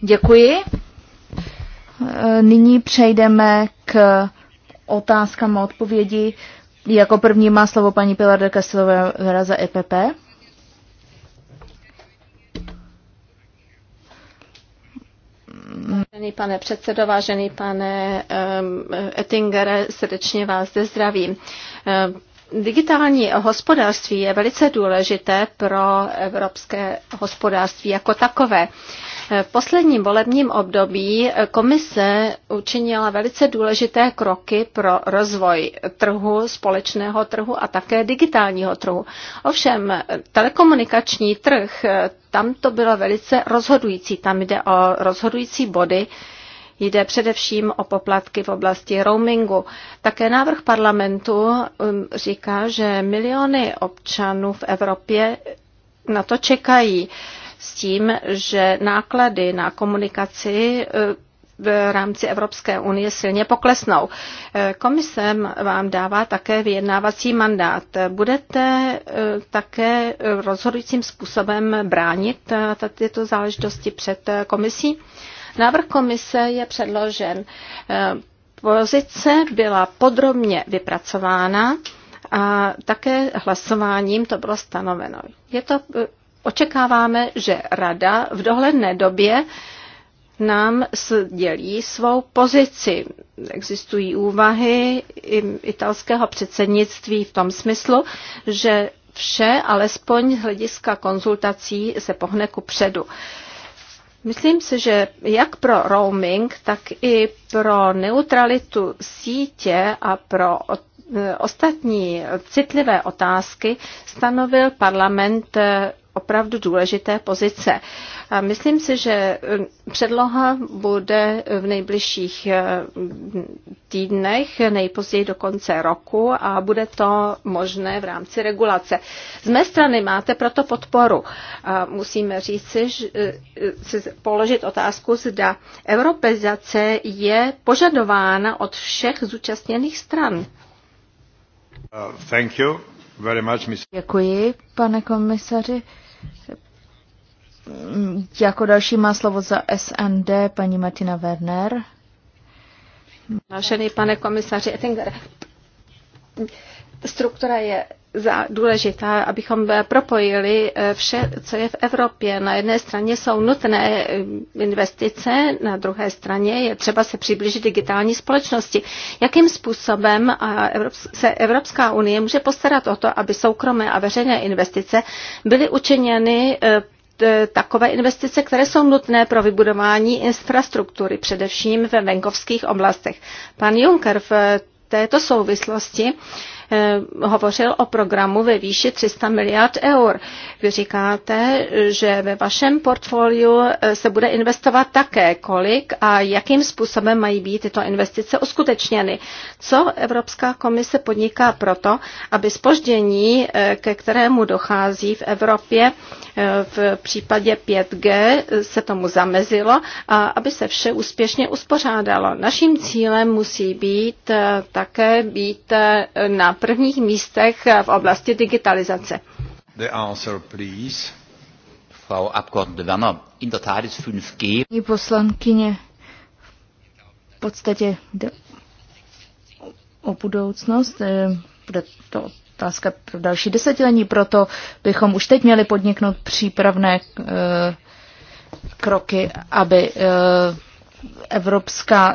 Děkuji. E, nyní přejdeme k otázkám a odpovědi. Jako první má slovo paní Pilar de Castellovera za EPP. Vážený pane předsedo, vážený pane Ettingere, srdečně vás zde zdravím. Digitální hospodářství je velice důležité pro evropské hospodářství jako takové. V posledním volebním období komise učinila velice důležité kroky pro rozvoj trhu, společného trhu a také digitálního trhu. Ovšem, telekomunikační trh, tam to bylo velice rozhodující. Tam jde o rozhodující body, Jde především o poplatky v oblasti roamingu. Také návrh parlamentu um, říká, že miliony občanů v Evropě na to čekají s tím, že náklady na komunikaci uh, v rámci Evropské unie silně poklesnou. Uh, komise vám dává také vyjednávací mandát. Budete uh, také rozhodujícím způsobem bránit tyto záležitosti před komisí? Návrh komise je předložen. Eh, pozice byla podrobně vypracována a také hlasováním to bylo stanoveno. Je to, eh, očekáváme, že Rada v dohledné době nám sdělí svou pozici. Existují úvahy italského předsednictví v tom smyslu, že vše, alespoň z hlediska konzultací, se pohne ku předu. Myslím si, že jak pro roaming, tak i pro neutralitu sítě a pro e, ostatní citlivé otázky stanovil parlament e, opravdu důležité pozice. A myslím si, že eh, předloha bude v nejbližších eh, týdnech, nejpozději do konce roku a bude to možné v rámci regulace. Z mé strany máte proto podporu. A musíme říci, že, eh, si položit otázku, zda europeizace je požadována od všech zúčastněných stran. Uh, thank you very much, Děkuji, pane komisaři. Jako další má slovo za SND paní Martina Werner. Vážený pane komisaři Ettinger, struktura je za důležitá, abychom eh, propojili eh, vše, co je v Evropě. Na jedné straně jsou nutné eh, investice, na druhé straně je třeba se přiblížit digitální společnosti. Jakým způsobem se Evropská unie může postarat o to, aby soukromé a veřejné investice byly učiněny takové investice, které jsou nutné pro vybudování infrastruktury, především ve venkovských oblastech. Pan Juncker v této souvislosti uh, Eh, hovořil o programu ve výši 300 miliard eur. Vy říkáte, že ve vašem portfoliu eh, se bude investovat také kolik a jakým způsobem mají být tyto investice uskutečněny. Co Evropská komise podniká proto, aby spoždění, eh, ke kterému dochází v Evropě v případě 5G, se tomu zamezilo a aby se vše úspěšně uspořádalo. Naším cílem musí být také být na prvních místech v oblasti digitalizace. The answer, please. Frau Abgeordnete in der Tat ist 5G. Poslankyně, v podstatě jde o budoucnost, eh, bude to otázka pro další desetilení, proto bychom už teď měli podniknout přípravné eh, kroky, aby eh, evropská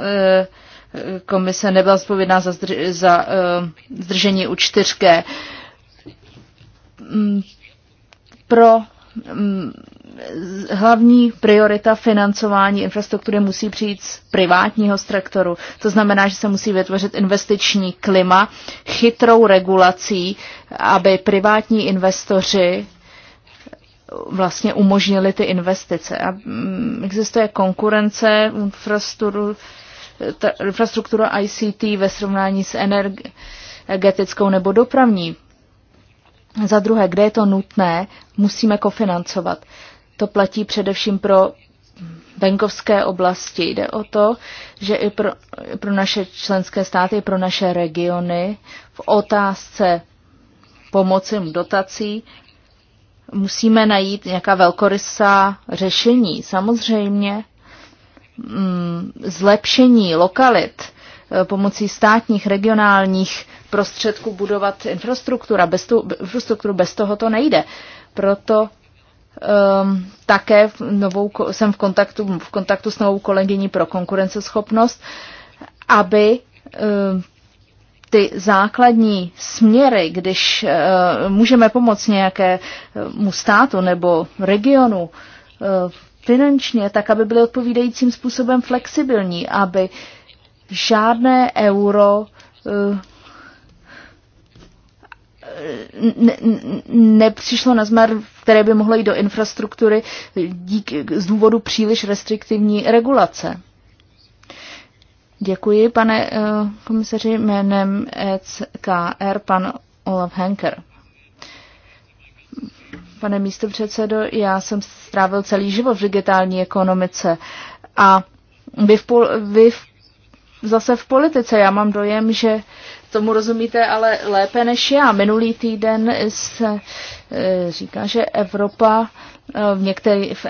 komise nebyla zpovědná za, zdrž, za uh, zdržení u čtyřké. Mm, pro um, hlavní priorita financování infrastruktury musí přijít z privátního sektoru. To znamená, že se musí vytvořit investiční klima chytrou regulací, aby privátní investoři vlastně umožnili ty investice. A mm, existuje konkurence infrastruktury ta infrastruktura ICT ve srovnání s energetickou nebo dopravní. Za druhé, kde je to nutné, musíme kofinancovat. To platí především pro venkovské oblasti. Jde o to, že i pro, i pro naše členské státy, i pro naše regiony v otázce pomoci dotací musíme najít nějaká velkorysá řešení. Samozřejmě Mm, zlepšení lokalit eh, pomocí státních, regionálních prostředků budovat infrastruktura. Bez tu, infrastrukturu bez toho to nejde. Proto um, také v novou, jsem v kontaktu, v kontaktu s novou kolegyní pro konkurenceschopnost, aby um, ty základní směry, když uh, můžeme pomoct nějakému státu nebo regionu uh, finančně, tak aby byly odpovídajícím způsobem flexibilní, aby žádné euro eh, nepřišlo ne, ne na zmar, které by mohlo jít do infrastruktury dík, z důvodu příliš restriktivní regulace. Děkuji, pane eh, komisaři, jménem ECKR, pan Olaf Henker. Pane místopředsedo, já jsem strávil celý život v digitální ekonomice a vy, v pol, vy v, zase v politice. Já mám dojem, že tomu rozumíte ale lépe než já. Minulý týden se eh, říká, že Evropa eh, v, některý, v,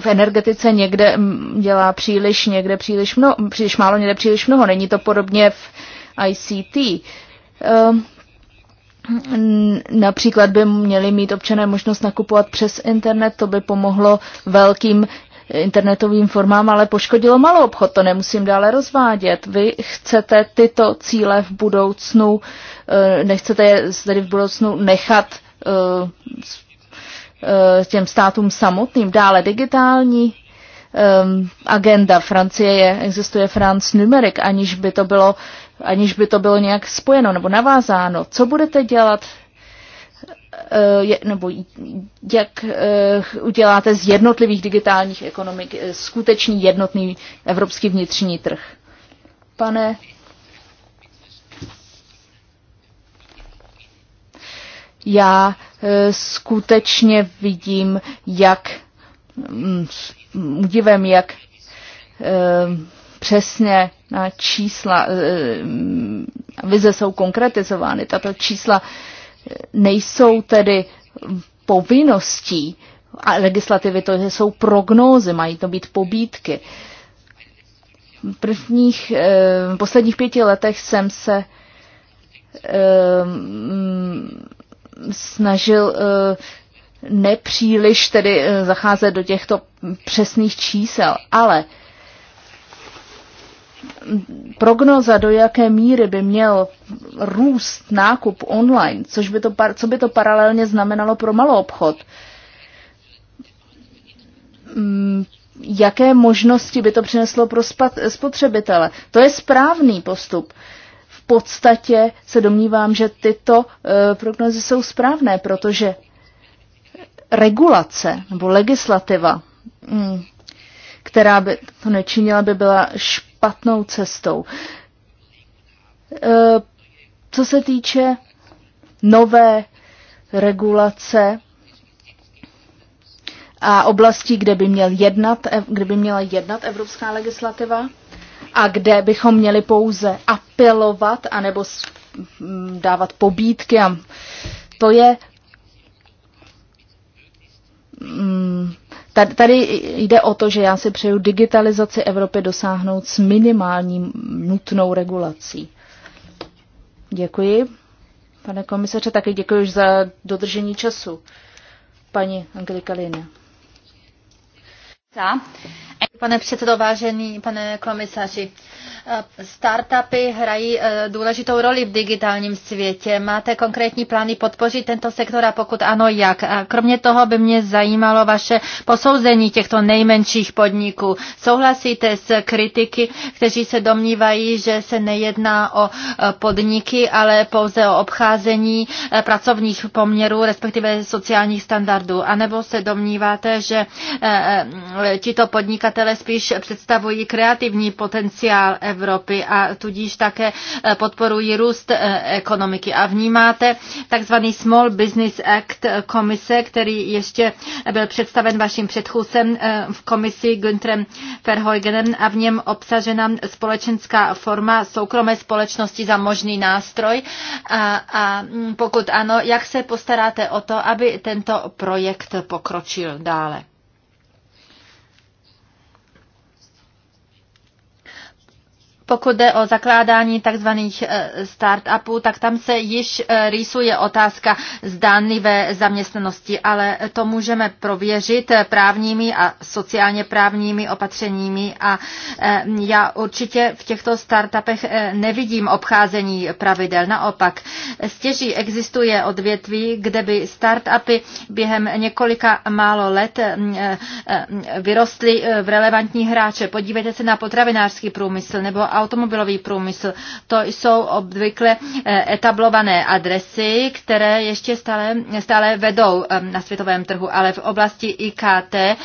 v energetice někde mm, dělá příliš, někde příliš, mno, příliš málo, někde příliš mnoho. Není to podobně v ICT. Um, eh, Například by měli mít občané možnost nakupovat přes internet, to by pomohlo velkým internetovým formám, ale poškodilo malou obchod, to nemusím dále rozvádět. Vy chcete tyto cíle v budoucnu, eh, nechcete je tedy v budoucnu nechat eh, eh, těm státům samotným. Dále digitální agenda Francie je, existuje France Numeric, aniž by to bylo aniž by to bylo nějak spojeno nebo navázáno. Co budete dělat, eh, nebo jak eh, uděláte z jednotlivých digitálních ekonomik eh, skutečný jednotný evropský vnitřní trh? Pane já skutečně vidím, jak mm, udivem, jak přesně eh, čísla, eh, mm, vize jsou konkretizovány. Tato čísla eh, nejsou tedy povinností a legislativy, to jsou prognózy, mají to být pobídky. V prvních, v posledních pěti letech jsem se mm, snažil nepříliš tedy zacházet do těchto přesných čísel, ale prognoza, do jaké míry by měl růst nákup online, což by to, co by to paralelně znamenalo pro malou obchod, mm, jaké možnosti by to přineslo pro spotřebitele. To je správný postup. V podstatě se domnívám, že tyto eh, prognozy jsou správné, protože regulace nebo legislativa, mm, která by to nečinila, by byla špatná špatnou cestou. E, co se týče nové regulace a oblasti, kde by, měl jednat, kde by měla jednat evropská legislativa a kde bychom měli pouze apelovat anebo dávat pobídky. A to je Tady jde o to, že já si přeju digitalizaci Evropy dosáhnout s minimální nutnou regulací. Děkuji. Pane komisaře, taky děkuji už za dodržení času. Paní Angelika Lina. Pane předsedo, vážený pane komisaři, startupy hrají eh, důležitou roli v digitálním světě. Máte konkrétní plány podpořit tento sektor a pokud ano, jak? A kromě toho by mě zajímalo vaše posouzení těchto nejmenších podniků. Souhlasíte s kritiky, kteří se domnívají, že se nejedná o eh, podniky, ale pouze o obcházení eh, pracovních poměrů, respektive sociálních standardů? A nebo se domníváte, že tito podnikatelé podnikatele spíš představují kreativní potenciál Evropy a tudíž také eh, podporují růst eh, ekonomiky. A vnímáte takzvaný Small Business Act komise, který ještě byl představen vaším předchůdcem eh, v komisi Günterem Verheugenem a v něm obsažena společenská forma soukromé společnosti za možný nástroj. A, a mm, pokud ano, jak se postaráte o to, aby tento projekt pokročil dále? Pokud jde o zakládání tzv. Eh, startupů, tak tam se již eh, rýsuje otázka zdánlivé zaměstnanosti, ale to můžeme prověřit eh, právními a sociálně právními opatřeními a já určitě v těchto startupech nevidím obcházení pravidel. Naopak, stěží existuje odvětví, kde by startupy během několika málo let vyrostly v relevantní hráče. Podívejte se na potravinářský průmysl nebo automobilový průmysl. To jsou obvykle eh, etablované adresy, které ještě stále, stále vedou eh, na světovém trhu, ale v oblasti IKT eh,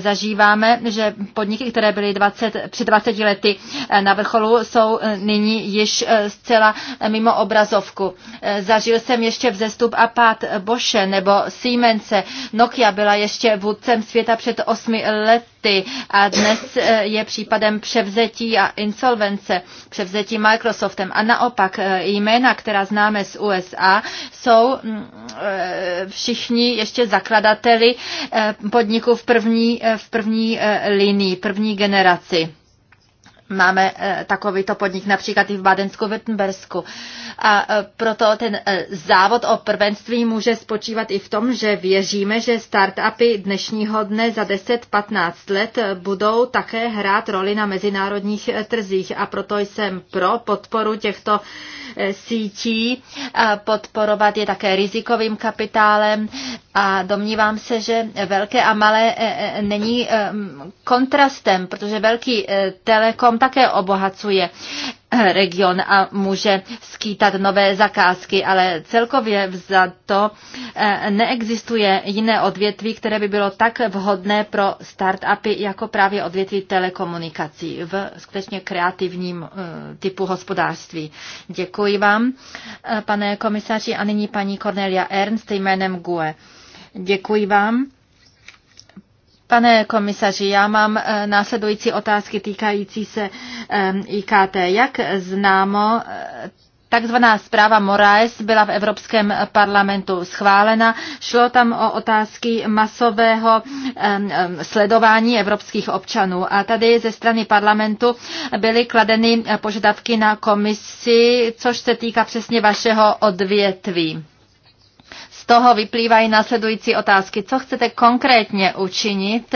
zažíváme, že podniky, které byly 20, před 20 lety na vrcholu, jsou nyní již zcela mimo obrazovku. Zažil jsem ještě vzestup a pád Bosche nebo Siemense. Nokia byla ještě vůdcem světa před 8 lety Microsofty a dnes eh, je případem převzetí a insolvence, převzetí Microsoftem. A naopak eh, jména, která známe z USA, jsou mm, eh, všichni ještě zakladateli podniků v první, v první linii, první generaci. Máme eh, takovýto podnik například i v badensko Württembersku. A eh, proto ten eh, závod o prvenství může spočívat i v tom, že věříme, že startupy dnešního dne za 10-15 let budou také hrát roli na mezinárodních trzích. A proto jsem pro podporu těchto sítí. Podporovat je také rizikovým kapitálem a domnívám se, že velké a malé není kontrastem, protože velký telekom také obohacuje region a může skýtat nové zakázky, ale celkově za to eh, neexistuje jiné odvětví, které by bylo tak vhodné pro startupy jako právě odvětví telekomunikací v skutečně kreativním eh, typu hospodářství. Děkuji vám, eh, pane komisaři, a nyní paní Cornelia Ernst jménem GUE. Děkuji vám. Pane komisaři, já mám eh, následující otázky týkající se eh, IKT. Jak známo, eh, Takzvaná zpráva Moraes byla v Evropském parlamentu schválena. Šlo tam o otázky masového sledování evropských občanů. A tady ze strany parlamentu byly kladeny požadavky na komisi, což se týká přesně vašeho odvětví toho vyplývají následující otázky. Co chcete konkrétně učinit,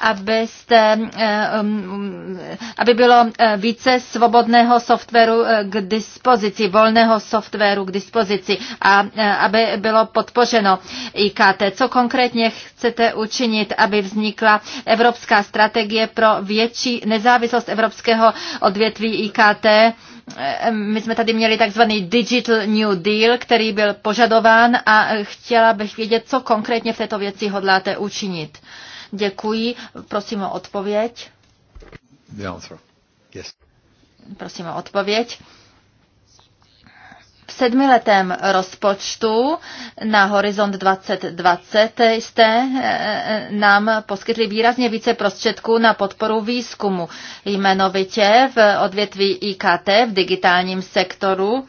abyste, eh, um, aby bylo eh, více svobodného softwaru eh, k dispozici, volného softwaru k dispozici a aby bylo podpořeno IKT. Co konkrétně chcete učinit, aby vznikla evropská strategie pro větší nezávislost evropského odvětví IKT? Eh, my jsme tady měli takzvaný Digital New Deal, který byl požadován a chtěla bych vědět, co konkrétně v této věci hodláte učinit. Děkuji, prosím o odpověď. The answer. Yes. Prosím o odpověď sedmiletém rozpočtu na Horizont 2020 jste eh, eh, nám poskytli výrazně více prostředků na podporu výzkumu, jmenovitě v odvětví IKT v digitálním sektoru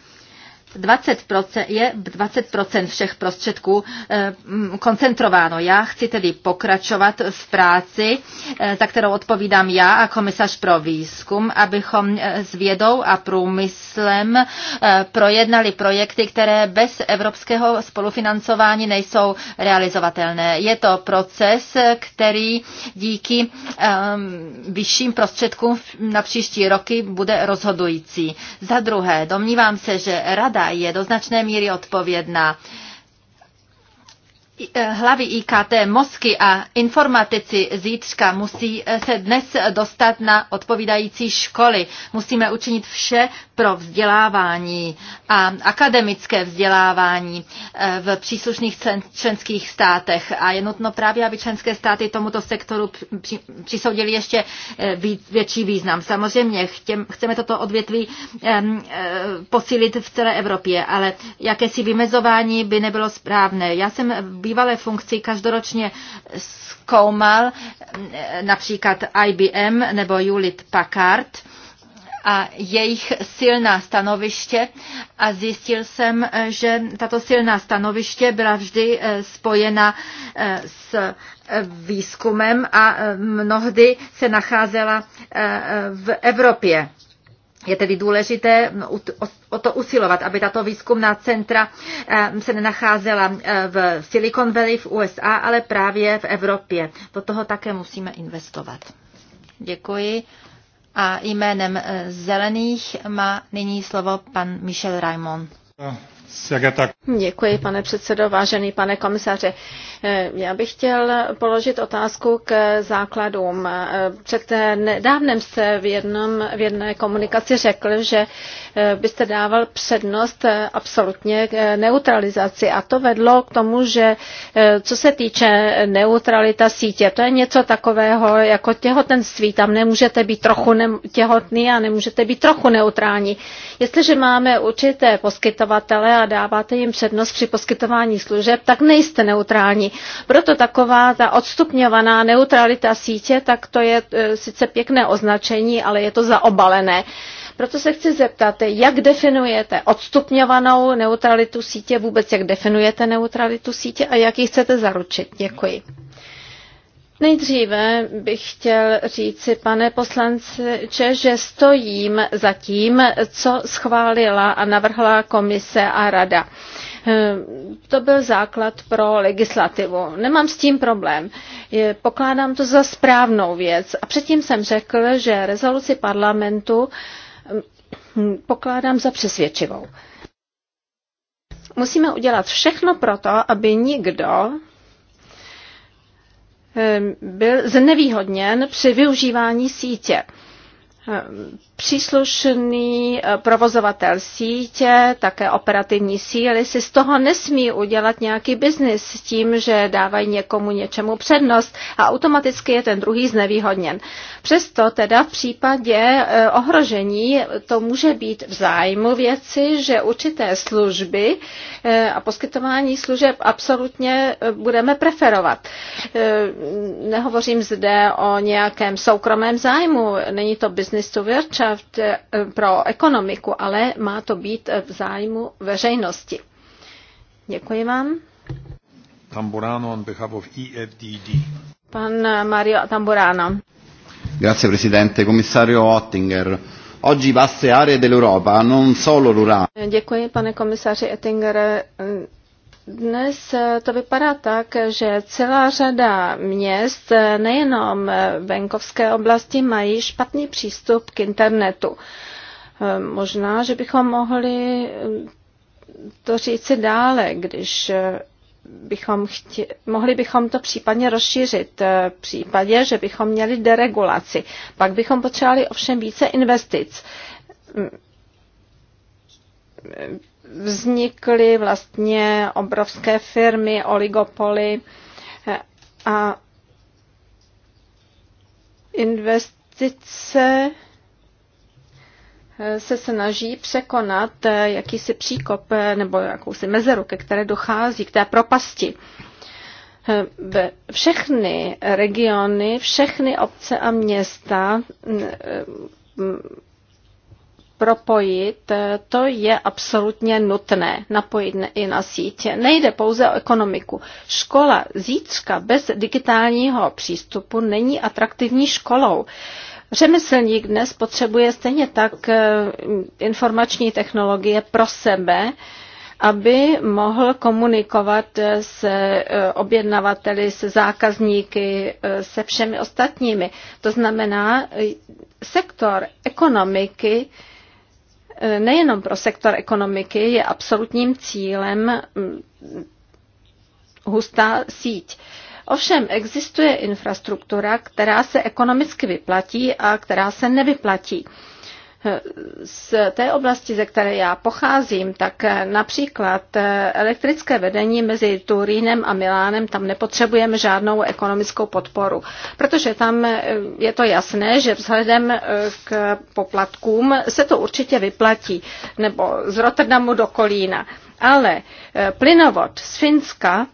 20% je 20% všech prostředků eh, koncentrováno. Já chci tedy pokračovat v práci, eh, za kterou odpovídám já a komisař pro výzkum, abychom eh, s vědou a průmyslem projednali projekty, které bez evropského spolufinancování nejsou realizovatelné. Je to proces, který díky vyšším prostředkům na příští roky bude rozhodující. Za druhé, domnívám se, že Rada je do značné míry odpovědná Eh, hlavy IKT, mozky a informatici zítřka musí eh, se dnes dostat na odpovídající školy. Musíme učinit vše pro vzdělávání a akademické vzdělávání eh, v příslušných členských státech. A je nutno právě, aby členské státy tomuto sektoru přisoudili ještě větší význam. Samozřejmě chceme toto odvětví posílit v celé Evropě, ale jakési vymezování by nebylo správné. Já jsem bývalé funkci každoročně zkoumal například IBM nebo Julit Packard a jejich silná stanoviště a zjistil jsem, že tato silná stanoviště byla vždy eh, spojena eh, s eh, výzkumem a mnohdy se nacházela v Evropě. Je tedy důležité mm, o to usilovat, aby tato výzkumná centra eh, se nenacházela eh, v Silicon Valley v USA, ale právě v Evropě. Do toho také musíme investovat. Děkuji. A jménem eh, Zelených má nyní slovo pan Michel Raimond. No. Děkuji, pane předsedo, vážený pane komisaře. Eh, Já bych chtěl položit otázku k základům. Eh, Před nedávnem jste v, jednom, v jedné komunikaci řekl, že eh, byste dával přednost absolutně k neutralizaci a to vedlo k tomu, že co se týče neutralita sítě, to je něco takového jako těhotenství. Tam nemůžete být trochu těhotný a nemůžete být trochu neutrální. Jestliže máme určité poskytovatele, a dáváte jim přednost při poskytování služeb, tak nejste neutrální. Proto taková ta odstupňovaná neutralita sítě, tak to je e, sice pěkné označení, ale je to zaobalené. Proto se chci zeptat, jak definujete odstupňovanou neutralitu sítě, vůbec jak definujete neutralitu sítě a jak ji chcete zaručit? Děkuji. Nejdříve bych chtěl říci, pane poslanče, že stojím za tím, co schválila a navrhla komise a rada. Ehm, to byl základ pro legislativu. Nemám s tím problém. Pokládám to za správnou věc. A předtím jsem řekl, že rezoluci parlamentu ehm, pokládám za přesvědčivou. Musíme udělat všechno proto, aby nikdo Ehm, byl znevýhodněn při využívání sítě ehm, příslušný eh, provozovatel sítě, také operativní síly si z toho nesmí udělat nějaký biznis s tím, že dávají někomu něčemu přednost a automaticky je ten druhý znevýhodněn. Přesto teda v případě eh, ohrožení to může být v zájmu věci, že určité služby eh, a poskytování služeb absolutně budeme preferovat. Nehovořím zde o nějakém soukromém zájmu, není to business to virtual, Gesellschaft eh, pro ekonomiku, ale má to být eh, v zájmu veřejnosti. Děkuji vám. Tamburano on behalf of EFDD. Pan eh, Mario Tamburano. Grazie Presidente, Commissario Oettinger. Oggi vaste aree dell'Europa, non solo rurali. Děkuji, pane komisaři Oettinger, dnes eh, to vypadá tak, že celá řada měst, eh, nejenom eh, venkovské oblasti, mají špatný přístup k internetu. Možná, že bychom mohli to říci dále, když bychom chtě, mohli bychom to případně rozšířit v případě, že bychom měli deregulaci. Pak bychom potřebovali ovšem více investic vznikly vlastně obrovské firmy, oligopoly eh, a investice eh, se snaží překonat eh, jakýsi příkop nebo jakousi mezeru, ke které dochází, k té propasti. Všechny regiony, všechny obce a města propojit, eh, to je absolutně nutné, napojit i na sítě. Nejde pouze o ekonomiku. Škola zítřka bez digitálního přístupu není atraktivní školou. Řemeslník dnes potřebuje stejně tak eh, informační technologie pro sebe, aby mohl komunikovat eh, s objednavateli, se zákazníky, se všemi ostatními. To znamená, sektor ekonomiky E, nejenom pro sektor ekonomiky je absolutním cílem hustá síť. Ovšem existuje infrastruktura, která se ekonomicky vyplatí a která se nevyplatí z té oblasti, ze které já pocházím, tak například elektrické vedení mezi Turínem a Milánem, tam nepotřebujeme žádnou ekonomickou podporu, protože tam je to jasné, že vzhledem k poplatkům se to určitě vyplatí, nebo z Rotterdamu do Kolína. Ale plynovod z Finska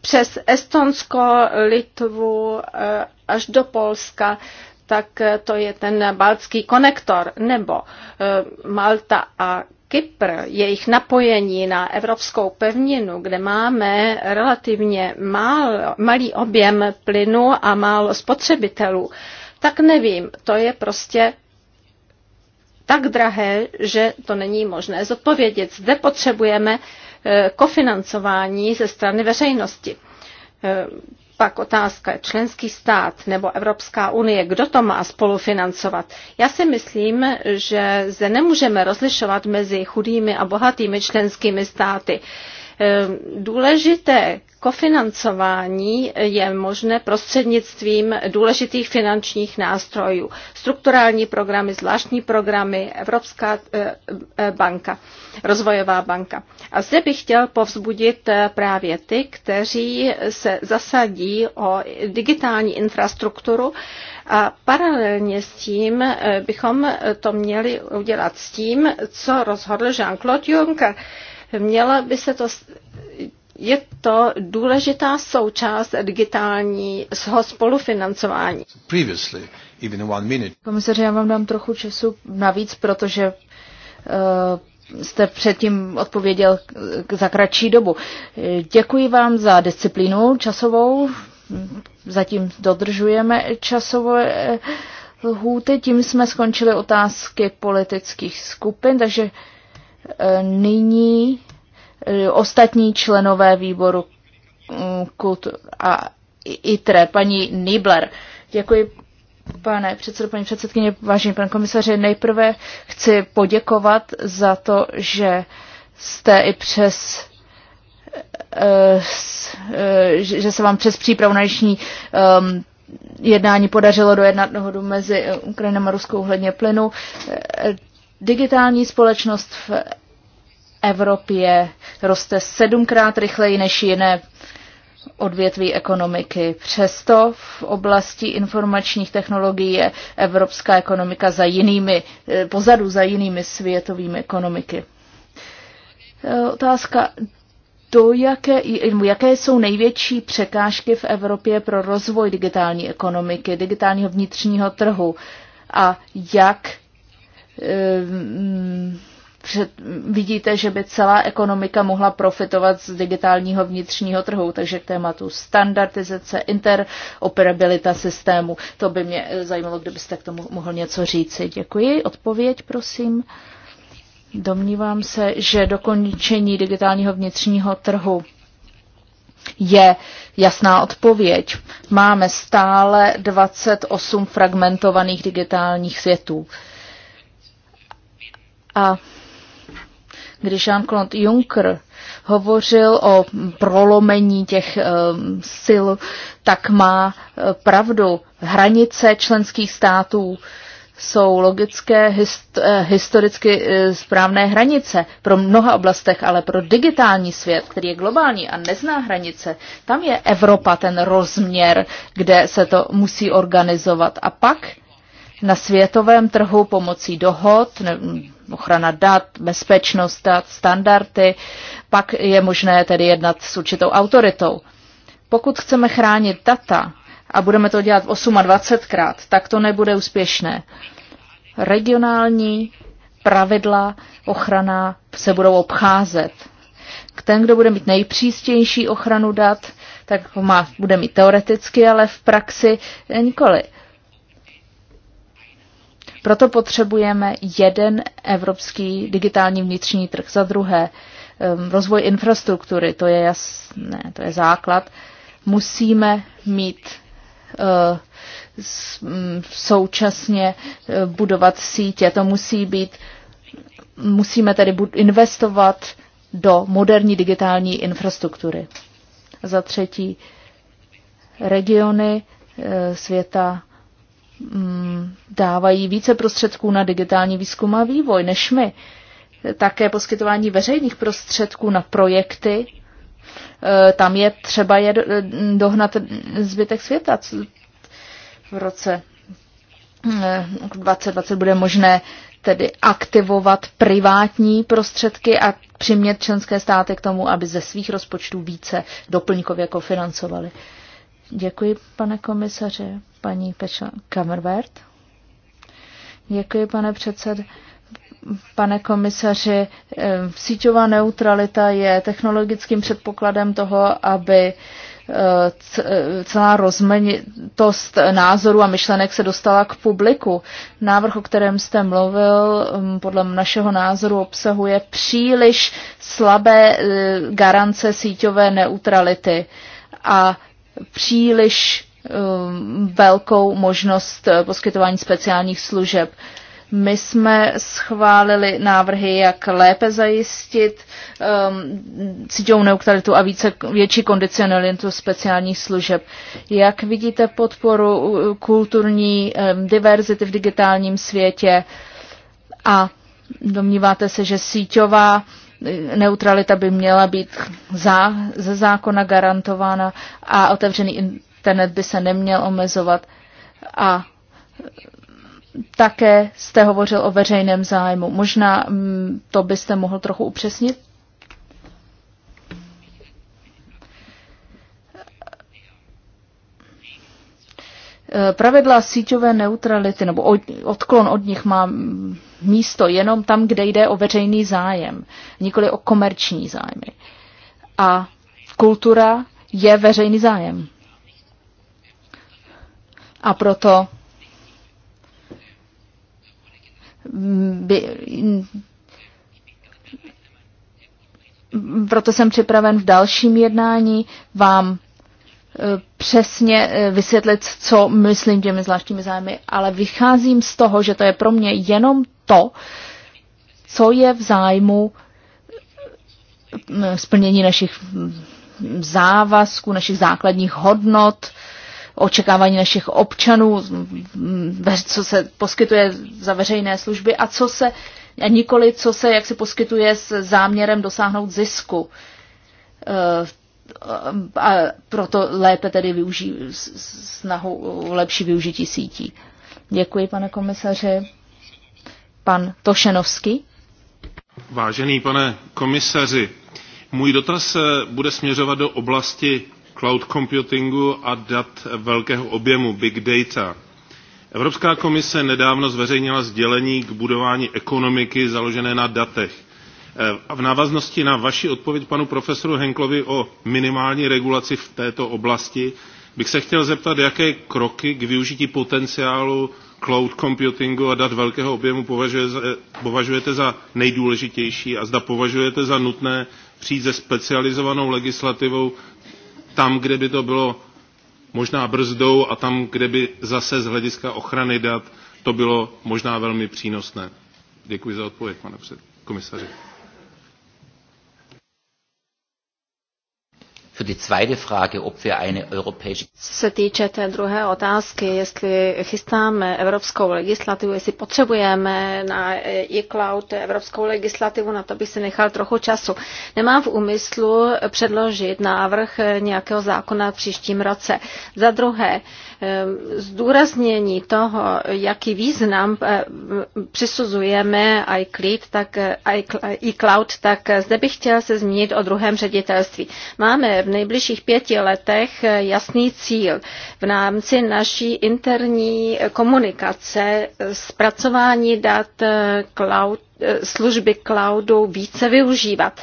přes Estonsko, Litvu eh, až do Polska, tak eh, to je ten baltský konektor nebo eh, Malta a Kypr, jejich napojení na evropskou pevninu, kde máme relativně málo, malý objem plynu a málo spotřebitelů, tak nevím, to je prostě tak drahé, že to není možné zodpovědět. Zde potřebujeme eh, kofinancování ze strany veřejnosti. Pak otázka členský stát nebo Evropská unie, kdo to má spolufinancovat. Já si myslím, že zde nemůžeme rozlišovat mezi chudými a bohatými členskými státy. Uh, Ehm, důležité kofinancování je možné prostřednictvím důležitých finančních nástrojů. Strukturální programy, zvláštní programy, Evropská eh, eh, banka, rozvojová banka. A zde bych chtěl povzbudit eh, právě ty, kteří se zasadí o digitální infrastrukturu a paralelně s tím bychom to měli udělat s tím, co rozhodl Jean-Claude Juncker Měla by se to je to důležitá součást digitálního spolufinancování. Previously, já vám dám trochu času navíc, protože uh, jste předtím odpověděl za kratší dobu. Děkuji vám za disciplínu časovou. Zatím dodržujeme časové eh, lhůty. Tím jsme skončili otázky politických skupin, takže E, nyní e, ostatní členové výboru mm, KUT a ITRE, paní Nibler. Děkuji, pane předsedo, paní předsedkyně, vážený pan komisaři. Nejprve chci poděkovat za to, že jste i přes e, že se vám přes přípravu na dnešní um, jednání podařilo dojednat dohodu mezi Ukrajinou a Ruskou ohledně plynu. Digitální společnost v Evropě roste sedmkrát rychleji než jiné odvětví ekonomiky. Přesto v oblasti informačních technologií je evropská ekonomika za jinými, eh, pozadu za jinými světovými ekonomiky. Eh, otázka, do jaké, jaké jsou největší překážky v Evropě pro rozvoj digitální ekonomiky, digitálního vnitřního trhu a jak Eh, mm, před, vidíte, že by celá ekonomika mohla profitovat z digitálního vnitřního trhu, takže k tématu standardizace, interoperabilita systému. To by mě eh, zajímalo, kdybyste k tomu mohl něco říci. Děkuji. Odpověď, prosím. Domnívám se, že dokončení digitálního vnitřního trhu je jasná odpověď. Máme stále 28 fragmentovaných digitálních světů. Uh, a když Jean-Claude Juncker hovořil o prolomení těch um, sil, tak má eh, pravdu. Hranice členských států jsou logické, hist, eh, historicky správné hranice pro mnoha oblastech, ale pro digitální svět, který je globální a nezná hranice, tam je Evropa ten rozměr, kde se to musí organizovat. A pak na světovém trhu pomocí dohod, ochrana dat, bezpečnost dat, standardy, pak je možné tedy jednat s určitou autoritou. Pokud chceme chránit data a budeme to dělat 28 krát, tak to nebude úspěšné. Regionální pravidla ochrana se budou obcházet. Ten, kdo bude mít nejpřístější ochranu dat, tak má, bude mít teoreticky, ale v praxi nikoli. Proto potřebujeme jeden evropský digitální vnitřní trh. Za druhé, rozvoj infrastruktury, to je jasné, to je základ. Musíme mít e, současně e, budovat sítě. To musí být, musíme tedy investovat do moderní digitální infrastruktury. Za třetí, regiony e, světa Mm, dávají více prostředků na digitální výzkum a vývoj než my. Také poskytování veřejných prostředků na projekty, e, tam je třeba je e, dohnat zbytek světa. V roce 2020 mm, bude možné tedy aktivovat privátní prostředky a přimět členské státy k tomu, aby ze svých rozpočtů více doplňkově kofinancovali. Děkuji, pane komisaře paní Pečla Kamerwert. Děkuji, pane předsed. Pane komisaři, eh, síťová neutralita je technologickým předpokladem toho, aby eh, eh, celá rozmanitost názoru a myšlenek se dostala k publiku. Návrh, o kterém jste mluvil, mm, podle našeho názoru obsahuje příliš slabé garance síťové neutrality a příliš Um, velkou možnost eh, poskytování speciálních služeb. My jsme schválili návrhy, jak lépe zajistit um, síťovou neutralitu a více, větší kondicionalitu speciálních služeb. Jak vidíte podporu uh, kulturní um, diverzity v digitálním světě a domníváte se, že síťová eh, neutralita by měla být za, ze zákona garantována a otevřený Internet by se neměl omezovat. A také jste hovořil o veřejném zájmu. Možná mm, to byste mohl trochu upřesnit? Eh, pravidla síťové neutrality nebo odklon od nich má místo jenom tam, kde jde o veřejný zájem, nikoli o komerční zájmy. A kultura je veřejný zájem. A proto by, proto jsem připraven v dalším jednání vám e, přesně e, vysvětlit, co myslím těmi zvláštními zájmy, ale vycházím z toho, že to je pro mě jenom to, co je v zájmu splnění našich závazků, našich základních hodnot, očekávání našich občanů, co se poskytuje za veřejné služby a co se, a nikoli co se, jak se poskytuje s záměrem dosáhnout zisku. Eh, a proto lépe tedy využí snahu lepší využití sítí. Děkuji, pane komisaři. Pan Tošenovský. Vážený pane komisaři, můj dotaz se bude směřovat do oblasti cloud computingu a dat velkého objemu, big data. Evropská komise nedávno zveřejnila sdělení k budování ekonomiky založené na datech. A eh, v návaznosti na vaši odpověď panu profesoru Henklovi o minimální regulaci v této oblasti bych se chtěl zeptat, jaké kroky k využití potenciálu cloud computingu a dat velkého objemu považujete za nejdůležitější a zda považujete za nutné přijít se specializovanou legislativou tam, kde by to bylo možná brzdou a tam, kde by zase z hlediska ochrany dat to bylo možná velmi přínosné. Děkuji za odpověď, pane komisaři. Co se týče té druhé otázky, jestli chystáme evropskou legislativu, jestli potřebujeme na e-cloud evropskou legislativu, na to bych si nechal trochu času. Nemám v úmyslu předložit návrh nějakého zákona v příštím roce. Za druhé, ehm, zdůraznění toho, jaký význam eh, přisuzujeme iCloud, tak, iCloud, tak zde bych chtěl se zmínit o druhém ředitelství. Máme v nejbližších pěti letech jasný cíl v rámci naší interní komunikace zpracování dat cloud, eh, služby cloudu více využívat.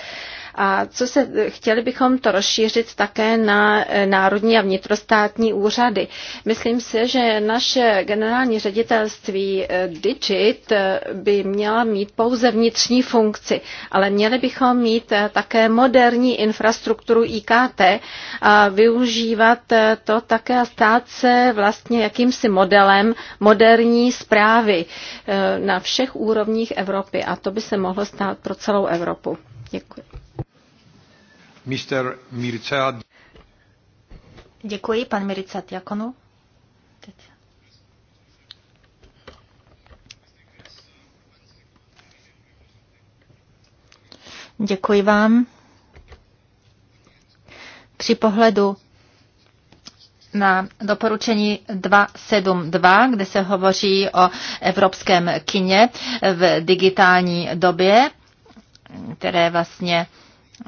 A co se, chtěli bychom to rozšířit také na eh, národní a vnitrostátní úřady. Myslím si, že naše generální ředitelství eh, Digit eh, by měla mít pouze vnitřní funkci, ale měli bychom mít také moderní infrastrukturu IKT a využívat to také a stát se vlastně jakýmsi modelem moderní zprávy na všech úrovních Evropy. A to by se mohlo stát pro celou Evropu. Děkuji. Mr. Mircea. Děkuji, pan Mircea Diakonu. Děkuji vám. Při pohledu na doporučení 272, kde se hovoří o evropském kině v digitální době, které vlastně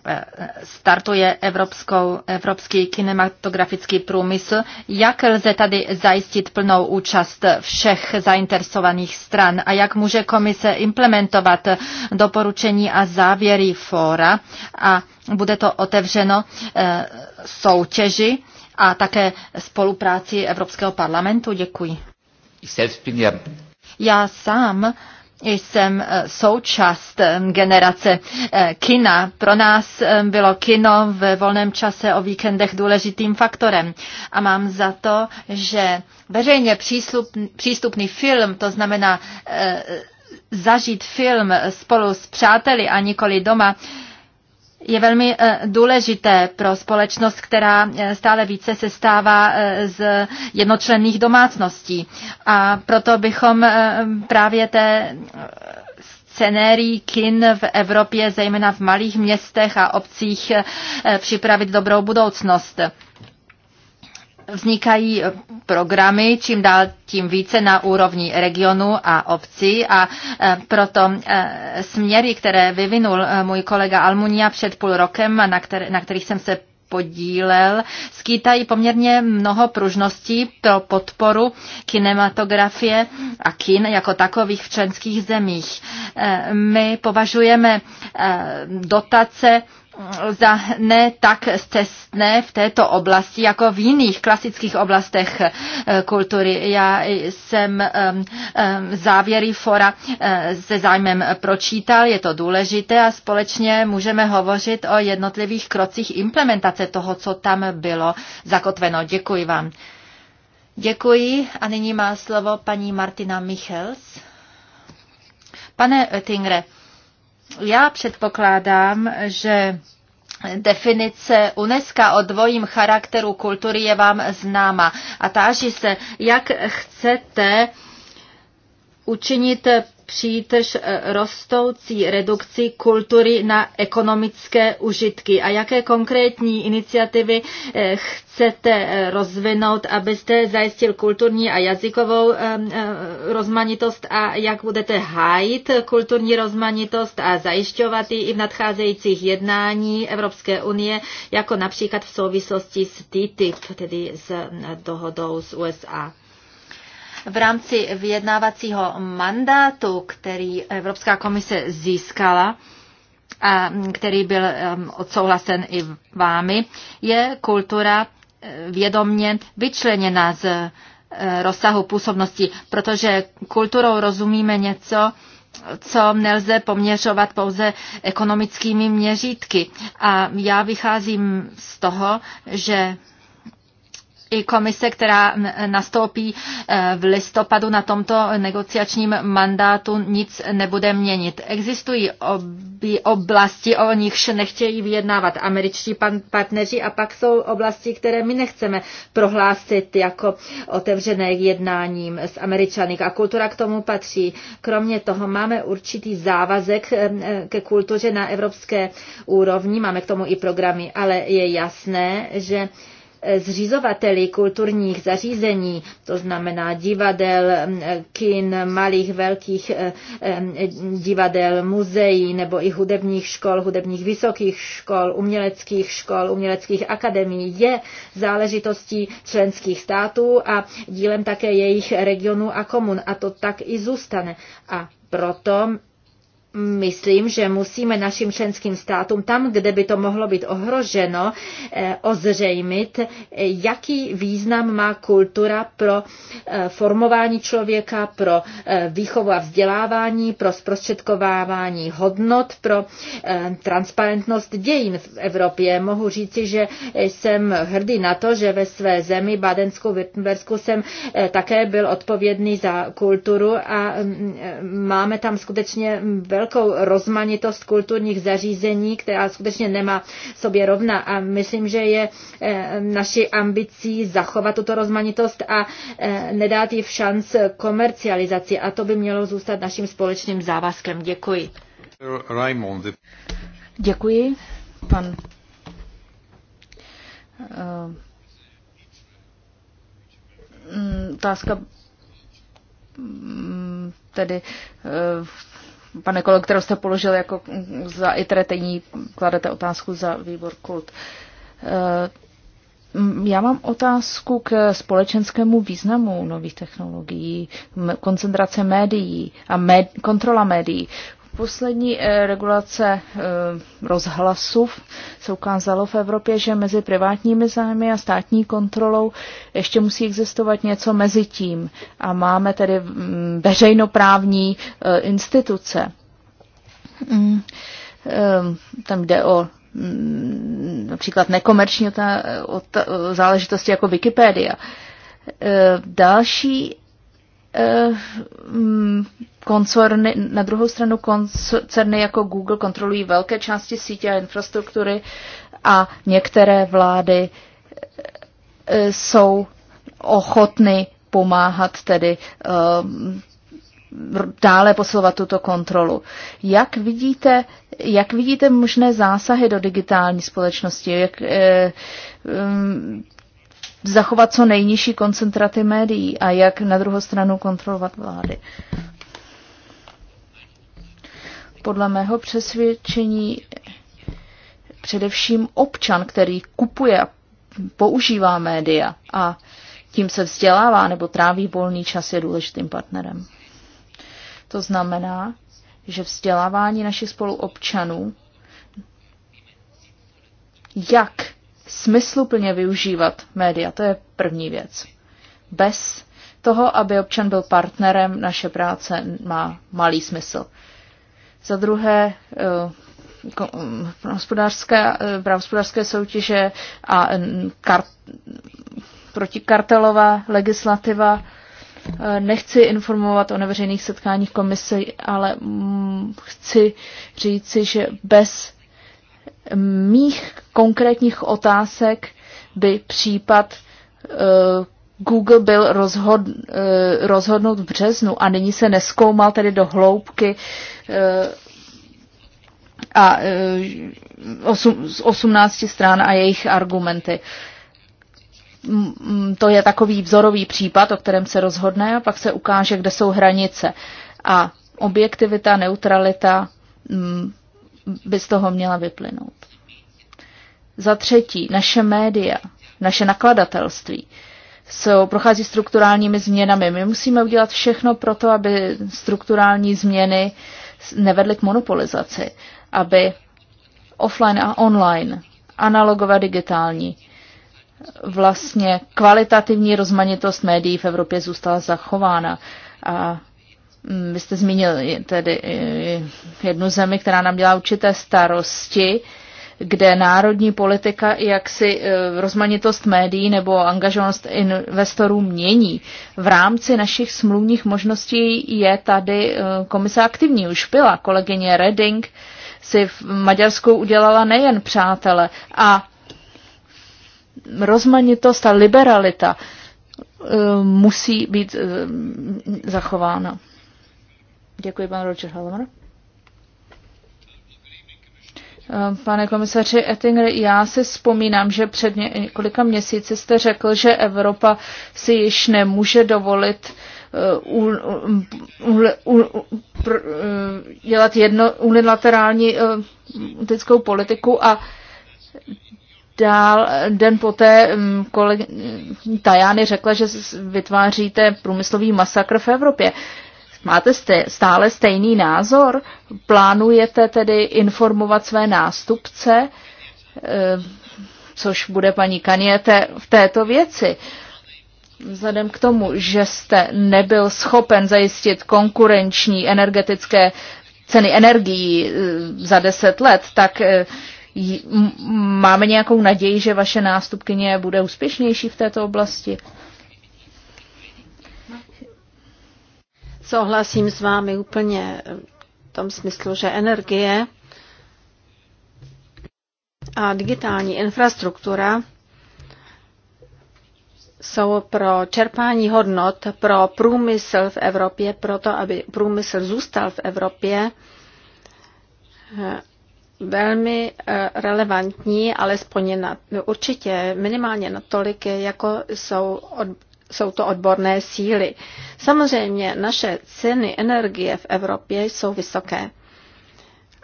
Eh, startuje evropskou, evropský kinematografický průmysl. Jak lze tady zajistit plnou účast všech zainteresovaných stran a jak může komise implementovat doporučení a závěry fóra a bude to otevřeno eh, soutěži a také spolupráci Evropského parlamentu? Děkuji. Já sám jsem eh, součást eh, generace eh, kina. Pro nás bylo kino ve volném čase o víkendech důležitým faktorem a mám za to, že veřejně přístupný film, to znamená zažít film spolu s přáteli a nikoli doma, je velmi eh, důležité pro společnost, která eh, stále více se stává eh, z jednočlenných domácností. A proto bychom právě té scenérii kin v Evropě, zejména v malých městech a obcích, připravit dobrou budoucnost vznikají eh, programy čím dál tím více na úrovni regionu a obcí a eh, proto eh, směry, které vyvinul můj kolega Almunia před půl rokem, na, který, na kterých jsem se podílel, skýtají poměrně mnoho pružností pro podporu kinematografie a kin jako takových v členských zemích. My považujeme dotace za ne tak cestné v této oblasti jako v jiných klasických oblastech eh, kultury. Já jsem ehm, ehm, závěry fora eh, se zájmem pročítal, je to důležité a společně můžeme hovořit o jednotlivých krocích implementace toho, co tam bylo zakotveno. Děkuji vám. Děkuji a nyní má slovo paní Martina Michels. Pane Oettingere, já předpokládám, že Definice UNESCO o dvojím charakteru kultury je vám známa a táží se, jak chcete učinit přítež eh, rostoucí redukci kultury na ekonomické užitky a jaké konkrétní iniciativy eh, chcete eh, rozvinout, abyste zajistil kulturní a jazykovou rozmanitost a jak budete hájit kulturní rozmanitost a zajišťovat ji i v nadcházejících jednání Evropské unie, jako například v souvislosti s TTIP, tedy s dohodou s USA. V rámci vyjednávacího mandátu, který Evropská komise získala, a který byl odsouhlasen i vámi, je kultura eh, vědomně vyčleněna z eh, rozsahu působnosti, protože kulturou rozumíme něco, co nelze poměřovat pouze ekonomickými měřítky. A já vycházím z toho, že i komise, která nastoupí eh, v listopadu na tomto negociačním mandátu, nic nebude měnit. Existují oblasti, o nichž nechtějí vyjednávat američtí partneři a pak jsou oblasti, které my nechceme prohlásit jako otevřené jednáním s američany. A kultura k tomu patří. Kromě toho máme určitý závazek eh, ke kultuře na evropské úrovni, máme k tomu i programy, ale je jasné, že zřizovateli kulturních zařízení, to znamená divadel, kin, malých, velkých divadel, muzeí nebo i hudebních škol, hudebních vysokých škol, uměleckých škol, uměleckých akademií, je záležitostí členských států a dílem také jejich regionů a komun. A to tak i zůstane. A proto myslím, že musíme našim členským státům tam, kde by to mohlo být ohroženo, eh, ozřejmit, eh, jaký význam má kultura pro eh, formování člověka, pro výchovu a vzdělávání, pro zprostředkovávání hodnot, pro transparentnost dějin v Evropě. Mohu říci, že jsem hrdý na to, že ve své zemi Badensku, Wittenbergsku jsem také byl odpovědný za kulturu a mm, máme tam skutečně velmi velkou rozmanitost kulturních zařízení, která skutečně nemá sobě rovna a myslím, že je eh, naší ambicí zachovat tuto rozmanitost a eh, nedát ji v šanc komercializaci a to by mělo zůstat naším společným závazkem. Děkuji. Děkuji. Pan eh, mm, otázka mm, tedy pane kolego, kterou jste položil jako za iteretení, kladete otázku za výbor kult. Eh, já mám otázku k společenskému významu nových technologií, koncentrace médií a med, kontrola médií. Poslední eh, regulace eh, rozhlasu se ukázalo v Evropě, že mezi privátními zájmy a státní kontrolou ještě musí existovat něco mezi tím. A máme tedy mm, veřejnoprávní eh, instituce. Mm, ehm, tam jde o mm, například nekomerční záležitosti jako Wikipedia. Další Eh, mm, koncerny, na druhou stranu koncerny jako Google kontrolují velké části sítě a infrastruktury a některé vlády eh, jsou ochotny pomáhat tedy eh, dále posilovat tuto kontrolu. Jak vidíte, jak vidíte možné zásahy do digitální společnosti? Jak, mm, zachovat co nejnižší koncentraty médií a jak na druhou stranu kontrolovat vlády. Podle mého přesvědčení především občan, který kupuje a používá média a tím se vzdělává nebo tráví volný čas, je důležitým partnerem. To znamená, že vzdělávání našich spoluobčanů, jak smysluplně využívat média. To je první věc. Bez toho, aby občan byl partnerem, naše práce má malý smysl. Za druhé, eh, mm, hospodářské, eh, hospodářské soutěže a mm, kar, protikartelová legislativa. Eh, nechci informovat o neveřejných setkáních komise, ale mm, chci říci, že bez mých konkrétních otázek by případ eh, Google byl rozhod, eh, rozhodnut v březnu a nyní se neskoumal tedy do hloubky eh, a osm, z 18 stran a jejich argumenty. To je takový vzorový případ, o kterém se rozhodne a pak se ukáže, kde jsou hranice. A objektivita, neutralita, mm, by z toho měla vyplynout. Za třetí, naše média, naše nakladatelství jsou, prochází strukturálními změnami. My musíme udělat všechno pro to, aby strukturální změny nevedly k monopolizaci, aby offline a online, analogové digitální, vlastně kvalitativní rozmanitost médií v Evropě zůstala zachována. A vy jste zmínil tedy jednu zemi, která nám dělá určité starosti, kde národní politika jaksi e, rozmanitost médií nebo angažovanost investorů mění. V rámci našich smluvních možností je tady e, komise aktivní. Už byla kolegyně Reding si v Maďarsku udělala nejen přátele a rozmanitost a liberalita e, musí být zachována. Děkuji, pan Roger Helmer. Ehm, pane komisaři Ettinger, já si vzpomínám, že před několika měsíci jste řekl, že Evropa si již nemůže dovolit u, u, u, pr, eh, dělat jedno, unilaterální politickou eh, politiku a dál den poté hm, koleg, Tajány řekla, že vytváříte průmyslový masakr v Evropě. Máte stále stejný názor? Plánujete tedy informovat své nástupce, eh, což bude paní Kaniete v této věci? Vzhledem k tomu, že jste nebyl schopen zajistit konkurenční energetické ceny energií eh, za deset let, tak eh, máme nějakou naději, že vaše nástupkyně bude úspěšnější v této oblasti? Souhlasím s vámi úplně v tom smyslu, že energie a digitální infrastruktura jsou pro čerpání hodnot pro průmysl v Evropě, proto aby průmysl zůstal v Evropě, eh, velmi eh, relevantní, alespoň na, určitě minimálně natolik, jako jsou jsou to odborné síly. Samozřejmě naše ceny energie v Evropě jsou vysoké.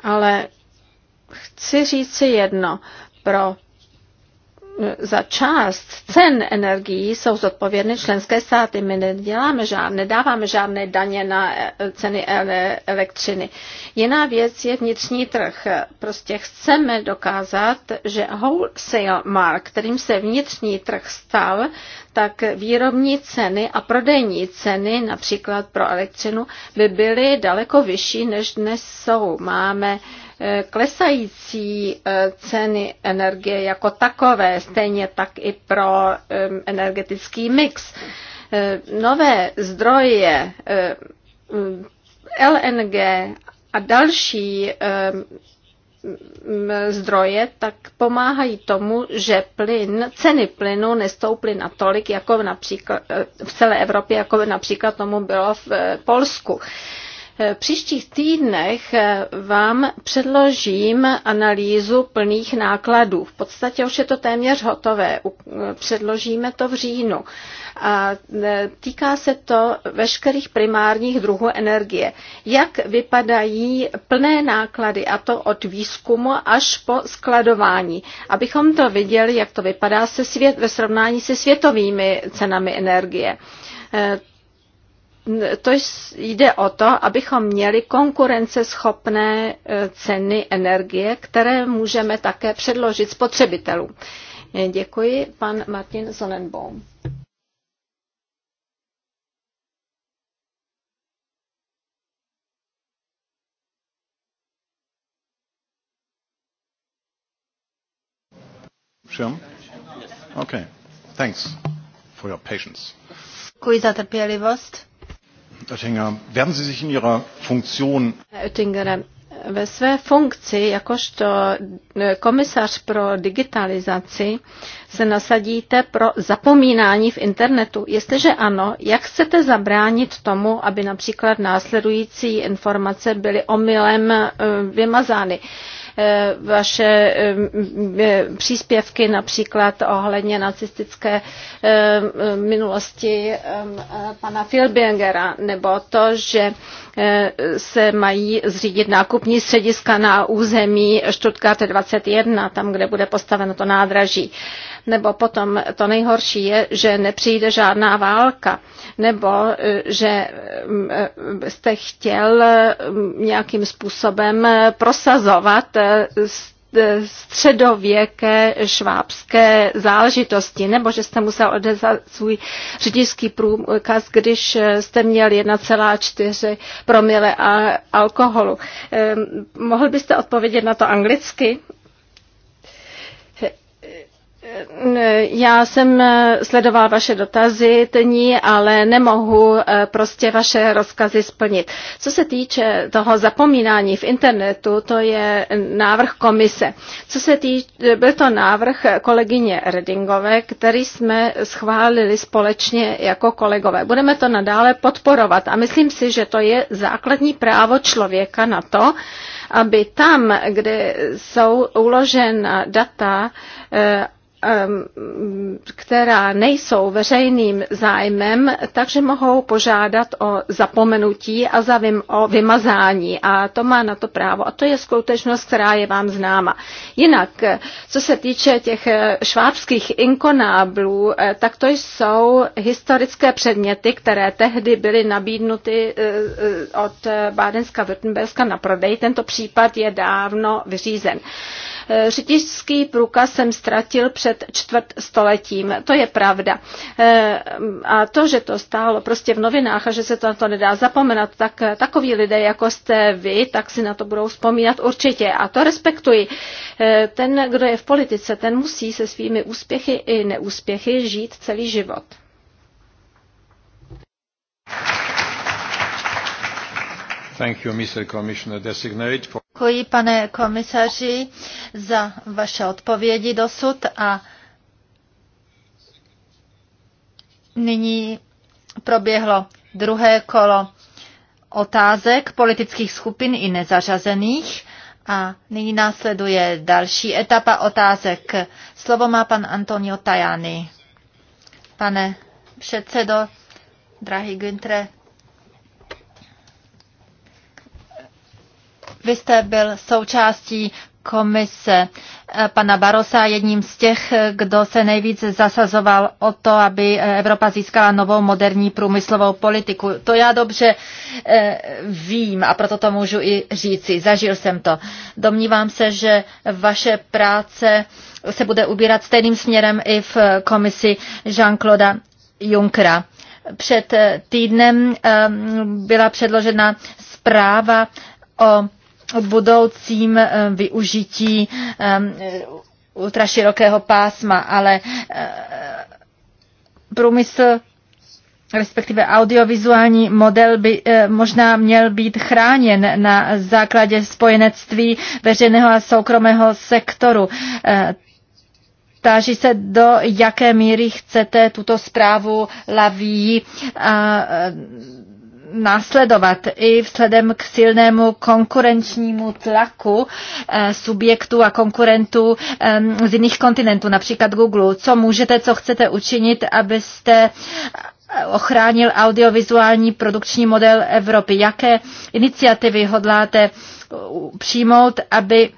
Ale chci říct si jedno, pro za část cen energií jsou zodpovědné členské státy. My neděláme žádné, nedáváme žádné daně na eh, ceny elektřiny. Jiná věc je vnitřní trh. Prostě chceme dokázat, že wholesale mark, kterým se vnitřní trh stal, tak výrobní ceny a prodejní ceny, například pro elektřinu, by byly daleko vyšší, než dnes jsou. Máme uh, Eh, klesající eh, ceny energie jako takové, stejně tak i pro energetický mix. Eh, nové zdroje LNG a další zdroje, tak pomáhají tomu, že plyn, ceny plynu nestouply natolik, jako například v celé Evropě, jako například tomu bylo v Polsku příštích týdnech eh, vám předložím analýzu plných nákladů. V podstatě už je to téměř hotové. Předložíme to v říjnu. A eh, týká se to veškerých primárních druhů energie. Jak vypadají plné náklady, a to od výzkumu až po skladování, abychom to viděli, jak to vypadá se svět, ve srovnání se světovými cenami energie eh, to jde o to, abychom měli konkurenceschopné eh, ceny energie, které můžeme také předložit spotřebitelům. Eh, děkuji, pan Martin Sonnenbaum. Okay. Thanks for your patience. Děkuji za trpělivost. Oettinger, werden Sie sich in Ihrer Funktion... Oettingere, ve své funkci jakožto e, komisař pro digitalizaci se nasadíte pro zapomínání v internetu. Jestliže ano, jak chcete zabránit tomu, aby například následující informace byly omylem e, vymazány? Eh, vaše eh, eh, příspěvky například ohledně nacistické minulosti pana Filbingera, nebo to, že se mají zřídit nákupní střediska na území Stuttgart 21, tam, kde bude postaveno to nádraží. Nebo potom to nejhorší je, že nepřijde žádná válka, nebo že mm, jste chtěl nějakým způsobem prosazovat středověké švábské záležitosti, nebo že jste musel odezat svůj řidičský průkaz, když jste měl 1,4 promile alkoholu. Ehm, mohl byste odpovědět na to anglicky? já jsem eh, sledoval vaše dotazy, tení, ale nemohu eh, prostě vaše rozkazy splnit. Co se týče toho zapomínání v internetu, to je návrh komise. Co se týče, byl to návrh kolegyně Redingové, který jsme schválili společně jako kolegové. Budeme to nadále podporovat a myslím si, že to je základní právo člověka na to, aby tam, kde jsou uložena data, eh, Um, která nejsou veřejným zájmem, takže mohou požádat o zapomenutí a za vym, o vymazání. A to má na to právo. A to je skutečnost, která je vám známa. Jinak, co se týče těch eh, švábských inkonáblů, eh, tak to jsou historické předměty, které tehdy byly nabídnuty eh, od Bádenska Württemberska na prodej. Tento případ je dávno vyřízen. Eh, řidičský průkaz jsem ztratil před čtvrt stoletím. To je pravda. Eh, a to, že to stálo prostě v novinách a že se to na to nedá zapomenat, tak eh, takoví lidé, jako jste vy, tak si na to budou vzpomínat určitě. A to respektuji. Ten, kdo je v politice, ten musí se svými úspěchy i neúspěchy žít celý život. Děkuji, pane komisaři, za vaše odpovědi dosud a nyní proběhlo druhé kolo otázek politických skupin i nezařazených. A nyní následuje další etapa otázek. Slovo má pan Antonio Tajani. Pane předsedo, drahý Güntre, Vy jste byl součástí komise eh, pana Barosa, jedním z těch, eh, kdo se nejvíc zasazoval o to, aby eh, Evropa získala novou moderní průmyslovou politiku. To já dobře vím a proto to můžu i říci. Zažil jsem to. Domnívám se, že vaše práce se bude ubírat stejným směrem i v komisi Jean-Claude Junckera. Před týdnem byla předložena zpráva o budoucím eh, využití eh, ultraširokého pásma, ale eh, průmysl respektive audiovizuální model by možná měl být chráněn na základě spojenectví veřejného a soukromého sektoru. Táží se, do jaké míry chcete tuto zprávu laví následovat i vzhledem k silnému konkurenčnímu tlaku eh, subjektů a konkurentů eh, z jiných kontinentů, například Google. Co můžete, co chcete učinit, abyste eh, ochránil audiovizuální produkční model Evropy? Jaké iniciativy hodláte přijmout, aby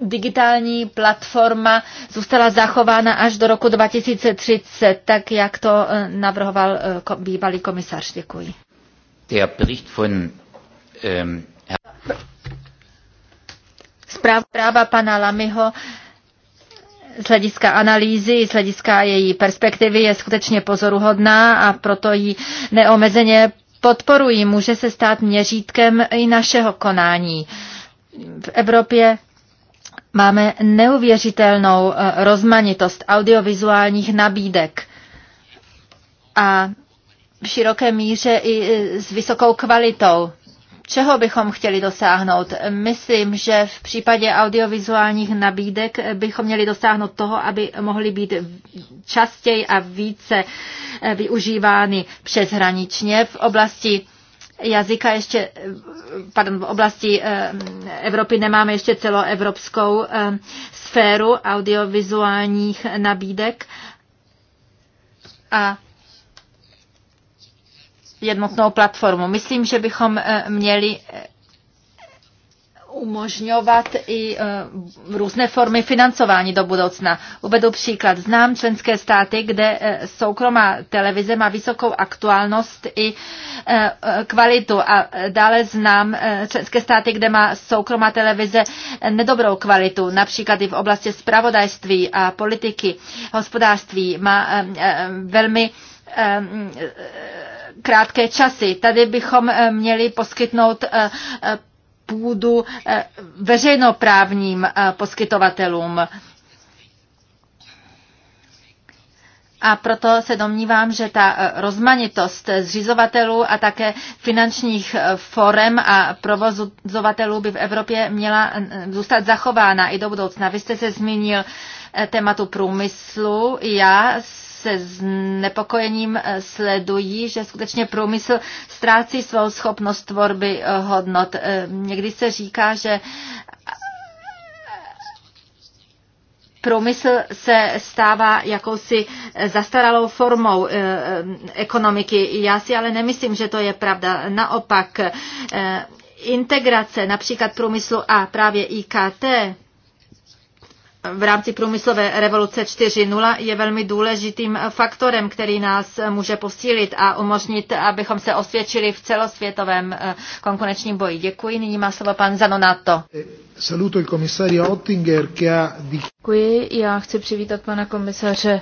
digitální platforma zůstala zachována až do roku 2030, tak jak to navrhoval bývalý komisař. Děkuji. Der Bericht von ähm, Zpráva pana Lamyho z hlediska analýzy, z hlediska její perspektivy je skutečně pozoruhodná a proto ji neomezeně podporuji. Může se stát měřítkem i našeho konání. V Evropě máme neuvěřitelnou eh, rozmanitost audiovizuálních nabídek a v široké míře i e, s vysokou kvalitou. Čeho bychom chtěli dosáhnout? Myslím, že v případě audiovizuálních nabídek bychom měli dosáhnout toho, aby mohly být častěji a více e, využívány přeshraničně v oblasti jazyka ještě, e, pardon, v oblasti Evropy nemáme ještě celoevropskou sféru audiovizuálních nabídek a jednotnou platformu. Myslím, že bychom eh, měli eh, umožňovat i eh, různé formy financování do budoucna. Uvedu příklad. Znám členské státy, kde soukromá televize má vysokou aktuálnost i kvalitu a dále znám členské státy, kde má soukromá televize nedobrou kvalitu, například i v oblasti spravodajství a politiky, hospodářství. Má velmi krátké časy. Tady bychom eh, měli poskytnout eh, eh, půdu veřejnoprávním poskytovatelům. A proto se domnívám, že ta rozmanitost zřizovatelů a také finančních forem a provozovatelů by v Evropě měla zůstat zachována i do budoucna. Vy jste se zmínil tématu průmyslu. Já se nepokojením eh, sledují, že skutečně průmysl ztrácí svou schopnost tvorby eh, hodnot. Eh, někdy se říká, že průmysl se stává jakousi zastaralou formou ekonomiky. Já si ale nemyslím, že to je pravda. Naopak integrace například průmyslu a právě IKT v rámci průmyslové revoluce 4.0 je velmi důležitým faktorem, který nás může posílit a umožnit, abychom se osvědčili v celosvětovém eh, konkurenčním boji. Děkuji. Nyní má slovo pan Zanonato. Saluto il commissario Ottinger che ha... Děkuji. Já chci přivítat pana komisaře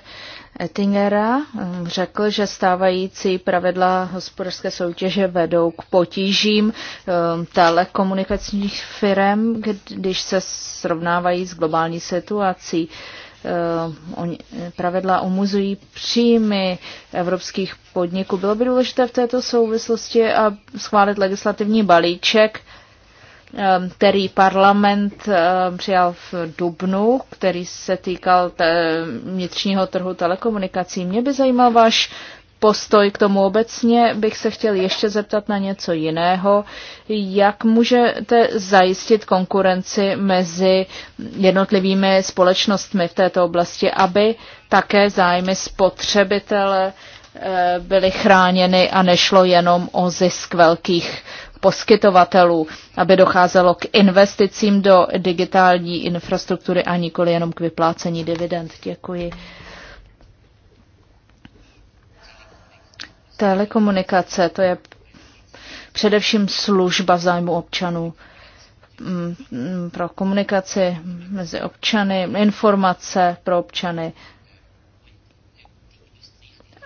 Ettingera eh, řekl, že stávající pravidla hospodářské soutěže vedou k potížím eh, telekomunikačních firm, když se srovnávají s globální situací. Eh, pravidla umuzují příjmy evropských podniků. Bylo by důležité v této souvislosti a schválit legislativní balíček, Ehm, který parlament ehm, přijal v Dubnu, který se týkal vnitřního trhu telekomunikací. Mě by zajímal váš postoj k tomu obecně. Bych se chtěl ještě zeptat na něco jiného. Jak můžete zajistit konkurenci mezi jednotlivými společnostmi v této oblasti, aby také zájmy spotřebitele eh, byly chráněny a nešlo jenom o zisk velkých poskytovatelů, aby docházelo k investicím do digitální infrastruktury a nikoli jenom k vyplácení dividend. Děkuji. Telekomunikace, to je především služba v zájmu občanů mm, mm, pro komunikaci mezi občany, informace pro občany.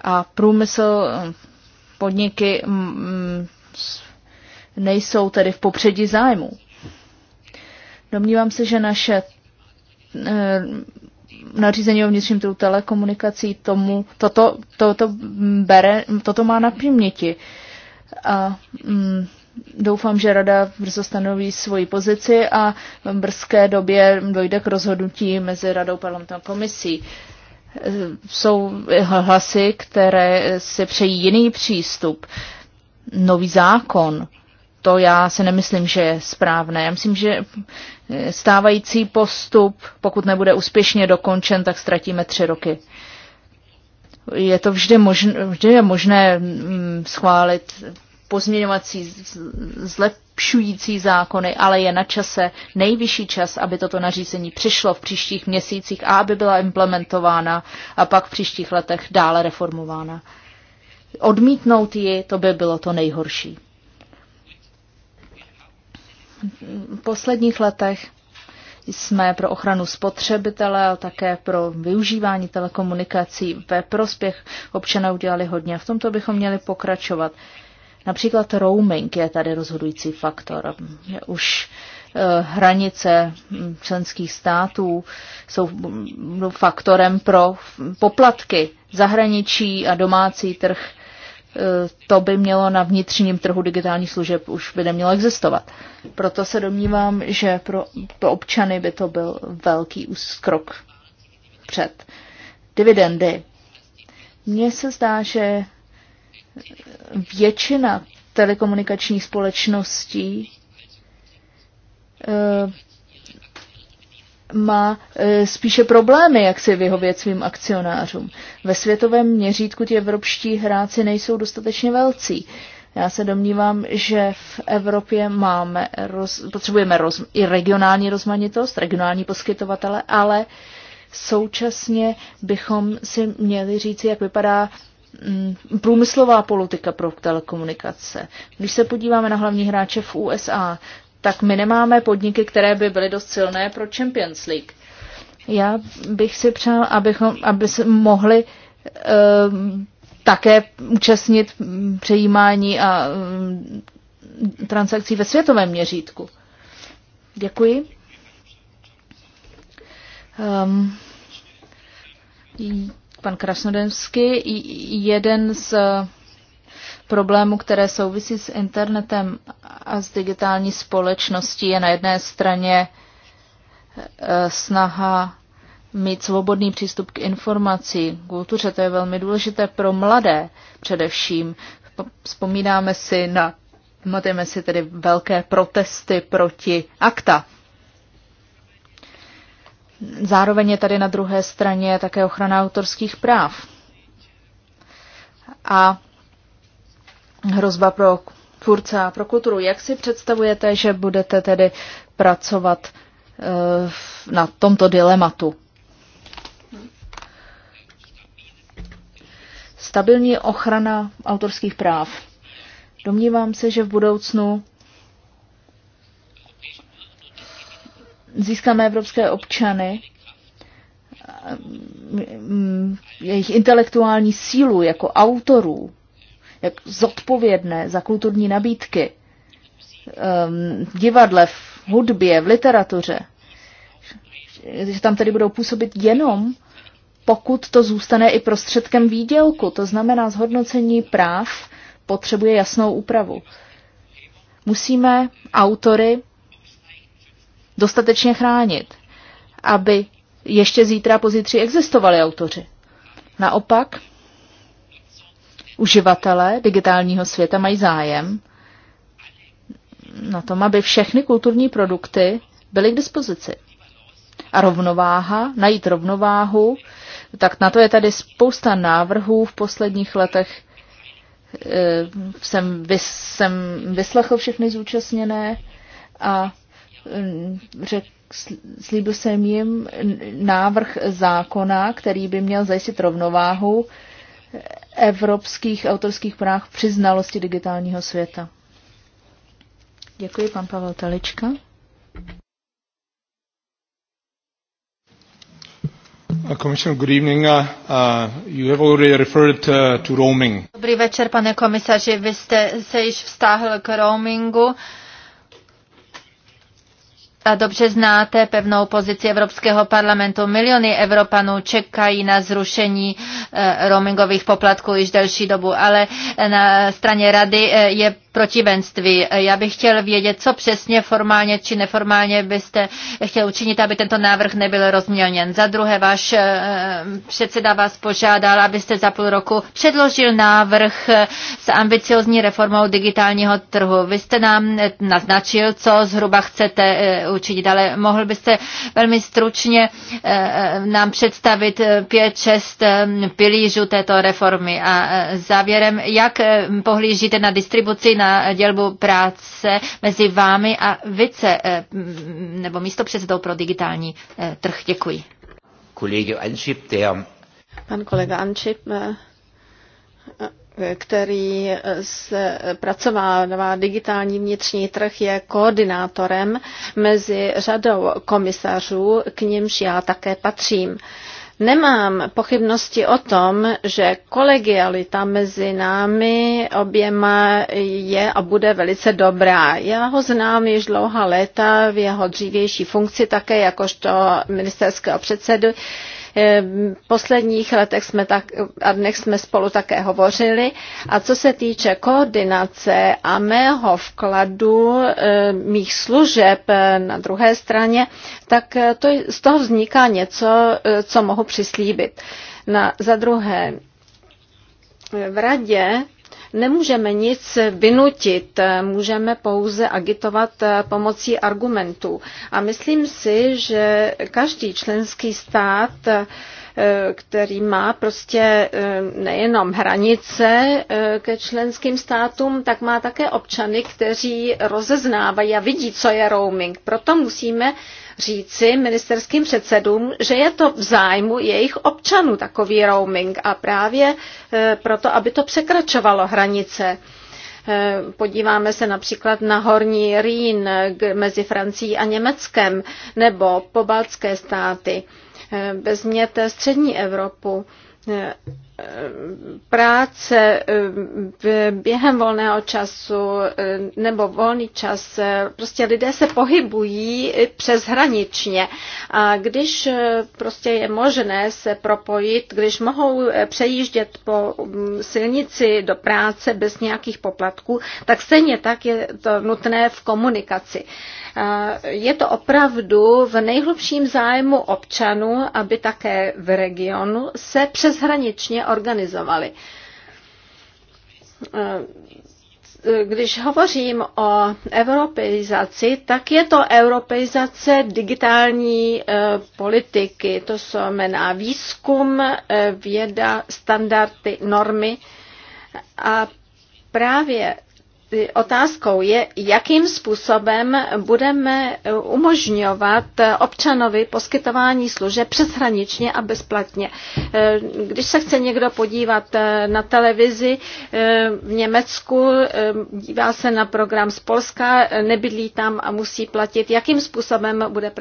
A průmysl, podniky mm, nejsou tedy v popředí zájmu. Domnívám se, že naše eh, nařízení o vnitřním trhu telekomunikací tomu, toto, toto, bere, toto má na paměti. A mm, doufám, že Rada brzo stanoví svoji pozici a v brzké době dojde k rozhodnutí mezi Radou parlamentem a komisí. Eh, jsou hlasy, které si přejí jiný přístup, nový zákon, to já si nemyslím, že je správné. Já myslím, že eh, stávající postup, pokud nebude úspěšně dokončen, tak ztratíme tři roky. Je to vždy možné, vždy je možné mm, schválit pozměňovací zlepšující zákony, ale je na čase nejvyšší čas, aby toto nařízení přišlo v příštích měsících a aby byla implementována a pak v příštích letech dále reformována. Odmítnout ji, to by bylo to nejhorší posledních letech jsme pro ochranu spotřebitele a také pro využívání telekomunikací ve prospěch občana udělali hodně. V tomto bychom měli pokračovat. Například roaming je tady rozhodující faktor. Už eh, hranice hm, členských států jsou hm, faktorem pro poplatky. Zahraničí a domácí trh Eh, to by mělo na vnitřním trhu digitálních služeb už by nemělo existovat. Proto se domnívám, že pro, pro občany by to byl velký krok před. Dividendy. Mně se zdá, že většina telekomunikačních společností eh, má e, spíše problémy, jak si vyhovět svým akcionářům. Ve světovém měřítku ti evropští hráci nejsou dostatečně velcí. Já se domnívám, že v Evropě máme, roz, potřebujeme roz, i regionální rozmanitost, regionální poskytovatele, ale současně bychom si měli říci, jak vypadá mm, průmyslová politika pro telekomunikace. Když se podíváme na hlavní hráče v USA, tak my nemáme podniky, které by byly dost silné pro Champions League. Já bych si přál, abychom, aby se mohli eh, také účastnit přejímání a eh, transakcí ve světovém měřítku. Děkuji. Um, pan Krasnodemsky, jeden z problémů, které souvisí s internetem a s digitální společností, je na jedné straně eh, snaha mít svobodný přístup k informací, kultuře, to je velmi důležité pro mladé především. Vzpomínáme si na, pamatujeme si tedy velké protesty proti akta. Zároveň je tady na druhé straně také ochrana autorských práv. A hrozba pro tvůrce a pro kulturu. Jak si představujete, že budete tedy pracovat eh, na tomto dilematu? Stabilní ochrana autorských práv. Domnívám se, že v budoucnu získáme evropské občany, eh, jejich intelektuální sílu jako autorů, jak zodpovědné za kulturní nabídky um, divadle, v hudbě, v literatuře. Že tam tedy budou působit jenom, pokud to zůstane i prostředkem výdělku. To znamená, zhodnocení práv potřebuje jasnou úpravu. Musíme autory dostatečně chránit, aby ještě zítra pozítří existovali autoři. Naopak, uživatelé digitálního světa mají zájem na tom, aby všechny kulturní produkty byly k dispozici. A rovnováha, najít rovnováhu, tak na to je tady spousta návrhů v posledních letech. Eh, jsem, vys, jsem vyslechl všechny zúčastněné a eh, řekl, slíbil jsem jim návrh zákona, který by měl zajistit rovnováhu evropských autorských práv při znalosti digitálního světa. Děkuji, pan Pavel Talička. Uh, Commissioner, good evening. Uh, uh, you have already referred to roaming. Dobrý večer, pane komisaři. Vy jste se již vztáhl k roamingu a dobře znáte pevnou pozici Evropského parlamentu. Miliony Evropanů čekají na zrušení eh, roamingových poplatků již delší dobu, ale eh, na straně rady eh, je protivenství. Já bych chtěl vědět, co přesně formálně či neformálně byste chtěl učinit, aby tento návrh nebyl rozmělněn. Za druhé, váš eh, předseda vás požádal, abyste za půl roku předložil návrh eh, s ambiciozní reformou digitálního trhu. Vy jste nám eh, naznačil, co zhruba chcete učinit, ale mohl byste velmi stručně nám představit pět, šest pilířů této reformy. A závěrem, jak pohlížíte na distribuci na dělbu práce mezi vámi a vice eh, nebo místo předsedou pro digitální eh, trh. Děkuji. Pan kolega Ančip, eh, který pracovává digitální vnitřní trh, je koordinátorem mezi řadou komisařů, k nímž já také patřím. Nemám pochybnosti o tom, že kolegialita mezi námi oběma je a bude velice dobrá. Já ho znám již dlouhá léta v jeho dřívější funkci také jakožto ministerského předsedu Eh, v posledních letech jsme tak, a dnech jsme spolu také hovořili. A co se týče koordinace a mého vkladu eh, mých služeb eh, na druhé straně, tak to, z toho vzniká něco, co mohu přislíbit. Na, za druhé, v radě Nemůžeme nic vynutit, můžeme pouze agitovat pomocí argumentů. A myslím si, že každý členský stát který má prostě eh, nejenom hranice eh, ke členským státům, tak má také občany, kteří rozeznávají a vidí, co je roaming. Proto musíme říci ministerským předsedům, že je to v zájmu jejich občanů takový roaming a právě eh, proto, aby to překračovalo hranice. Eh, podíváme se například na Horní Rýn eh, mezi Francií a Německem nebo pobaltské státy. Vezměte střední Evropu práce eh, během volného času eh, nebo volný čas, eh, prostě lidé se pohybují přeshraničně. A když prostě je možné se propojit, když mohou přejíždět po mm, silnici do práce bez nějakých poplatků, tak stejně tak je to nutné v komunikaci. Je to opravdu v nejhlubším zájmu občanů, aby také v regionu se přeshraničně organizovali. Eh, když hovořím o europeizaci, tak je to europeizace digitální eh, politiky. To znamená výzkum, eh, věda, standardy, normy. A právě Otázkou je, jakým způsobem budeme umožňovat občanovi poskytování služeb přeshraničně a bezplatně. Když se chce někdo podívat na televizi v Německu, dívá se na program z Polska, nebydlí tam a musí platit, jakým způsobem bude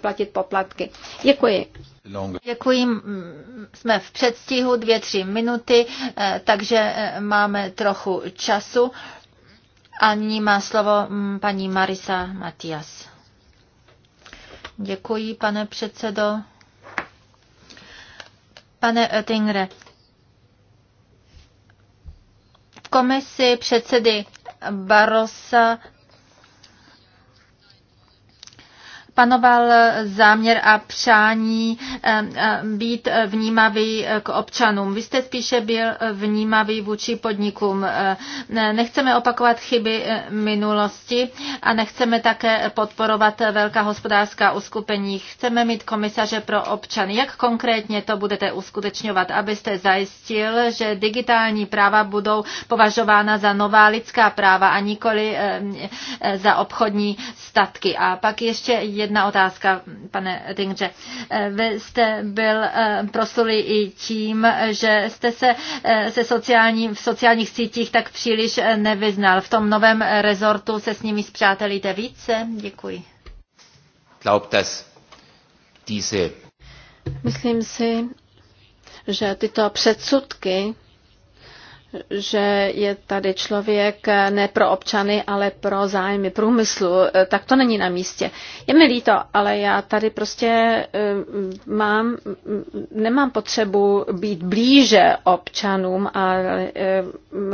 platit poplatky. Děkuji. Děkuji, jsme v předstihu dvě, tři minuty, takže máme trochu času. A nyní má slovo mm, paní Marisa Matias. Děkuji, pane předsedo. Pane Oettingere, v komisi předsedy Barossa panoval záměr a přání eh, eh, být vnímavý k občanům. Vy jste spíše byl vnímavý vůči podnikům. Eh, nechceme opakovat chyby minulosti a nechceme také podporovat velká hospodářská uskupení. Chceme mít komisaře pro občany. Jak konkrétně to budete uskutečňovat, abyste zajistil, že digitální práva budou považována za nová lidská práva a nikoli za obchodní statky? A pak ještě jedna jedna otázka, pane Dingře. Eh, vy jste byl eh, proslulý i tím, že jste se, eh, se sociální, v sociálních sítích tak příliš nevyznal. V tom novém rezortu se s nimi zpřátelíte více? Děkuji. Glaub, diese Myslím si, že tyto předsudky že je tady člověk ne pro občany, ale pro zájmy průmyslu, tak to není na místě. Je mi líto, ale já tady prostě eh, mám, nemám potřebu být blíže občanům a eh,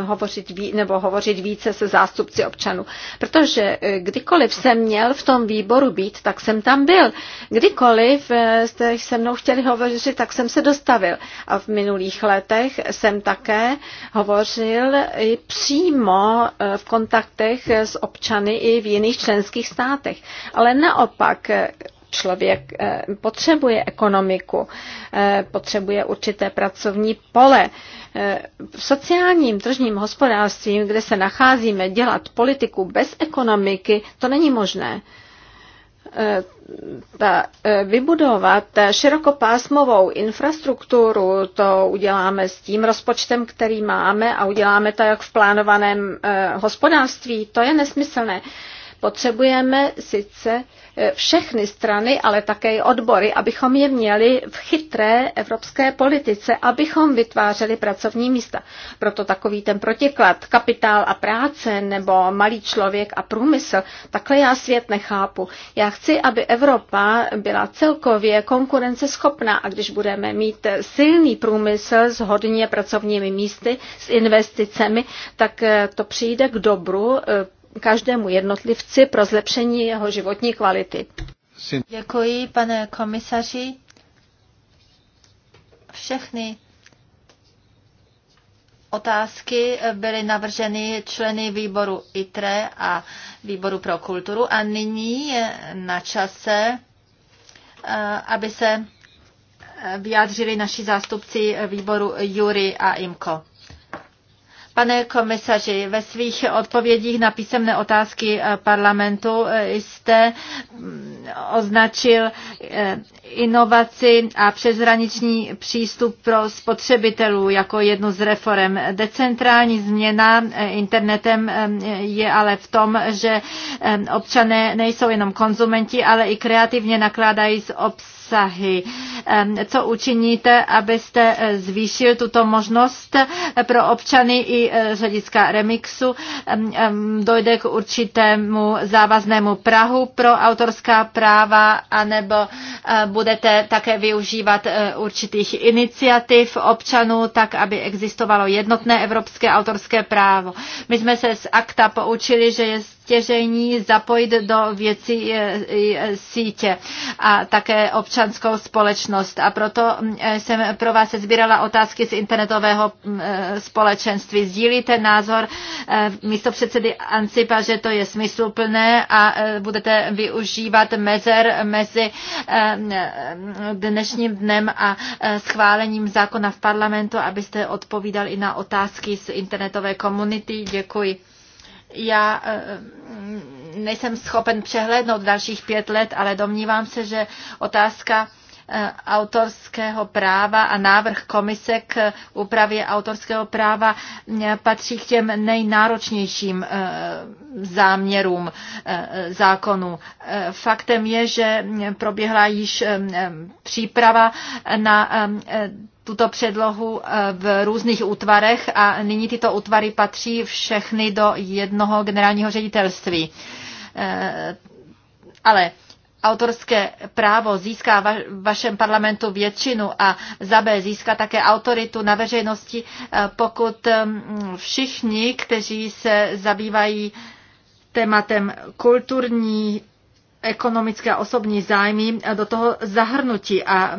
hovořit, nebo hovořit více se zástupci občanů. Protože eh, kdykoliv jsem měl v tom výboru být, tak jsem tam byl. Kdykoliv jste se mnou chtěli hovořit, tak jsem se dostavil. A v minulých letech jsem také hovořil i přímo eh, v kontaktech s občany i v jiných členských státech. Ale naopak eh, člověk eh, potřebuje ekonomiku, potřebuje určité pracovní pole. V sociálním tržním hospodářství, kde se nacházíme, dělat politiku bez ekonomiky, to není možné ta, eh, vybudovat širokopásmovou infrastrukturu, to uděláme s tím rozpočtem, který máme a uděláme to jak v plánovaném eh, hospodářství, to je nesmyslné. Potřebujeme sice Eh, všechny strany, ale také i odbory, abychom je měli v chytré evropské politice, abychom vytvářeli pracovní místa. Proto takový ten protiklad kapitál a práce nebo malý člověk a průmysl, takhle já svět nechápu. Já chci, aby Evropa byla celkově konkurenceschopná a když budeme mít silný průmysl s hodně pracovními místy, s investicemi, tak eh, to přijde k dobru eh, každému jednotlivci pro zlepšení jeho životní kvality. Děkuji, pane komisaři. Všechny otázky byly navrženy členy výboru ITRE a výboru pro kulturu a nyní je na čase, eh, aby se vyjádřili naši zástupci výboru Jury a IMKO. Pane komisaři, ve svých odpovědích na písemné otázky eh, parlamentu eh, jste mm, označil eh, inovaci a přeshraniční přístup pro spotřebitelů jako jednu z reform. Decentrální změna internetem je ale v tom, že občané nejsou jenom konzumenti, ale i kreativně nakládají s obsahem obsahy. Co učiníte, abyste eh, zvýšil tuto možnost eh, pro občany i eh, z hlediska remixu? Dojde k určitému závaznému Prahu pro autorská práva, anebo budete také využívat určitých iniciativ občanů, tak aby existovalo jednotné evropské autorské právo. My jsme se z akta poučili, že je stěžení zapojit do věcí eh, eh, sítě a také občanskou společnost. A proto eh, jsem pro vás sbírala otázky z internetového mm, společenství. Sdílíte názor místo předsedy Ancipa, že to je smysluplné a budete využívat mezer mezi dnešním dnem a schválením zákona v parlamentu, abyste odpovídal i na otázky z internetové komunity. Děkuji. Já eh, mm, nejsem schopen přehlédnout dalších pět let, ale domnívám se, že otázka eh, autorského práva a návrh komise k eh, úpravě autorského práva patří k těm nejnáročnějším záměrům zákonu. Faktem je, že mm, proběhla již mm, příprava na tuto předlohu eh, v různých útvarech a nyní tyto útvary patří všechny do jednoho generálního ředitelství. Eh, ale autorské právo získá v vašem parlamentu většinu a za B získá také autoritu na veřejnosti, eh, pokud mm, všichni, kteří se zabývají tématem kulturní ekonomické a osobní zájmy do toho zahrnutí a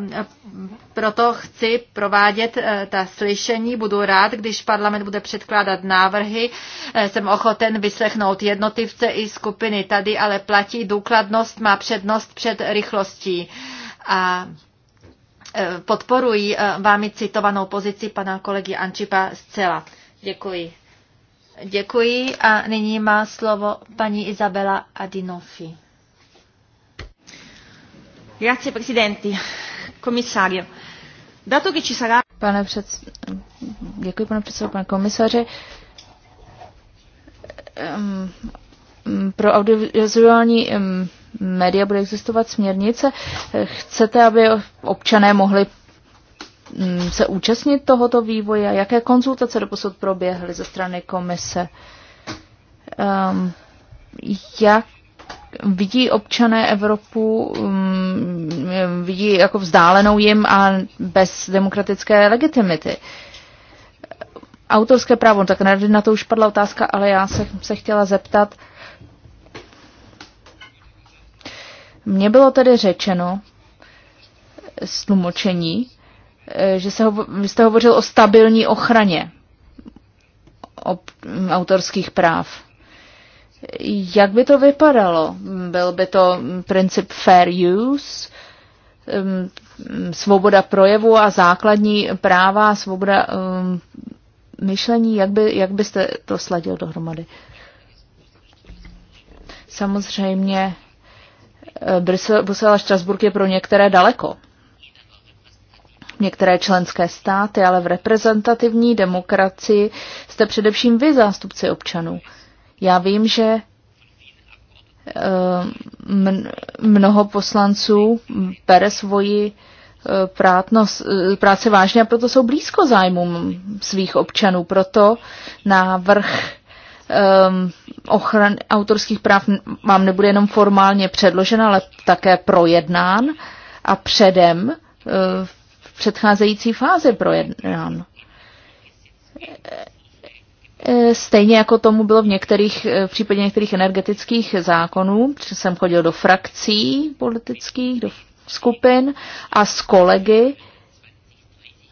proto chci provádět e, ta slyšení. Budu rád, když parlament bude předkládat návrhy. E, jsem ochoten vyslechnout jednotlivce i skupiny tady, ale platí důkladnost má přednost před rychlostí. A e, podporuji vámi citovanou pozici pana kolegy Ančipa zcela. Děkuji. Děkuji a nyní má slovo paní Izabela Adinofi. Grazie Presidenti. Komisario. Dato che ci sarà... Pane před... Děkuji, pane předsedo, pane komisaři. Um, pro audiovizuální um, média bude existovat směrnice. Chcete, aby občané mohli se účastnit tohoto vývoje? Jaké konzultace doposud proběhly ze strany komise? Um, jak vidí občané Evropu, mm, vidí jako vzdálenou jim a bez demokratické legitimity. Autorské právo, no tak na to už padla otázka, ale já se, se chtěla zeptat. Mně bylo tedy řečeno z tlumočení, že se hovo, vy jste hovořil o stabilní ochraně autorských práv jak by to vypadalo? Byl by to princip fair use, um, svoboda projevu a základní práva, svoboda um, myšlení? Jak, by, jak byste to sladil dohromady? Samozřejmě eh, Brusel a Štrasburg je pro některé daleko. Některé členské státy, ale v reprezentativní demokracii jste především vy zástupci občanů. Já vím, že eh, mnoho poslanců bere svoji eh, prátnost, eh, práce vážně a proto jsou blízko zájmům svých občanů. Proto návrh vrch ehm, ochran autorských práv vám nebude jenom formálně předložen, ale také projednán a předem v předcházející fázi projednán. Eh, stejně jako tomu bylo v, některých, eh, v případě některých energetických zákonů, jsem chodil do frakcí politických, do skupin a s kolegy,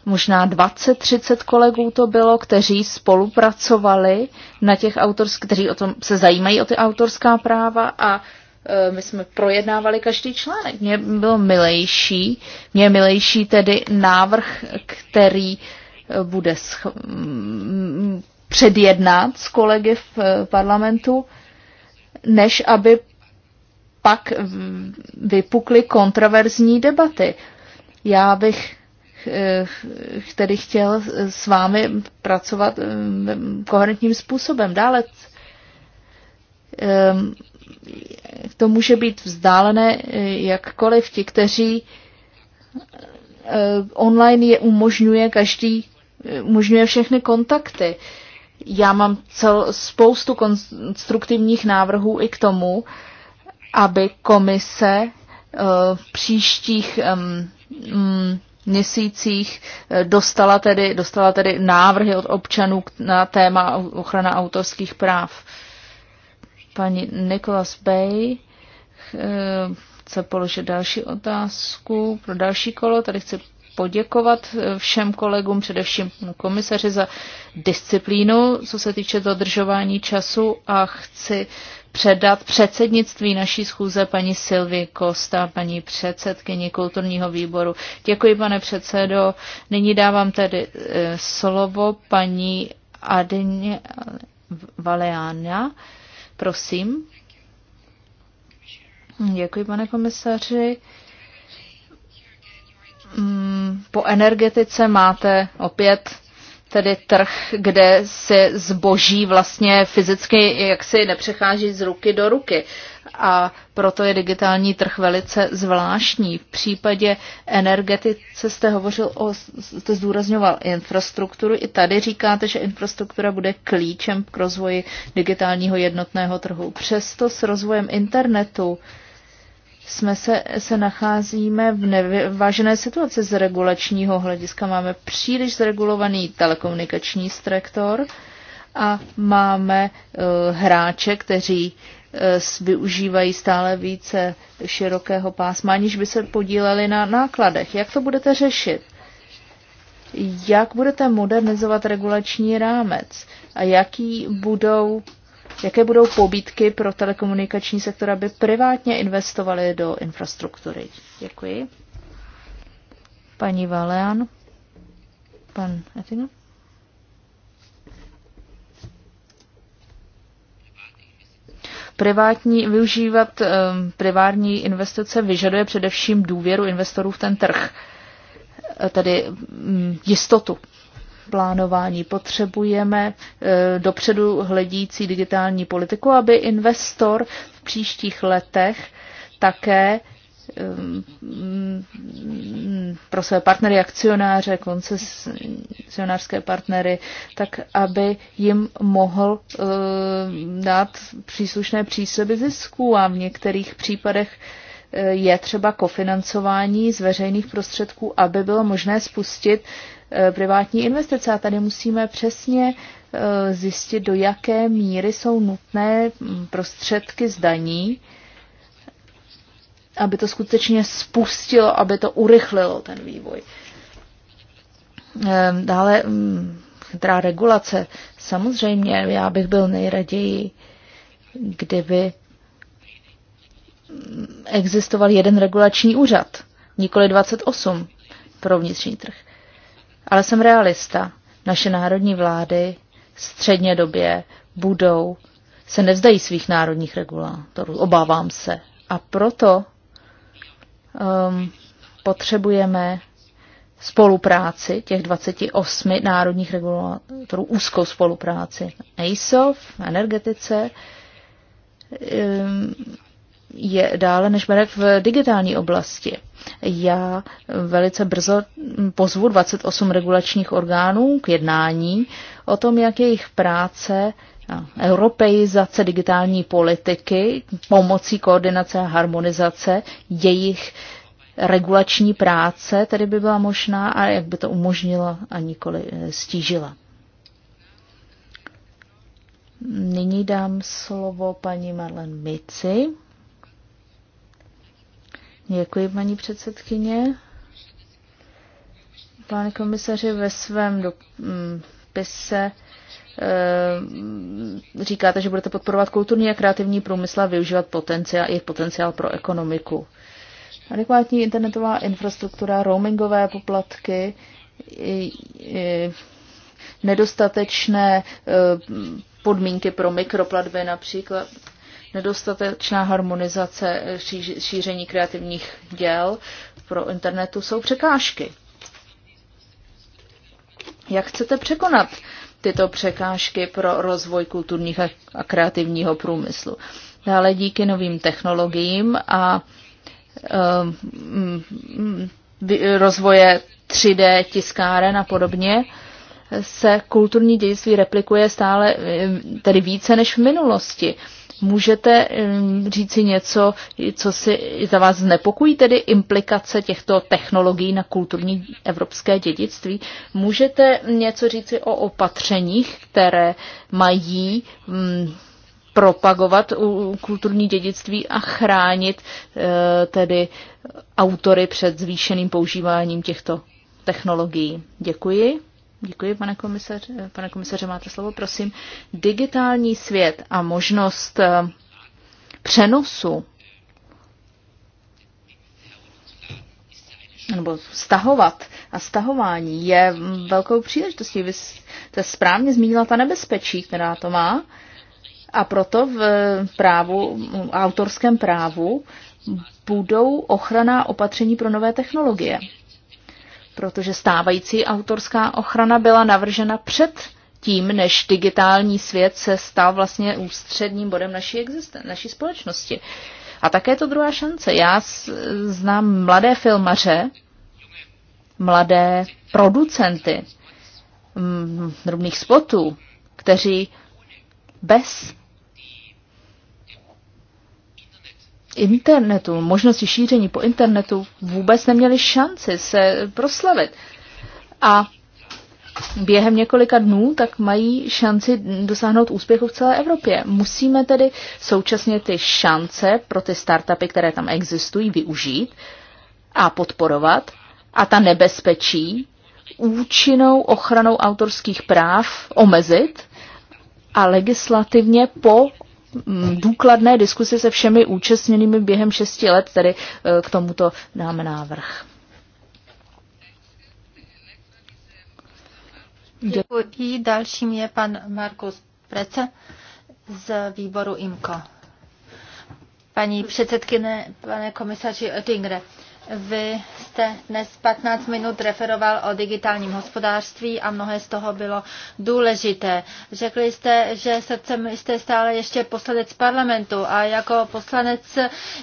možná 20-30 kolegů to bylo, kteří spolupracovali na těch autorských, kteří o tom se zajímají o ty autorská práva a eh, my jsme projednávali každý článek. Mně byl milejší, mě milejší tedy návrh, který bude, předjednat s kolegy v eh, parlamentu, než aby pak vypukly kontroverzní debaty. Já bych který eh, chtěl s vámi pracovat eh, koherentním způsobem. Dále to může být vzdálené jakkoliv. Ti, kteří online je umožňuje každý, umožňuje všechny kontakty. Já mám cel, spoustu konstruktivních návrhů i k tomu, aby komise eh, v příštích mm, měsících eh, dostala tedy, dostala tedy návrhy od občanů na téma ochrana autorských práv. Paní Nicholas Bay eh, chce položit další otázku pro další kolo. Tady chci poděkovat eh, všem kolegům, především komisaři za disciplínu, co se týče dodržování času a chci předat předsednictví naší schůze paní Silvi Kosta, paní předsedkyni kulturního výboru. Děkuji, pane předsedo. Nyní dávám tedy eh, slovo paní Adině Valeána. Prosím. Děkuji, pane komisaři. Mm, po energetice máte opět tedy trh, kde se zboží vlastně fyzicky jaksi nepřechází z ruky do ruky. A proto je digitální trh velice zvláštní. V případě energetice jste hovořil o, jste zdůrazňoval infrastrukturu. I tady říkáte, že infrastruktura bude klíčem k rozvoji digitálního jednotného trhu. Přesto s rozvojem internetu uh, jsme se, se nacházíme v nevážené situaci z regulačního hlediska. Máme příliš zregulovaný telekomunikační sektor a máme uh, hráče, kteří uh, využívají stále více širokého pásma, aniž by se podíleli na nákladech. Jak to budete řešit? Jak budete modernizovat regulační rámec? A jaký budou Jaké budou pobídky pro telekomunikační sektor, aby privátně investovali do infrastruktury? Děkuji. Paní Valean. Pan Etino. Privátní, využívat um, privátní investice vyžaduje především důvěru investorů v ten trh, tedy um, jistotu plánování. Potřebujeme eh, dopředu hledící digitální politiku, aby investor v příštích letech také eh, pro své partnery, akcionáře, koncesionářské partnery, tak aby jim mohl eh, dát příslušné přísoby zisků a v některých případech je třeba kofinancování z veřejných prostředků, aby bylo možné spustit Eh, privátní investice. A tady musíme přesně eh, zjistit, do jaké míry jsou nutné mm, prostředky zdaní, aby to skutečně spustilo, aby to urychlilo ten vývoj. Ehm, dále mm, chytrá regulace. Samozřejmě, já bych byl nejraději, kdyby mm, existoval jeden regulační úřad, nikoli 28 pro vnitřní trh. Ale jsem realista. Naše národní vlády středně době budou, se nevzdají svých národních regulátorů, obávám se. A proto um, potřebujeme spolupráci těch 28 národních regulátorů, úzkou spolupráci. ASOF, energetice, um, je dále než Marek v digitální oblasti. Já velice brzo pozvu 28 regulačních orgánů k jednání o tom, jak jejich práce europeizace digitální politiky pomocí koordinace a harmonizace jejich regulační práce tedy by byla možná a jak by to umožnila a nikoli eh, stížila. Nyní dám slovo paní Marlen Mici. Děkuji, paní předsedkyně. Pane komisaři, ve svém dopise mm, eh, říkáte, že budete podporovat kulturní a kreativní průmysl a využívat potenciál, jejich potenciál pro ekonomiku. Adekvátní internetová infrastruktura, roamingové poplatky, nedostatečné eh, podmínky pro mikroplatby například nedostatečná harmonizace eh, šíření kreativních děl pro internetu jsou překážky. Jak chcete překonat tyto překážky pro rozvoj kulturních a kreativního průmyslu? Dále díky novým technologiím a eh, mm, mm, rozvoje 3D tiskáren a podobně se kulturní dědictví replikuje stále eh, tedy více než v minulosti. Můžete um, říci něco, co si za vás znepokojí, tedy implikace těchto technologií na kulturní evropské dědictví? Můžete něco říci o opatřeních, které mají um, propagovat kulturní dědictví a chránit uh, tedy autory před zvýšeným používáním těchto technologií? Děkuji. Děkuji, pane komisaře. Pane komisaře, máte slovo, prosím. Digitální svět a možnost eh, přenosu nebo stahovat a stahování je velkou příležitostí. Vy jste správně zmínila ta nebezpečí, která to má. A proto v eh, právu, v autorském právu budou ochrana opatření pro nové technologie protože stávající autorská ochrana byla navržena před tím, než digitální svět se stal vlastně ústředním bodem naší, existen- naší společnosti. A také to druhá šance. Já znám mladé filmaře, mladé producenty drobných spotů, kteří bez internetu, možnosti šíření po internetu vůbec neměli šanci se proslavit. A během několika dnů tak mají šanci dosáhnout úspěchu v celé Evropě. Musíme tedy současně ty šance pro ty startupy, které tam existují, využít a podporovat a ta nebezpečí účinnou ochranou autorských práv omezit a legislativně po Mm, důkladné diskusi se všemi účastněnými během šesti let, tedy eh, k tomuto dáme návrh. Děkuji. Dalším je pan Markus Prece z výboru IMCO. Paní předsedkyně, pane komisaři Oettingere, vy jste dnes 15 minut referoval o digitálním hospodářství a mnohé z toho bylo důležité. Řekli jste, že srdcem jste stále ještě poslanec parlamentu a jako poslanec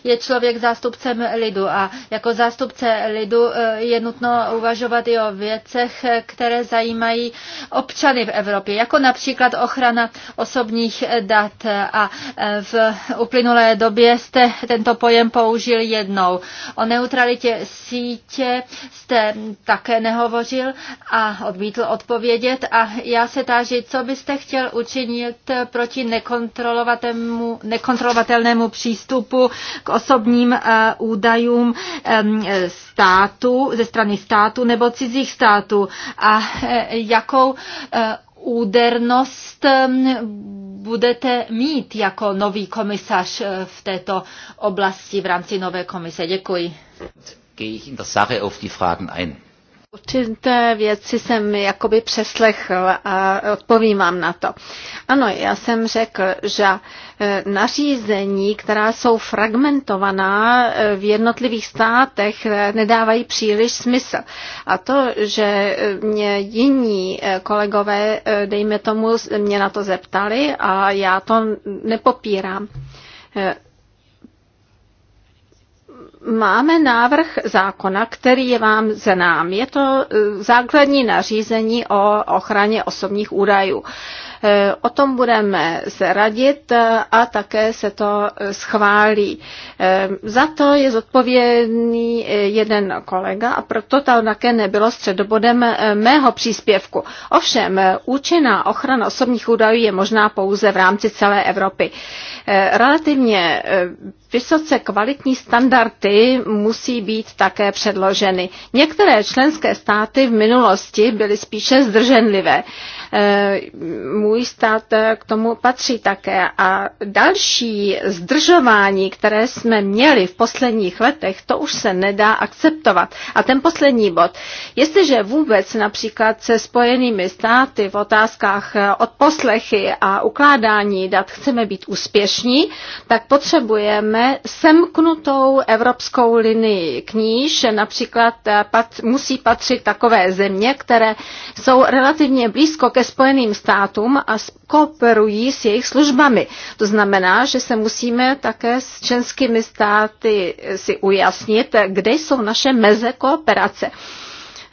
je člověk zástupcem lidu a jako zástupce lidu eh, je nutno uvažovat i o věcech, které zajímají občany v Evropě, jako například ochrana osobních dat a eh, v uplynulé době jste tento pojem použil jednou. O neutralitě kvalitě sítě jste také nehovořil a odmítl odpovědět a já se táži, co byste chtěl učinit proti nekontrolovatelnému přístupu k osobním eh, údajům státu, ze strany státu nebo cizích států a eh, jakou eh, údernost um, budete mít jako nový komisař uh, v této oblasti v rámci nové komise. Děkuji. Gehe ich in der Sache auf die Fragen ein. Určité věci jsem jakoby přeslechl a odpovím vám na to. Ano, já jsem řekl, že e, nařízení, která jsou fragmentovaná e, v jednotlivých státech, e, nedávají příliš smysl. A to, že mě jiní kolegové, dejme tomu, mě na to zeptali a já to nepopírám Máme návrh zákona, který je vám znám. Je to eh, základní nařízení o ochraně osobních údajů. Eh, o tom budeme se radit eh, a také se to schválí. Za to je zodpovědný jeden kolega a proto to také nebylo středobodem mého příspěvku. Ovšem, účinná ochrana osobních údajů je možná pouze v rámci celé Evropy. Relativně Vysoce kvalitní standardy musí být také předloženy. Některé členské státy v minulosti byly spíše zdrženlivé. E, můj stát k tomu patří také. A další zdržování, které jsme měli v posledních letech, to už se nedá akceptovat. A ten poslední bod. Jestliže vůbec například se spojenými státy v otázkách od poslechy a ukládání dat chceme být úspěšní, tak potřebujeme máme semknutou evropskou linii, k níž například eh, pat, musí patřit takové země, které jsou relativně blízko ke Spojeným státům a kooperují s jejich službami. To znamená, že se musíme také s členskými státy eh, si ujasnit, eh, kde jsou naše meze kooperace.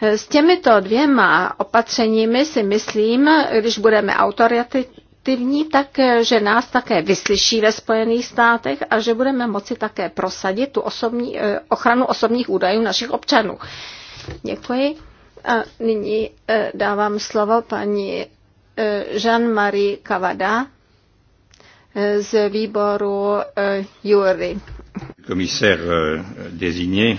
S těmito dvěma opatřeními si myslím, když budeme autoritativní, aktivní, tak eh, že nás také vyslyší ve Spojených státech a že budeme moci také prosadit tu osobní, eh, ochranu osobních údajů našich občanů. Děkuji. A nyní eh, dávám slovo paní Jean-Marie Cavada z výboru Jury. Komisér designé.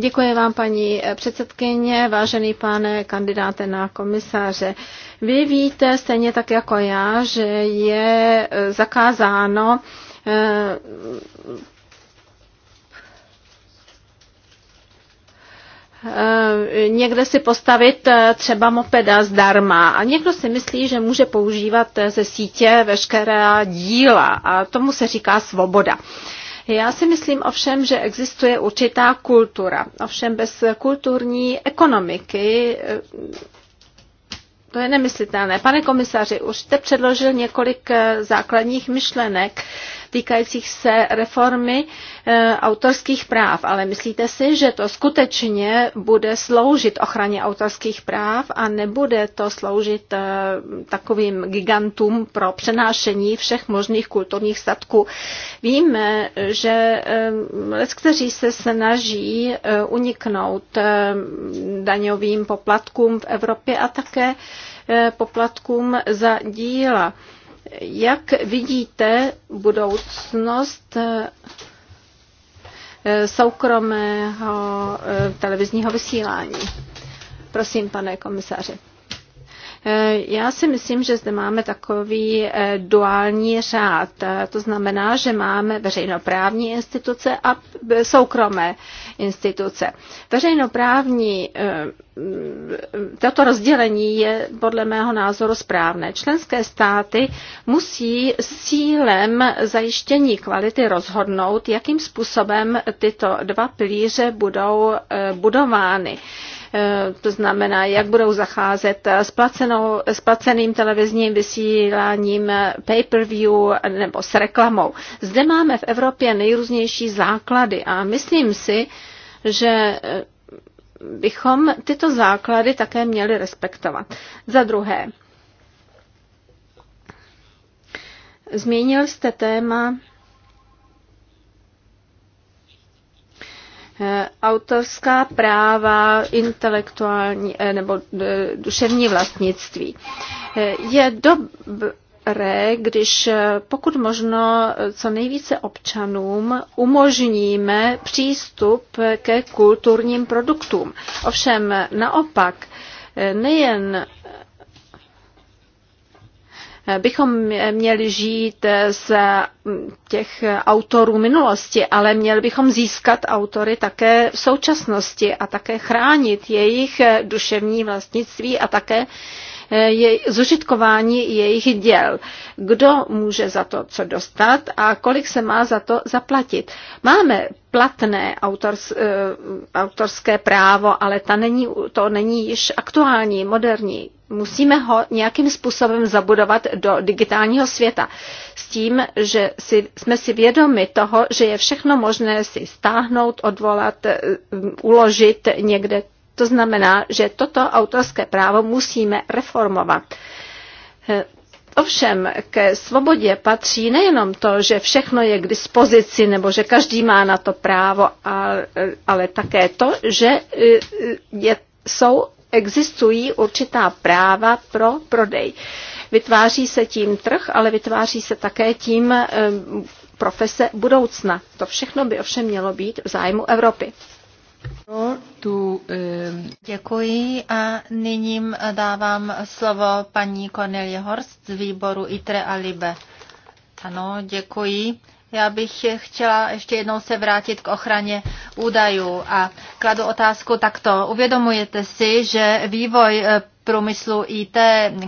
Děkuji vám, paní předsedkyně, vážený pane kandidáte na komisáře. Vy víte stejně tak jako já, že je eh, zakázáno eh, někde si postavit eh, třeba mopeda zdarma a někdo si myslí, že může používat ze sítě veškerá díla a tomu se říká svoboda. Já si myslím ovšem, že existuje určitá kultura. Ovšem bez kulturní ekonomiky eh, to je nemyslitelné. Pane komisaři, už jste předložil několik eh, základních myšlenek týkajících se reformy eh, autorských práv. Ale myslíte si, že to skutečně bude sloužit ochraně autorských práv a nebude to sloužit eh, takovým gigantům pro přenášení všech možných kulturních statků? Víme, že eh, les, kteří se snaží uniknout daňovým poplatkům v Evropě a také poplatkům za díla. Jak vidíte budoucnost eh, soukromého eh, televizního vysílání? Prosím, pane komisaři. Eh, já si myslím, že zde máme takový eh, duální řád. Eh, to znamená, že máme veřejnoprávní instituce a soukromé instituce. Veřejnoprávní mm, toto rozdělení je podle mého názoru správné. Členské státy musí s cílem zajištění kvality rozhodnout, jakým způsobem tyto dva pilíře budou budovány. Eh, to znamená, jak budou zacházet eh, s, placenou, s placeným televizním vysíláním eh, pay-per-view nebo s reklamou. Zde máme v Evropě nejrůznější základy a myslím si, že bychom tyto základy také měli respektovat. Za druhé, zmínil jste téma Eh, autorská práva, intelektuální eh, nebo eh, duševní vlastnictví. Je dobré, když pokud možno co nejvíce občanům umožníme přístup ke kulturním produktům. Ovšem naopak, nejen bychom měli žít z těch autorů minulosti, ale měli bychom získat autory také v současnosti a také chránit jejich duševní vlastnictví a také je, zužitkování jejich děl. Kdo může za to co dostat a kolik se má za to zaplatit. Máme platné autors, eh, autorské právo, ale ta není, to není již aktuální, moderní. Musíme ho nějakým způsobem zabudovat do digitálního světa. S tím, že si, jsme si vědomi toho, že je všechno možné si stáhnout, odvolat, eh, uložit někde to znamená, že toto autorské právo musíme reformovat. Eh, ovšem, ke svobodě patří nejenom to, že všechno je k dispozici nebo že každý má na to právo, eh, ale, také to, že eh, je, jsou, existují určitá práva pro prodej. Vytváří se tím trh, ale vytváří se také tím profese budoucna. To všechno by ovšem mělo být v zájmu Evropy. Ehm, děkuji a nyní dávám slovo paní Cornelie Horst z výboru ITRE a LIBE. Ano, děkuji. Já bych chtěla ještě jednou se vrátit k ochraně údajů a kladu otázku takto. Uvědomujete si, že vývoj eh, průmyslu IT,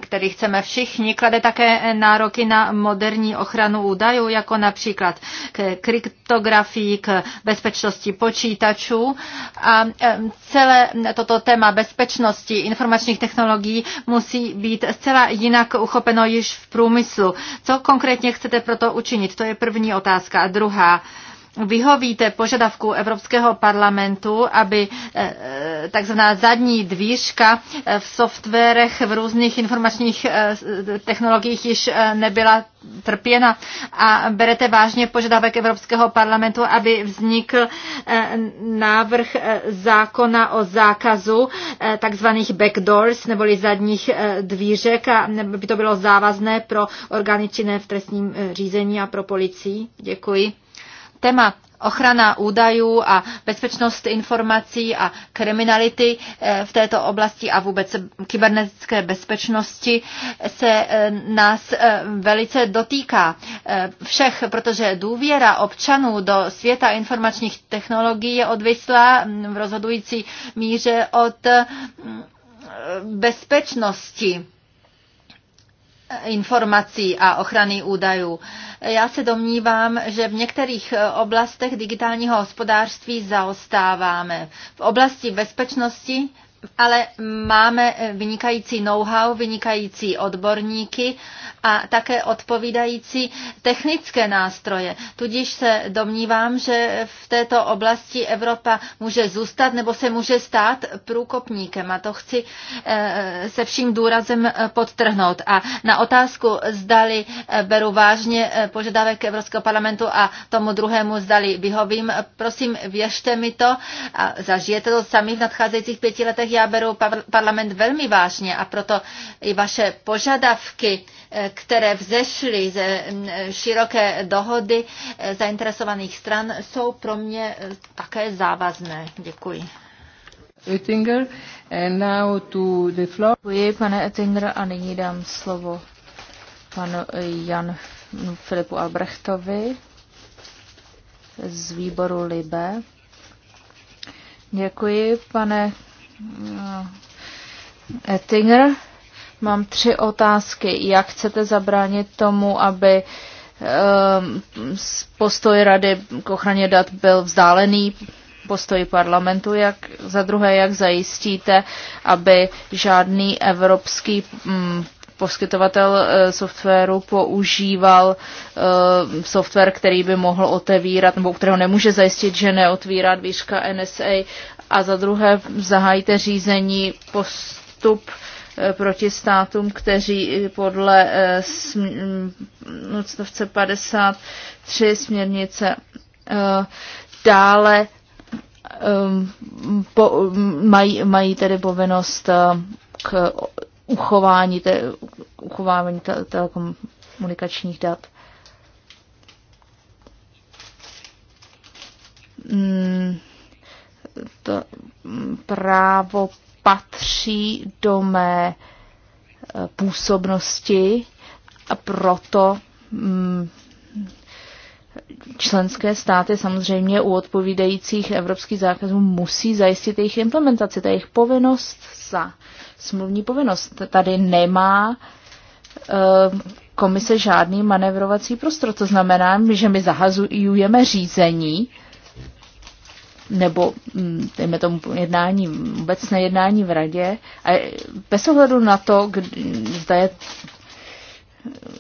který chceme všichni, klade také nároky na moderní ochranu údajů, jako například k kryptografii, k bezpečnosti počítačů. A celé toto téma bezpečnosti informačních technologií musí být zcela jinak uchopeno již v průmyslu. Co konkrétně chcete proto učinit? To je první otázka. A druhá, vyhovíte požadavku Evropského parlamentu, aby eh, eh, takzvaná zadní dvířka eh, v softwarech v různých informačních technologiích již nebyla trpěna a berete vážně požadavek Evropského parlamentu, aby vznikl návrh zákona o zákazu takzvaných backdoors neboli zadních dvířek a by to bylo závazné pro orgány činné v trestním řízení a pro policii. Děkuji. Téma ochrana údajů a bezpečnost informací a kriminality eh, v této oblasti a vůbec kybernetické bezpečnosti se eh, nás eh, velice dotýká všech, protože důvěra občanů do světa informačních technologií je odvislá mm, v rozhodující míře od mm, bezpečnosti informací a ochrany údajů. Já se domnívám, že v některých oblastech digitálního hospodářství zaostáváme. V oblasti bezpečnosti ale máme eh, vynikající know-how, vynikající odborníky a také odpovídající technické nástroje. Tudíž se domnívám, že v této oblasti Evropa může zůstat nebo se může stát průkopníkem. A to chci eh, se vším důrazem eh, podtrhnout. A na otázku, zdali beru vážně požadavek Evropského parlamentu a tomu druhému zdali vyhovím, prosím, věřte mi to a zažijete to sami v nadcházejících pěti letech já beru parlament velmi vážně a proto i vaše požadavky, eh, které vzešly ze mm, eh, široké dohody eh, zainteresovaných stran, jsou pro mě také závazné. Děkuji. Oettinger, and now to the floor. Děkuji, pane Oettinger, a nyní dám slovo panu Jan mm, Filipu Albrechtovi z výboru Libe. Děkuji, pane Eh, Ettinger. Mám tři otázky. Jak chcete zabránit tomu, aby ehm, postoj Rady k ochraně dat byl vzdálený postoji parlamentu, jak za druhé, jak zajistíte, aby žádný evropský mm, poskytovatel e, softwaru používal e, software, který by mohl otevírat, nebo kterého nemůže zajistit, že neotvírá dvířka NSA a za druhé zahájíte řízení postup eh, proti státům, kteří eh, podle eh, odstavce 53 směrnice dále po, mají, mají tedy povinnost k uchování, te, uchovávání te, telekomunikačních dat. Hmm to mm, právo patří do mé e, působnosti a proto mm, členské státy samozřejmě u odpovídajících evropských zákazů musí zajistit jejich implementaci. To je jejich povinnost za smluvní povinnost. Tady nemá e, komise žádný manevrovací prostor. To znamená, že my zahazujeme řízení nebo mm, dejme tomu jednání, obecné jednání v radě, a bez ohledu na to, kdy, zda je,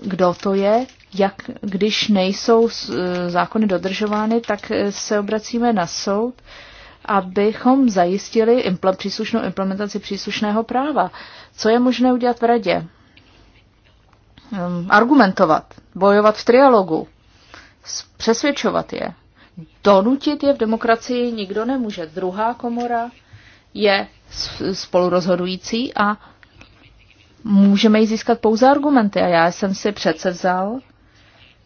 kdo to je, jak když nejsou e, zákony dodržovány, tak e, se obracíme na soud, abychom zajistili impl- příslušnou implementaci příslušného práva. Co je možné udělat v radě? Um, argumentovat, bojovat v trialogu, přesvědčovat je donutit je v demokracii nikdo nemůže. Druhá komora je spolurozhodující a můžeme ji získat pouze argumenty. A já jsem si přece vzal,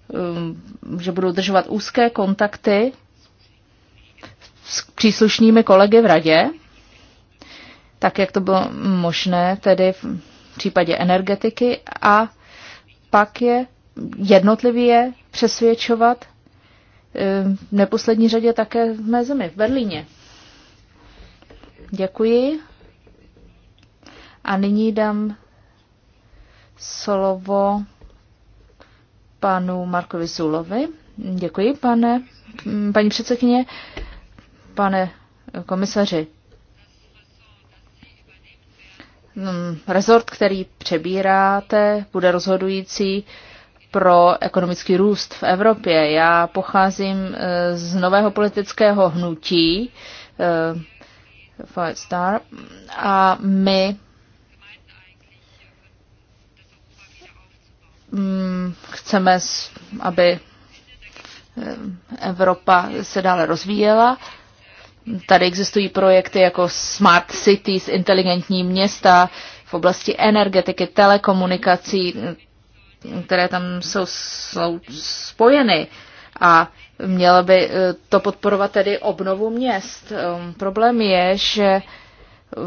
um, že budu držovat úzké kontakty s příslušnými kolegy v radě, tak jak to bylo možné tedy v případě energetiky a pak je jednotlivě přesvědčovat v neposlední řadě také v mé zemi, v Berlíně. Děkuji. A nyní dám slovo panu Markovi Zulovi. Děkuji, pane, paní předsedkyně, pane komisaři. Hmm, rezort, který přebíráte, bude rozhodující pro ekonomický růst v Evropě. Já pocházím eh, z nového politického hnutí eh, Star a my mm, chceme, aby eh, Evropa se dále rozvíjela. Tady existují projekty jako Smart Cities, inteligentní města v oblasti energetiky, telekomunikací, které tam jsou, jsou spojeny. A mělo by eh, to podporovat tedy obnovu měst. Um, problém je, že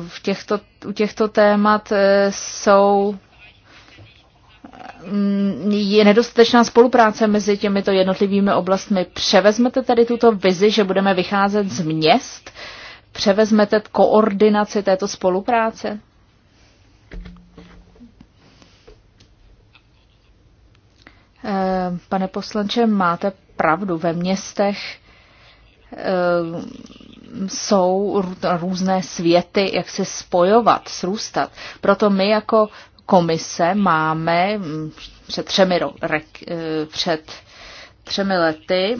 v těchto, u těchto témat eh, jsou mm, je nedostatečná spolupráce mezi těmito jednotlivými oblastmi. Převezmete tedy tuto vizi, že budeme vycházet z měst? Převezmete koordinaci této spolupráce? Eh, pane poslanče, máte pravdu. Ve městech eh, jsou různé světy, jak se spojovat, srůstat. Proto my jako komise máme hm, před třemi, ro, eh, před třemi lety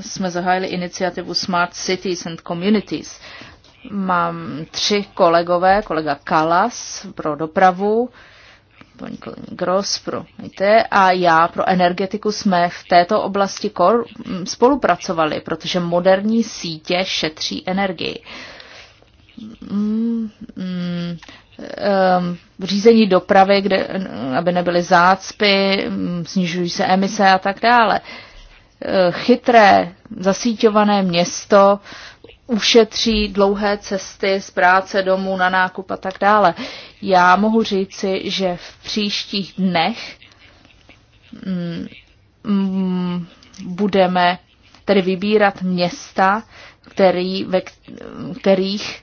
jsme zahájili iniciativu Smart Cities and Communities. Mám tři kolegové, kolega Kalas pro dopravu, paní Gross pro IT a já pro energetiku jsme v této oblasti spolupracovali, protože moderní sítě šetří energii. Mm, mm ehm, řízení dopravy, kde, aby nebyly zácpy, mm, snižují se emise a tak dále. Ehm, chytré, zasíťované město ušetří dlouhé cesty z práce domů na nákup a tak dále. Já mohu říci, že v příštích dnech mm, mm budeme tedy vybírat města, který, ve kterých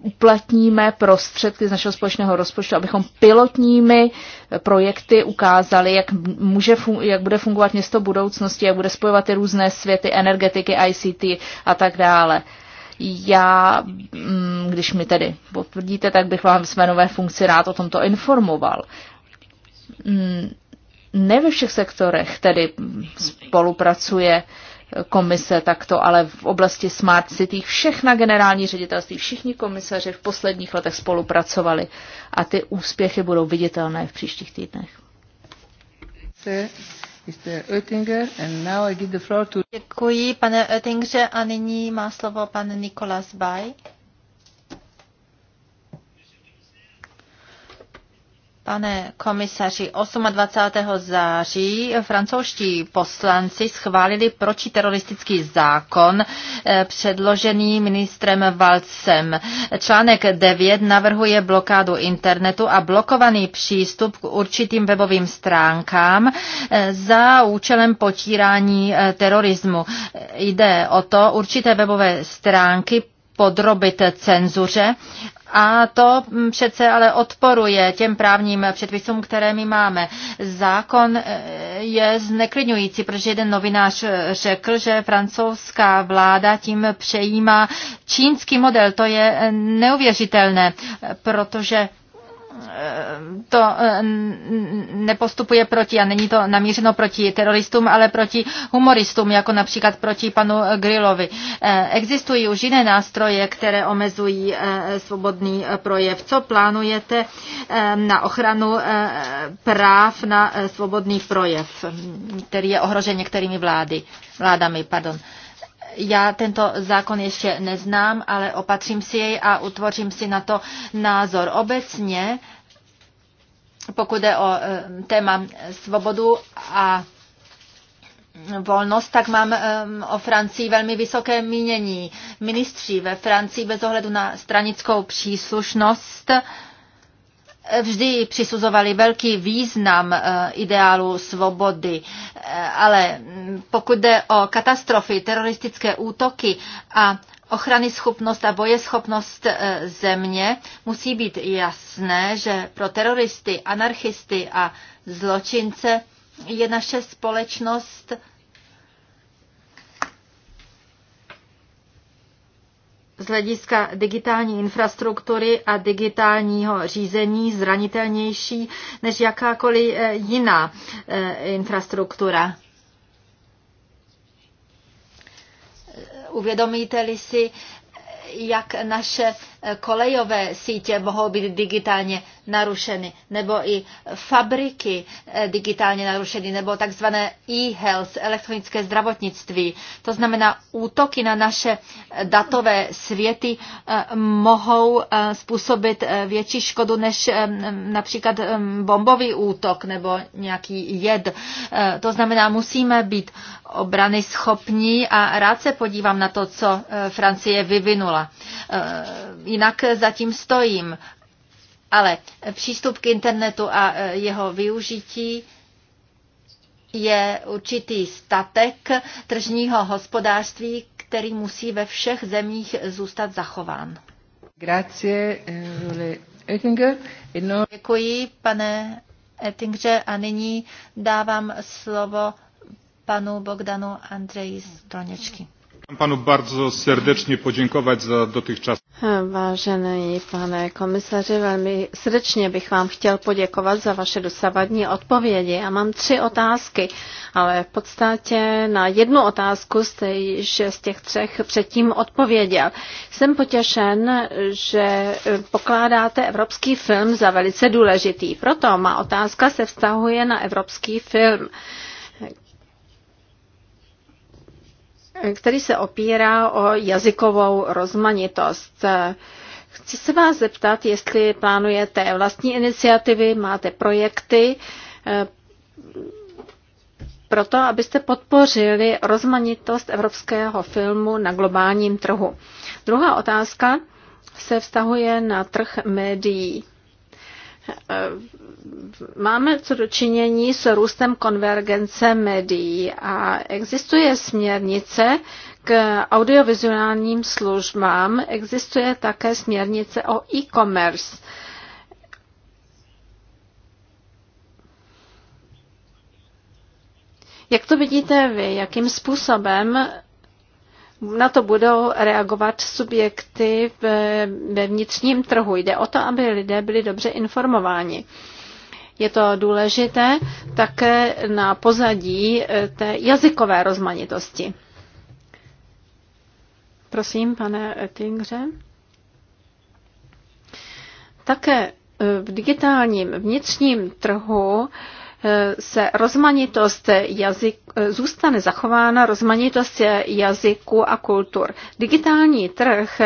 uplatníme prostředky z našeho společného rozpočtu, abychom pilotními projekty ukázali, jak, může jak bude fungovat město budoucnosti, jak bude spojovat ty různé světy energetiky, ICT a tak dále. Já, mm, když mi tedy potvrdíte, tak bych vám své nové funkci rád o tomto informoval. Mm, ne ve všech sektorech tedy spolupracuje komise takto, ale v oblasti Smart City všechna generální ředitelství, všichni komisaři v posledních letech spolupracovali a ty úspěchy budou viditelné v příštích týdnech. Pane Oettinger, a nyní I give the floor to... Děkuji, pane Oettingře, a nyní má slovo pan Nikolas Bay. Pane komisaři, 28. září francouzští poslanci schválili protiteroristický zákon eh, předložený ministrem Valcem. Článek 9 navrhuje blokádu internetu a blokovaný přístup k určitým webovým stránkám eh, za účelem potírání eh, terorismu. Jde o to určité webové stránky podrobit cenzuře a to přece ale odporuje těm právním předpisům, které my máme. Zákon eh, je zneklidňující, protože jeden novinář řekl, že francouzská vláda tím přejímá čínský model. To je eh, neuvěřitelné, protože to eh, nepostupuje proti a není to namířeno proti teroristům, ale proti humoristům, jako například proti panu Grillovi. Eh, existují už jiné nástroje, které omezují eh, svobodný projev. Co plánujete na ochranu práv na svobodný projev, který je ohrožen některými vlády, vládami? Pardon. Já tento zákon ještě neznám, ale opatřím si jej a utvořím si na to názor. Obecně, pokud je o e, téma svobodu a volnost, tak mám e, o Francii velmi vysoké mínění. Ministři ve Francii bez ohledu na stranickou příslušnost vždy přisuzovali velký význam eh, ideálu svobody, eh, ale pokud jde o katastrofy, teroristické útoky a ochrany schopnost a bojeschopnost eh, země, musí být jasné, že pro teroristy, anarchisty a zločince je naše společnost z hlediska digitální infrastruktury a digitálního řízení zranitelnější než jakákoliv eh, jiná eh, infrastruktura. Eh, uvědomíte-li si, jak naše kolejové sítě mohou být digitálně narušeny, nebo i fabriky eh, digitálně narušeny, nebo takzvané e-health, elektronické zdravotnictví. To znamená, útoky na naše eh, datové světy eh, mohou způsobit větší škodu než například bombový útok nebo nějaký jed. To znamená, musíme být obrany schopní a rád se podívám na to, co Francie vyvinula jinak zatím stojím. Ale přístup k internetu a e, jeho využití je určitý statek tržního hospodářství, který musí ve všech zemích zůstat zachován. Grazie, eh, Oettinger. No... Děkuji, pane Ettingře, a nyní dávám slovo panu Bogdanu Andreji Stroněčky panu bardzo serdecznie poděkovat za dotychczas. Vážený pane komisaři, velmi srdečně bych vám chtěl poděkovat za vaše dosavadní odpovědi. A mám tři otázky, ale v podstatě na jednu otázku jste již z těch třech předtím odpověděl. Jsem potěšen, že pokládáte evropský film za velice důležitý. Proto má otázka se vztahuje na evropský film. který se opírá o jazykovou rozmanitost. Chci se vás zeptat, jestli plánujete vlastní iniciativy, máte projekty eh, proto, abyste podpořili rozmanitost evropského filmu na globálním trhu. Druhá otázka se vztahuje na trh médií. Eh, máme co dočinění s růstem konvergence médií a existuje směrnice k audiovizuálním službám, existuje také směrnice o e-commerce. Jak to vidíte vy? Jakým způsobem na to budou reagovat subjekty ve vnitřním trhu. Jde o to, aby lidé byli dobře informováni. Je to důležité také na pozadí eh, té jazykové rozmanitosti. Prosím, pane Tingře. Také eh, v digitálním vnitřním trhu se rozmanitost jazyk, zůstane zachována rozmanitost jazyků a kultur. Digitální trh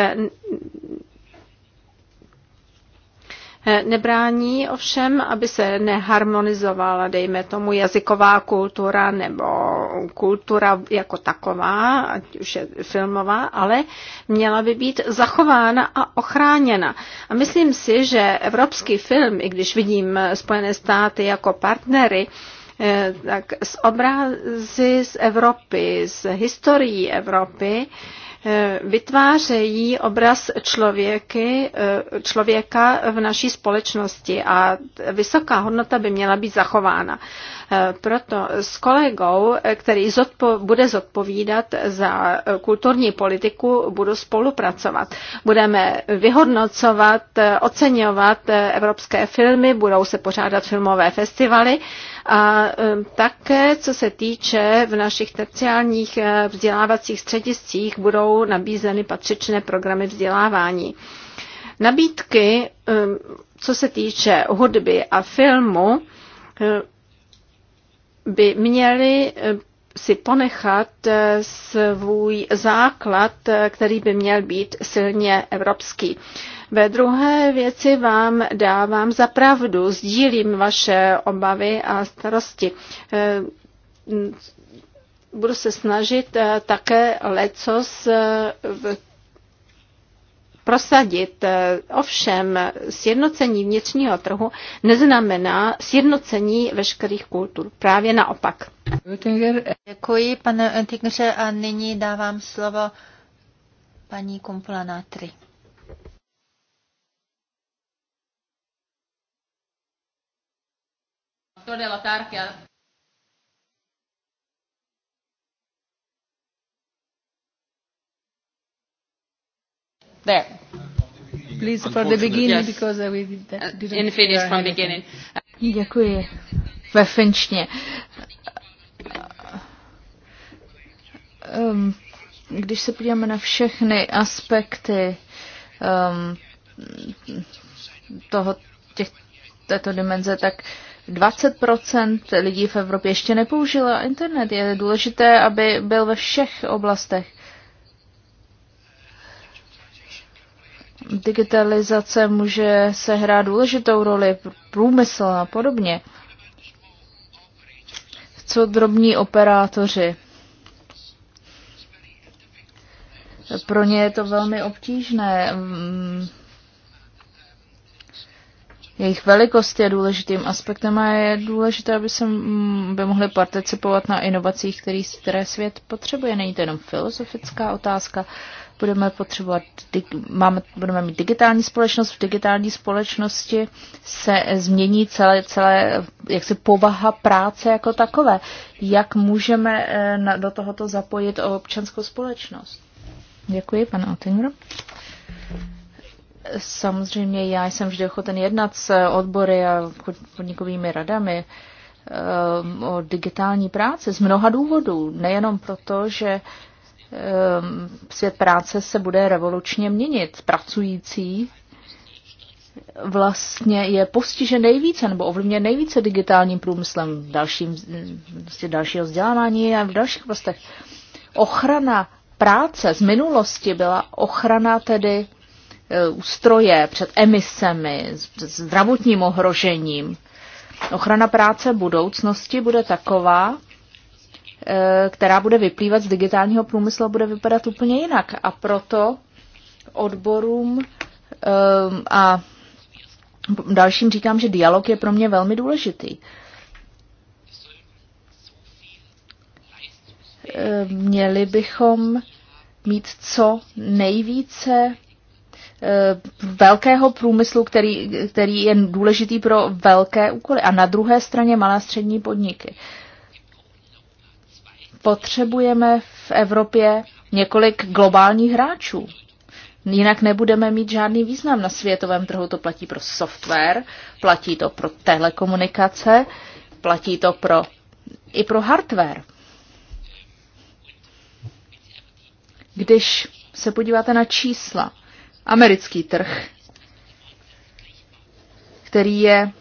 Eh, nebrání ovšem, aby se neharmonizovala, dejme tomu, jazyková kultura nebo kultura jako taková, ať už je filmová, ale měla by být zachována a ochráněna. A myslím si, že evropský film, i když vidím Spojené státy jako partnery, eh, tak z obrazy z Evropy, z historií Evropy, Eh, vytvářejí obraz člověky, eh, člověka v naší společnosti a vysoká hodnota by měla být zachována. Eh, proto s kolegou, který zodpo, bude zodpovídat za kulturní politiku, budu spolupracovat. Budeme vyhodnocovat, oceňovat evropské filmy, budou se pořádat filmové festivaly a také, co se týče v našich terciálních eh, vzdělávacích střediscích, budou nabízeny patřičné programy vzdělávání. Nabídky, co se týče hudby a filmu, eh, by měly eh, si ponechat svůj základ, který by měl být silně evropský. Ve druhé věci vám dávám za pravdu, sdílím vaše obavy a starosti. E, budu se snažit e, také lecos e, v prosadit. Ovšem, sjednocení vnitřního trhu neznamená sjednocení veškerých kultur. Právě naopak. Děkuji, pane Oettingerře, a nyní dávám slovo paní Kumpulanátry. todella tärkeä There. Please from the beginning yes. because we did uh, didn't In Finnish from anything. beginning. Děkuji. Ve finčně. Um, když se podíváme na všechny aspekty um, toho, těch, této dimenze, tak 20 lidí v Evropě ještě nepoužilo internet. Je důležité, aby byl ve všech oblastech. Digitalizace může se hrát důležitou roli, průmysl a podobně. Co drobní operátoři? Pro ně je to velmi obtížné jejich velikost je důležitým aspektem a je důležité, aby se mm, by mohli participovat na inovacích, který, které svět potřebuje. Není to jenom filozofická otázka. Budeme potřebovat, máme, budeme mít digitální společnost, v digitální společnosti se změní celé, celé jaksi povaha práce jako takové. Jak můžeme eh, do tohoto zapojit občanskou společnost? Děkuji, pane Otenro. Samozřejmě já jsem vždy ochoten jednat s odbory a podnikovými radami ehm, o digitální práci z mnoha důvodů. Nejenom proto, že ehm, svět práce se bude revolučně měnit. Pracující vlastně je postižen nejvíce nebo ovlivněn nejvíce digitálním průmyslem, dalším, vlastně dalšího vzdělávání a v dalších vlastech. Ochrana práce z minulosti byla ochrana tedy ústroje eh, před emisemi, před zdravotním ohrožením. Ochrana práce budoucnosti bude taková, eh, která bude vyplývat z digitálního průmyslu, bude vypadat úplně jinak. A proto odborům eh, a dalším říkám, že dialog je pro mě velmi důležitý. Měli bychom mít co nejvíce Eh, velkého průmyslu, který, který je důležitý pro velké úkoly a na druhé straně malá střední podniky. Potřebujeme v Evropě několik globálních hráčů. Jinak nebudeme mít žádný význam na světovém trhu. To platí pro software, platí to pro telekomunikace, platí to pro, i pro hardware. Když se podíváte na čísla, americký trh, který je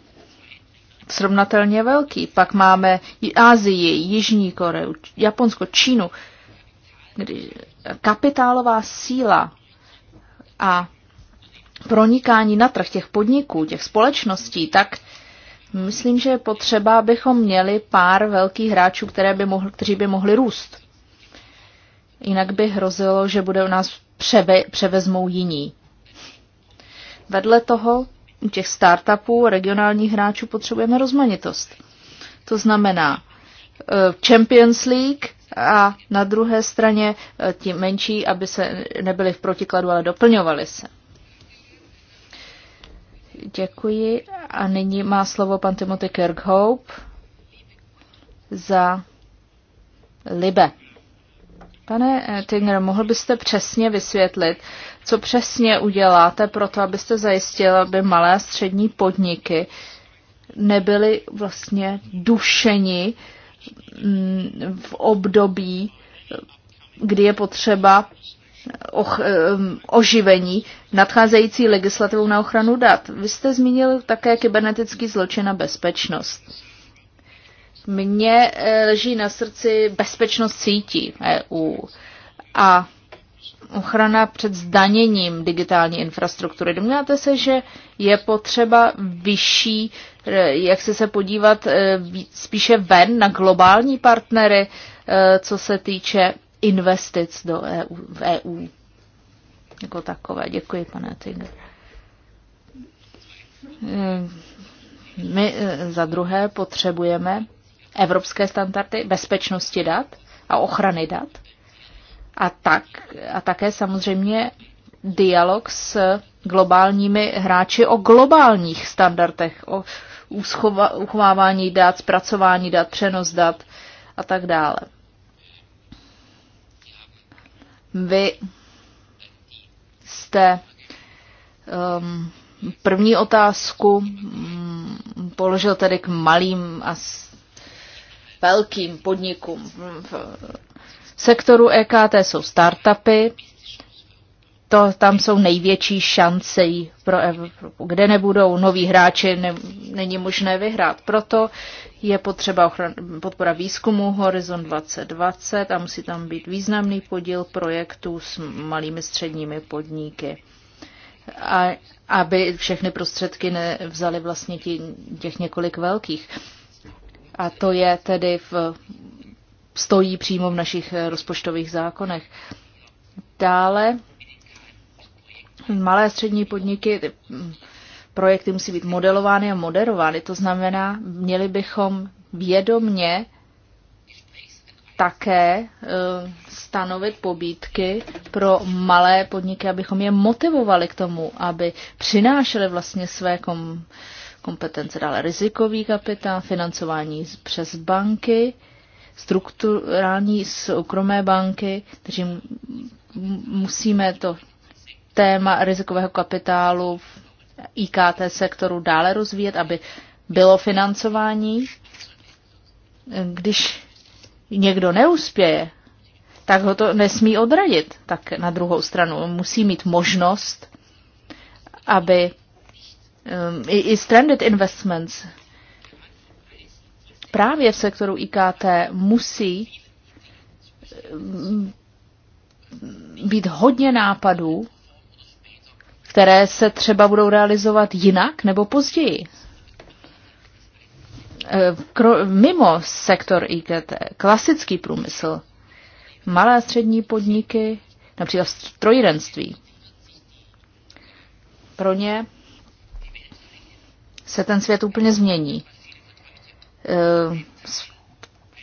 srovnatelně velký. Pak máme Asii, Jižní Koreu, Japonsko, Čínu. Kdy kapitálová síla a pronikání na trh těch podniků, těch společností, tak myslím, že je potřeba, abychom měli pár velkých hráčů, které by mohli, kteří by mohli růst. Jinak by hrozilo, že bude u nás převe, převezmou jiní. Vedle toho u těch startupů, regionálních hráčů potřebujeme rozmanitost. To znamená eh, Champions League a na druhé straně eh, ti menší, aby se nebyli v protikladu, ale doplňovali se. Děkuji. A nyní má slovo pan Timothy Kirkhope za Libe. Pane eh, Tinger, mohl byste přesně vysvětlit, co přesně uděláte pro to, abyste zajistil, aby malé a střední podniky nebyly vlastně dušeni mm, v období, kdy je potřeba eh, oživení nadcházející legislativou na ochranu dat. Vy jste zmínil také kybernetický zločin a bezpečnost. Mně eh, leží na srdci bezpečnost sítí EU a ochrana před zdaněním digitální infrastruktury. Domníváte se, že je potřeba vyšší, eh, jak se se podívat eh, spíše ven na globální partnery, co se týče investic do EU, v EU jako takové. Děkuji, pane Tiger. My za druhé potřebujeme evropské standardy bezpečnosti dat a ochrany dat. A, tak, a také samozřejmě dialog s globálními hráči o globálních standardech, o uchovávání dat, zpracování dat, přenos dat a tak dále. Vy jste um, první otázku um, položil tedy k malým a velkým podnikům. V sektoru EKT jsou startupy, to, tam jsou největší šance pro Evropu. Kde nebudou noví hráči, ne, není možné vyhrát. Proto je potřeba ochran, podpora výzkumu Horizon 2020 a musí tam být významný podíl projektů s malými středními podniky. A aby všechny prostředky nevzali vlastně tě, těch několik velkých. A to je tedy v, stojí přímo v našich rozpočtových zákonech. Dále malé a střední podniky, projekty musí být modelovány a moderovány. To znamená, měli bychom vědomně také eh, stanovit pobídky pro malé podniky, abychom je motivovali k tomu, aby přinášeli vlastně své kom, kompetence dále rizikový kapitál, financování přes banky, strukturální soukromé banky, takže musíme to téma rizikového kapitálu v IKT sektoru dále rozvíjet, aby bylo financování. Když někdo neuspěje, tak ho to nesmí odradit. Tak na druhou stranu musí mít možnost, aby um, i, i stranded investments právě v sektoru IKT musí um, být hodně nápadů, které se třeba budou realizovat jinak nebo později. Uh, mimo sektor IKT, klasický průmysl, malé a střední podniky, například strojírenství. Pro ně se ten svět úplně změní. Eh,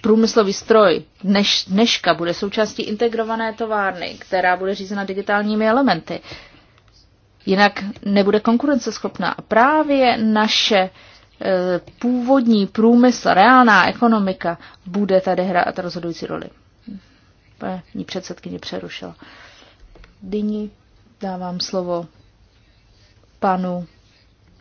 průmyslový stroj dneš, dneška bude součástí integrované továrny, která bude řízena digitálními elementy. Jinak nebude konkurenceschopná. A právě naše eh, původní průmysl, reálná ekonomika bude tady hrát rozhodující roli. Paní předsedkyně přerušila. Dyni dávám slovo panu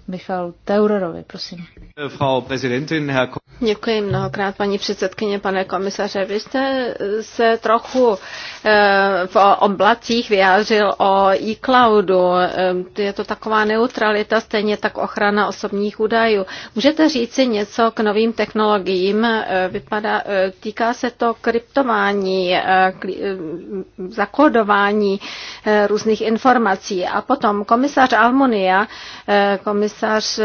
Michal Teurerovi, prosím. Frau Präsidentin, Herr Děkuji mnohokrát, paní předsedkyně, pane komisaře. Vy jste se trochu eh, v oblacích vyjádřil o e-cloudu. Eh, je to taková neutralita, stejně tak ochrana osobních údajů. Můžete říci něco k novým technologiím? Eh, vypadá, týká se to kryptování, zakodování různých informací. A potom komisař Almunia, komisař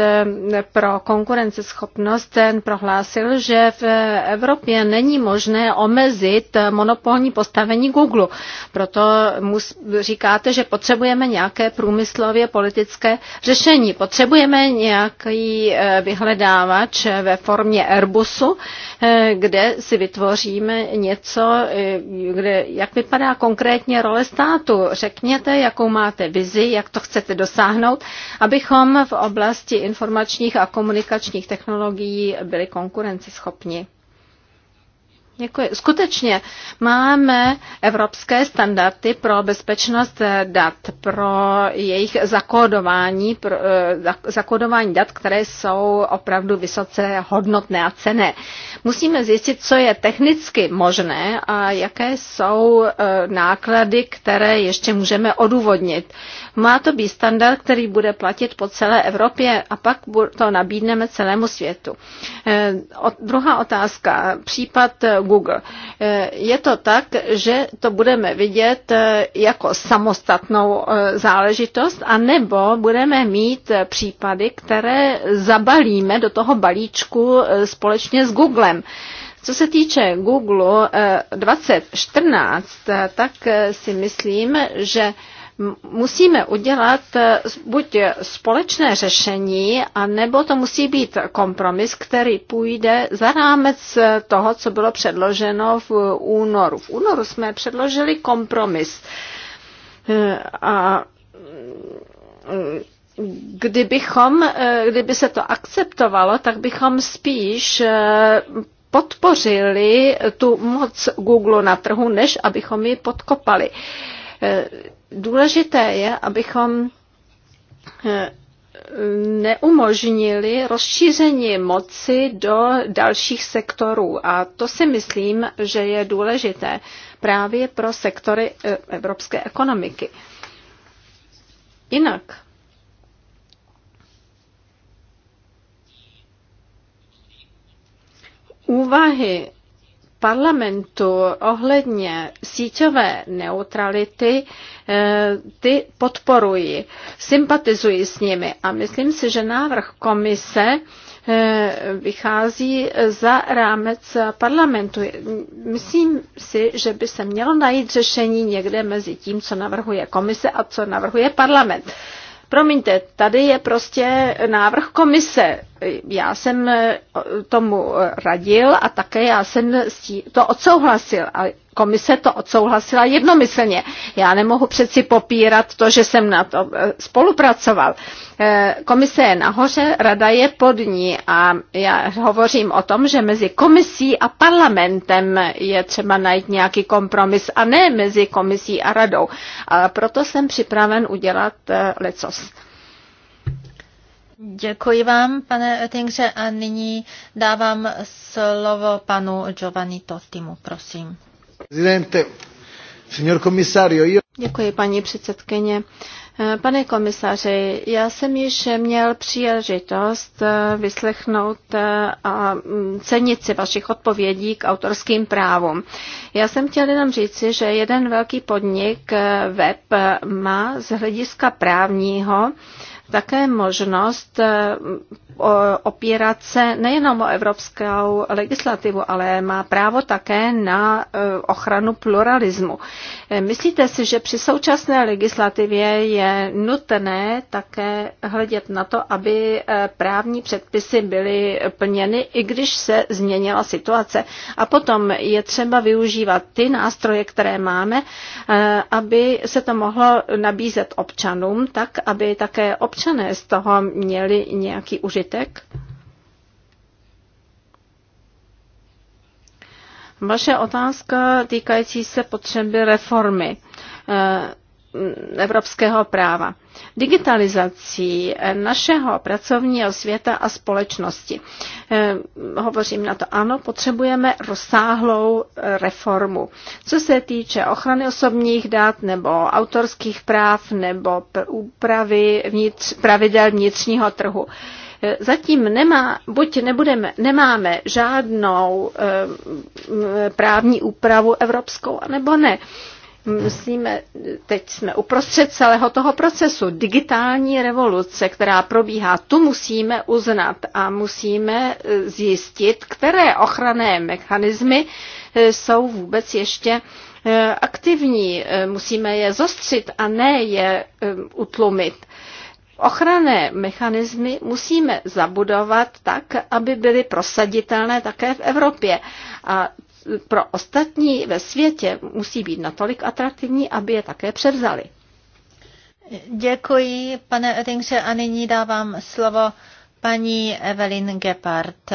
pro konkurenceschopnost, ten prohlásil, prohlásil, že v Evropě není možné omezit monopolní postavení Google. Proto mu říkáte, že potřebujeme nějaké průmyslově politické řešení. Potřebujeme nějaký eh, vyhledávač ve formě Airbusu, eh, kde si vytvoříme něco, eh, kde, jak vypadá konkrétně role státu. Řekněte, jakou máte vizi, jak to chcete dosáhnout, abychom v oblasti informačních a komunikačních technologií byli konkurenční konkurenceschopní. Děkuji. Skutečně máme evropské standardy pro bezpečnost dat, pro jejich zakódování, pro, eh, zakódování dat, které jsou opravdu vysoce hodnotné a cené. Musíme zjistit, co je technicky možné a jaké jsou eh, náklady, které ještě můžeme odůvodnit. Má to být standard, který bude platit po celé Evropě a pak to nabídneme celému světu. Eh, druhá otázka, případ eh, Google. Eh, je to tak, že to budeme vidět jako samostatnou záležitost, anebo budeme mít případy, které zabalíme do toho balíčku společně s Googlem. Co se týče Google 2014, tak si myslím, že musíme udělat eh, buď společné řešení, anebo to musí být kompromis, který půjde za rámec eh, toho, co bylo předloženo v únoru. V únoru jsme předložili kompromis. Eh, a mm, kdybychom, kdyby se to akceptovalo, tak bychom spíš podpořili tu moc Google na trhu, než abychom ji podkopali Důležité je, abychom eh, neumožnili rozšíření moci do dalších sektorů. A to si myslím, že je důležité právě pro sektory eh, evropské ekonomiky. Jinak úvahy parlamentu ohledně síťové neutrality Eh, ty podporuji, sympatizuji s nimi a myslím si, že návrh komise eh, vychází za rámec parlamentu. Myslím si, že by se mělo najít řešení někde mezi tím, co navrhuje komise a co navrhuje parlament. Promiňte, tady je prostě návrh komise. Já jsem eh, tomu radil a také já jsem to odsouhlasil. A komise to odsouhlasila jednomyslně. Já nemohu přeci popírat to, že jsem na to eh, spolupracoval. Eh, komise je nahoře, rada je pod ní a já hovořím o tom, že mezi komisí a parlamentem je třeba najít nějaký kompromis a ne mezi komisí a radou. A proto jsem připraven udělat eh, lecos. Děkuji vám, pane Oettingře, a nyní dávám slovo panu Giovanni Tottimu, prosím. Děkuji, paní předsedkyně. Eh, pane komisaři, já jsem již měl příležitost eh, vyslechnout eh, a mm, cenit si vašich odpovědí k autorským právům. Já jsem chtěl jenom říci, že jeden velký podnik web má z hlediska právního také možnost opírat se nejenom o evropskou legislativu, ale má právo také na e, ochranu pluralismu. E, myslíte si, že při současné legislativě je nutné také hledět na to, aby e, právní předpisy byly plněny, i když se změnila situace. A potom je třeba využívat ty nástroje, které máme, aby se to mohlo nabízet občanům, tak aby také občané z toho měli nějaký užitek zbytek. Vaše otázka týkající se potřeby reformy eh, evropského práva. Digitalizací eh, našeho pracovního světa a společnosti. Eh, hovořím na to, ano, potřebujeme rozsáhlou reformu. Co se týče ochrany osobních dat nebo autorských práv nebo úpravy vnitř, pravidel vnitřního trhu. Eh, zatím nemá, buď nebudeme, nemáme žádnou eh, právní úpravu evropskou, nebo ne musíme, teď jsme uprostřed celého toho procesu, digitální revoluce, která probíhá, tu musíme uznat a musíme eh, zjistit, které ochranné mechanismy jsou vůbec ještě aktivní. Musíme je zostřit a ne je utlumit. Ochranné mechanismy musíme zabudovat tak, aby byly prosaditelné také v Evropě. A pro ostatní ve světě musí být natolik atraktivní, aby je také převzali. Děkuji, pane Oettingře, a nyní dávám slovo paní Evelyn Gepard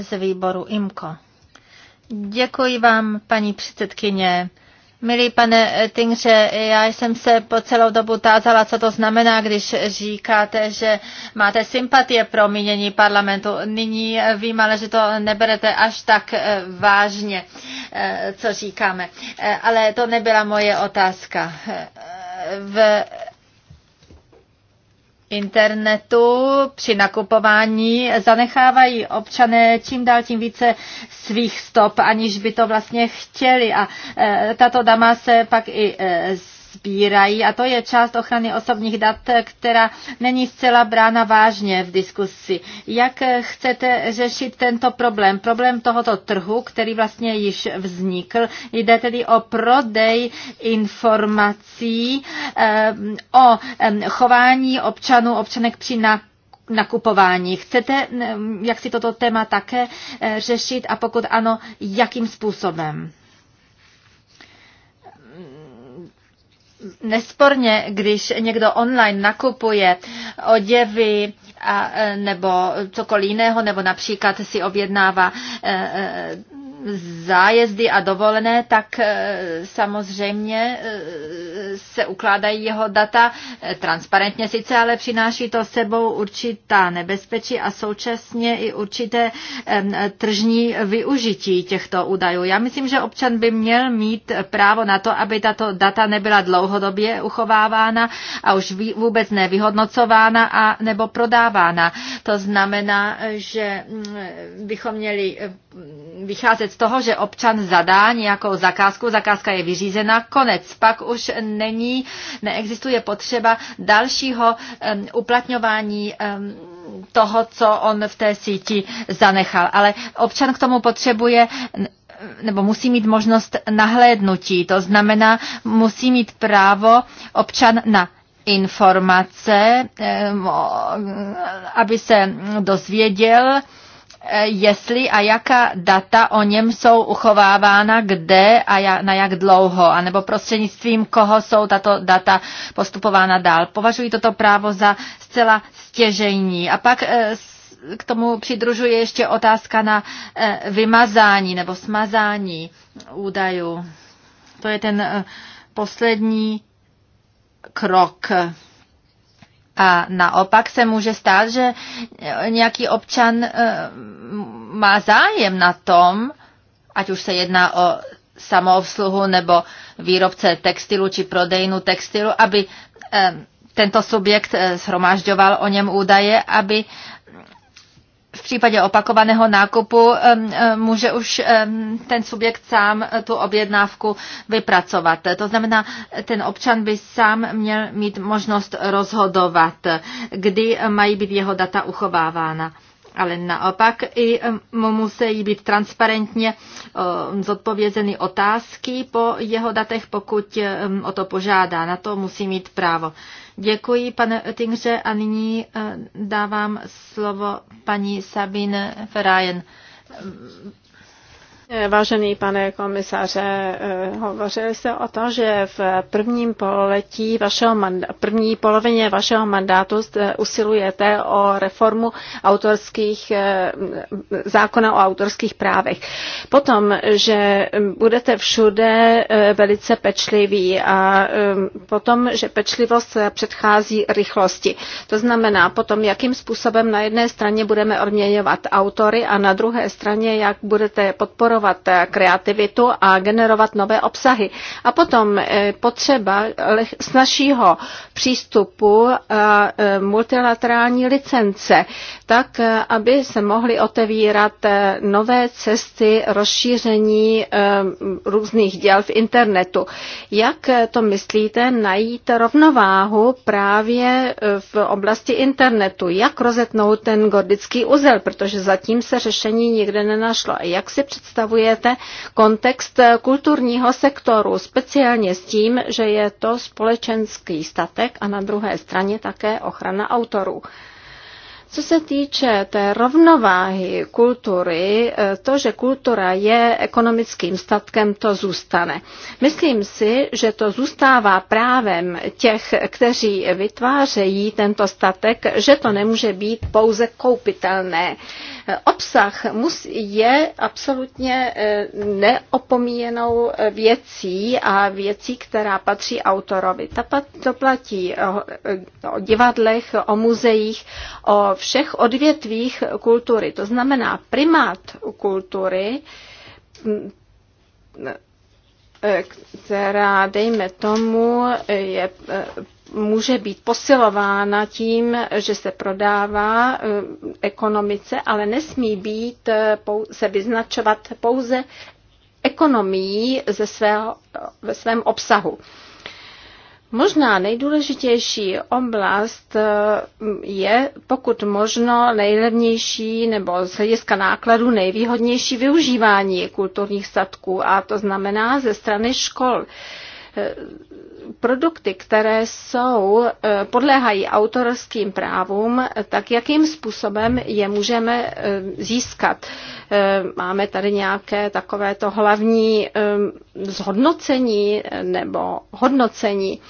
z výboru IMCO. Děkuji vám, paní předsedkyně. Milý pane Tingře, já jsem se po celou dobu tázala, co to znamená, když říkáte, že máte sympatie pro mínění parlamentu. Nyní vím ale, že to neberete až tak eh, vážně, eh, co říkáme. Eh, ale to nebyla moje otázka. V internetu při nakupování zanechávají občané čím dál tím více svých stop, aniž by to vlastně chtěli. A e, tato dama se pak i e, sbírají a to je část ochrany osobních dat, která není zcela brána vážně v diskusi. Jak chcete řešit tento problém? Problém tohoto trhu, který vlastně již vznikl, jde tedy o prodej informací eh, o chování občanů, občanek při nakupování. Chcete, jak si toto téma také eh, řešit a pokud ano, jakým způsobem? nesporně, když někdo online nakupuje oděvy a, e, nebo cokoliv jiného, nebo například si objednává e, e, zájezdy a dovolené, tak e, samozřejmě e, se ukládají jeho data e, transparentně sice, ale přináší to sebou určitá nebezpečí a současně i určité tržní využití těchto údajů. Já myslím, že občan by měl mít právo na to, aby tato data nebyla dlouhodobě uchovávána a už vůbec nevyhodnocována a nebo prodávána. To znamená, že mm, bychom měli vycházet z toho, že občan zadá nějakou zakázku, zakázka je vyřízena, konec. Pak už není, neexistuje potřeba dalšího um, uplatňování um, toho, co on v té síti zanechal. Ale občan k tomu potřebuje nebo musí mít možnost nahlédnutí. To znamená, musí mít právo občan na informace, aby se dozvěděl, Eh, jestli a jaká data o něm jsou uchovávána, kde a na jak dlouho, anebo prostřednictvím koho jsou tato data postupována dál. Považuji toto právo za zcela stěžejní. A pak eh, k tomu přidružuje ještě otázka na eh, vymazání nebo smazání údajů. To je ten poslední krok a naopak se může stát, že nějaký občan eh, má zájem na tom, ať už se jedná o samoobsluhu nebo výrobce textilu či prodejnu textilu, aby eh, tento subjekt eh, shromažďoval o něm údaje, aby v případě opakovaného nákupu může už ten subjekt sám eh, tu objednávku vypracovat. To znamená, ten občan by sám měl mít možnost rozhodovat, kdy mají být jeho data uchovávána ale naopak i musí být transparentně eh, zodpovězeny otázky po jeho datech, pokud o to požádá. Na to musí mít právo. Děkuji, pane Oettingře, a nyní eh, dávám slovo paní Sabine Ferajen. Vážený pane komisaře, eh, hovořil jste o tom, že v prvním pololetí vašeho manda- první polovině vašeho mandátu usilujete o reformu autorských eh, zákona o autorských právech. Potom, že budete všude eh, velice pečliví a potom, že pečlivost předchází rychlosti. To znamená potom, jakým způsobem na jedné straně budeme odměňovat autory a na druhé straně, jak budete podporovat stimulovat eh, kreativitu a generovat nové obsahy. A potom eh, potřeba snažšího přístupu a eh, multilaterální licence, tak aby se mohly otevírat nové cesty rozšíření různých děl v internetu. Jak to myslíte najít rovnováhu právě v oblasti internetu? Jak rozetnout ten gordický uzel, protože zatím se řešení nikde nenašlo. A jak si představujete, představujete kontext kulturního sektoru, speciálně s tím, že je to společenský statek a na druhé straně také ochrana autorů. Co se týče té rovnováhy kultury, to, že kultura je ekonomickým statkem, to zůstane. Myslím si, že to zůstává právem těch, kteří vytvářejí tento statek, že to nemůže být pouze koupitelné. Obsah je absolutně eh, neopomíjenou věcí a věcí, která patří autorovi. To platí o divadlech, o muzeích, o všech odvětvích kultury. To znamená, primát kultury eh, která, dejme tomu, je eh, může být posilována tím, že se prodává eh, ekonomice, ale nesmí být eh, se vyznačovat pouze ekonomií ze svého, ve svém obsahu. Možná nejdůležitější oblast eh, je, pokud možno, nejlevnější nebo z hlediska nákladu nejvýhodnější využívání kulturních statků, a to znamená ze strany škol produkty, které jsou, eh, podléhají autorským právům, tak jakým způsobem je můžeme eh, získat? Eh, máme tady nějaké takovéto hlavní zhodnocení nebo hodnocení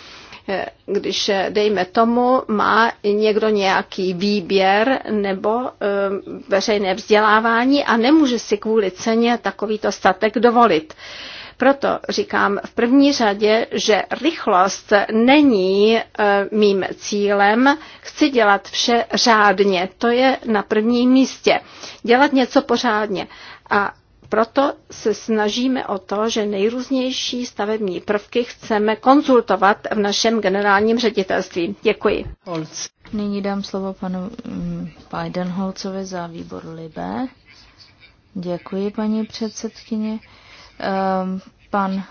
když, dejme tomu, má někdo nějaký výběr nebo veřejné vzdělávání a nemůže si kvůli ceně takovýto statek dovolit. Proto říkám v první řadě, že rychlost není eh, mým cílem, chci dělat vše řádně, to je na prvním místě. Dělat něco pořádně. A proto se snažíme o to, že nejrůznější stavební prvky chceme konzultovat v našem generálním ředitelství. Děkuji. Holc. Nyní dám slovo panu mm, Bidenholcovi za výbor Libé. Děkuji, paní předsedkyně um, pan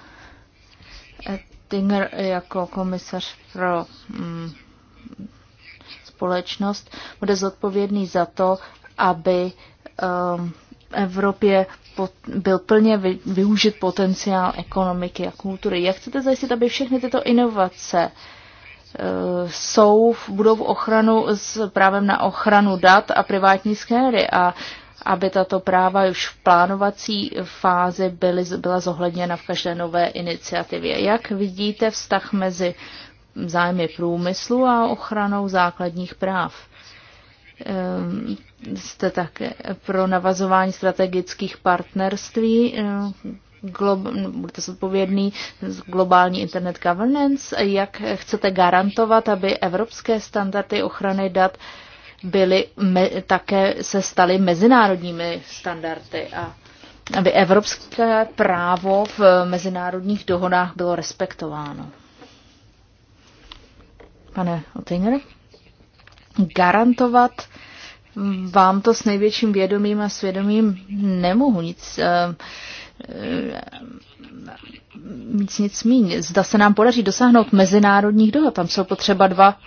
Tinger jako komisař pro um, společnost bude zodpovědný za to, aby um, Evropě pot, byl plně vy, využit potenciál ekonomiky a kultury. Jak chcete zajistit, aby všechny tyto inovace eh, jsou, budou v ochranu s právem na ochranu dat a privátní skéry a aby tato práva už v plánovací fázi byly, byla zohledněna v každé nové iniciativě. Jak vidíte vztah mezi zájmy průmyslu a ochranou základních práv? Ehm, jste také pro navazování strategických partnerství, ehm, budete zodpovědný z globální internet governance, jak chcete garantovat, aby evropské standardy ochrany dat uh, byly me, také se staly mezinárodními standardy a aby evropské právo v mezinárodních dohodách bylo respektováno. Pane Otejnere, garantovat vám to s největším vědomím a svědomím nemohu nic, eh, eh, nic, nic mít. Zda se nám podaří dosáhnout mezinárodních dohod. Tam jsou potřeba dva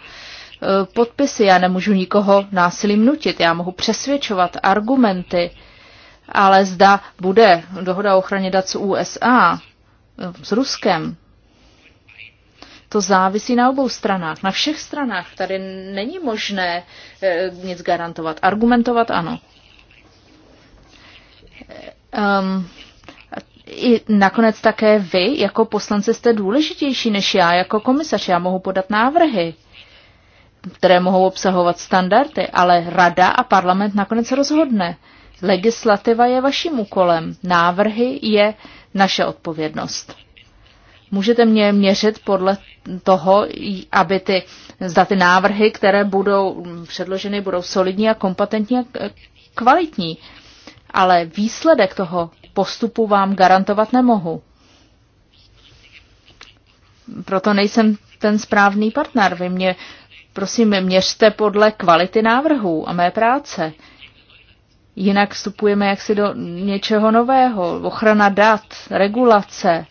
Eh, podpisy. Já nemůžu nikoho násilím nutit, já mohu přesvědčovat argumenty, ale zda bude dohoda o ochraně dat s USA, eh, s Ruskem, to závisí na obou stranách, na všech stranách. Tady není možné e, nic garantovat. Argumentovat ano. Um, i nakonec také vy jako poslanci jste důležitější než já jako komisař. Já mohu podat návrhy které mohou obsahovat standardy, ale rada a parlament nakonec rozhodne. Legislativa je vaším úkolem, návrhy je naše odpovědnost. Můžete mě měřit podle toho, aby ty, zda ty návrhy, které budou předloženy, budou solidní a kompetentní a kvalitní. Ale výsledek toho postupu vám garantovat nemohu. Proto nejsem ten správný partner. Vy mě Prosím, měřte podle kvality návrhů a mé práce. Jinak vstupujeme jaksi do něčeho nového. Ochrana dat, regulace.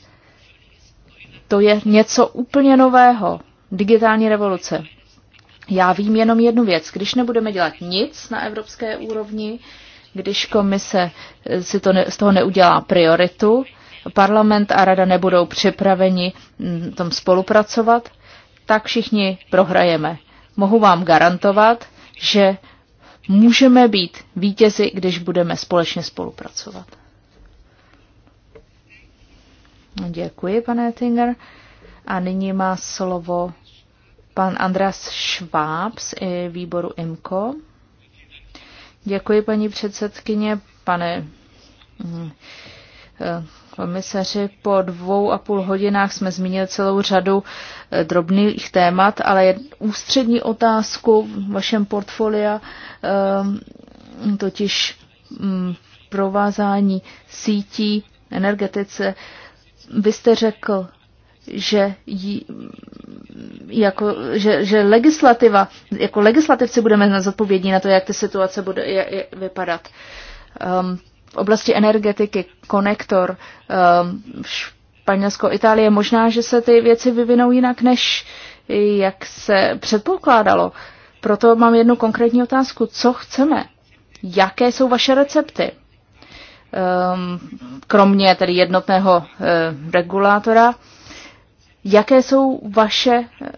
To je něco úplně nového. Digitální revoluce. Já vím jenom jednu věc. Když nebudeme dělat nic na evropské úrovni, když komise eh, si to ne, z toho neudělá prioritu, parlament a rada nebudou připraveni mm, tom spolupracovat, tak všichni prohrajeme mohu vám garantovat, že můžeme být vítězi, když budeme společně spolupracovat. Děkuji, pane Ettinger. A nyní má slovo pan Andras Šváb z výboru IMCO. Děkuji, paní předsedkyně, pane hm, eh, komisaři, po dvou a půl hodinách jsme zmínili celou řadu eh, drobných témat, ale ústřední otázku v vašem portfolia, ehm, totiž mm, provázání sítí energetice, vy jste řekl, že, jí, mm, jako, že, že legislativa, jako legislativci budeme zodpovědní na to, jak ta situace bude je, je, vypadat. Um, v oblasti energetiky, konektor, ehm, Španělsko, Itálie. Možná, že se ty věci vyvinou jinak, než jak se předpokládalo. Proto mám jednu konkrétní otázku. Co chceme? Jaké jsou vaše recepty? Ehm, kromě tedy jednotného eh, regulátora, jaké jsou vaše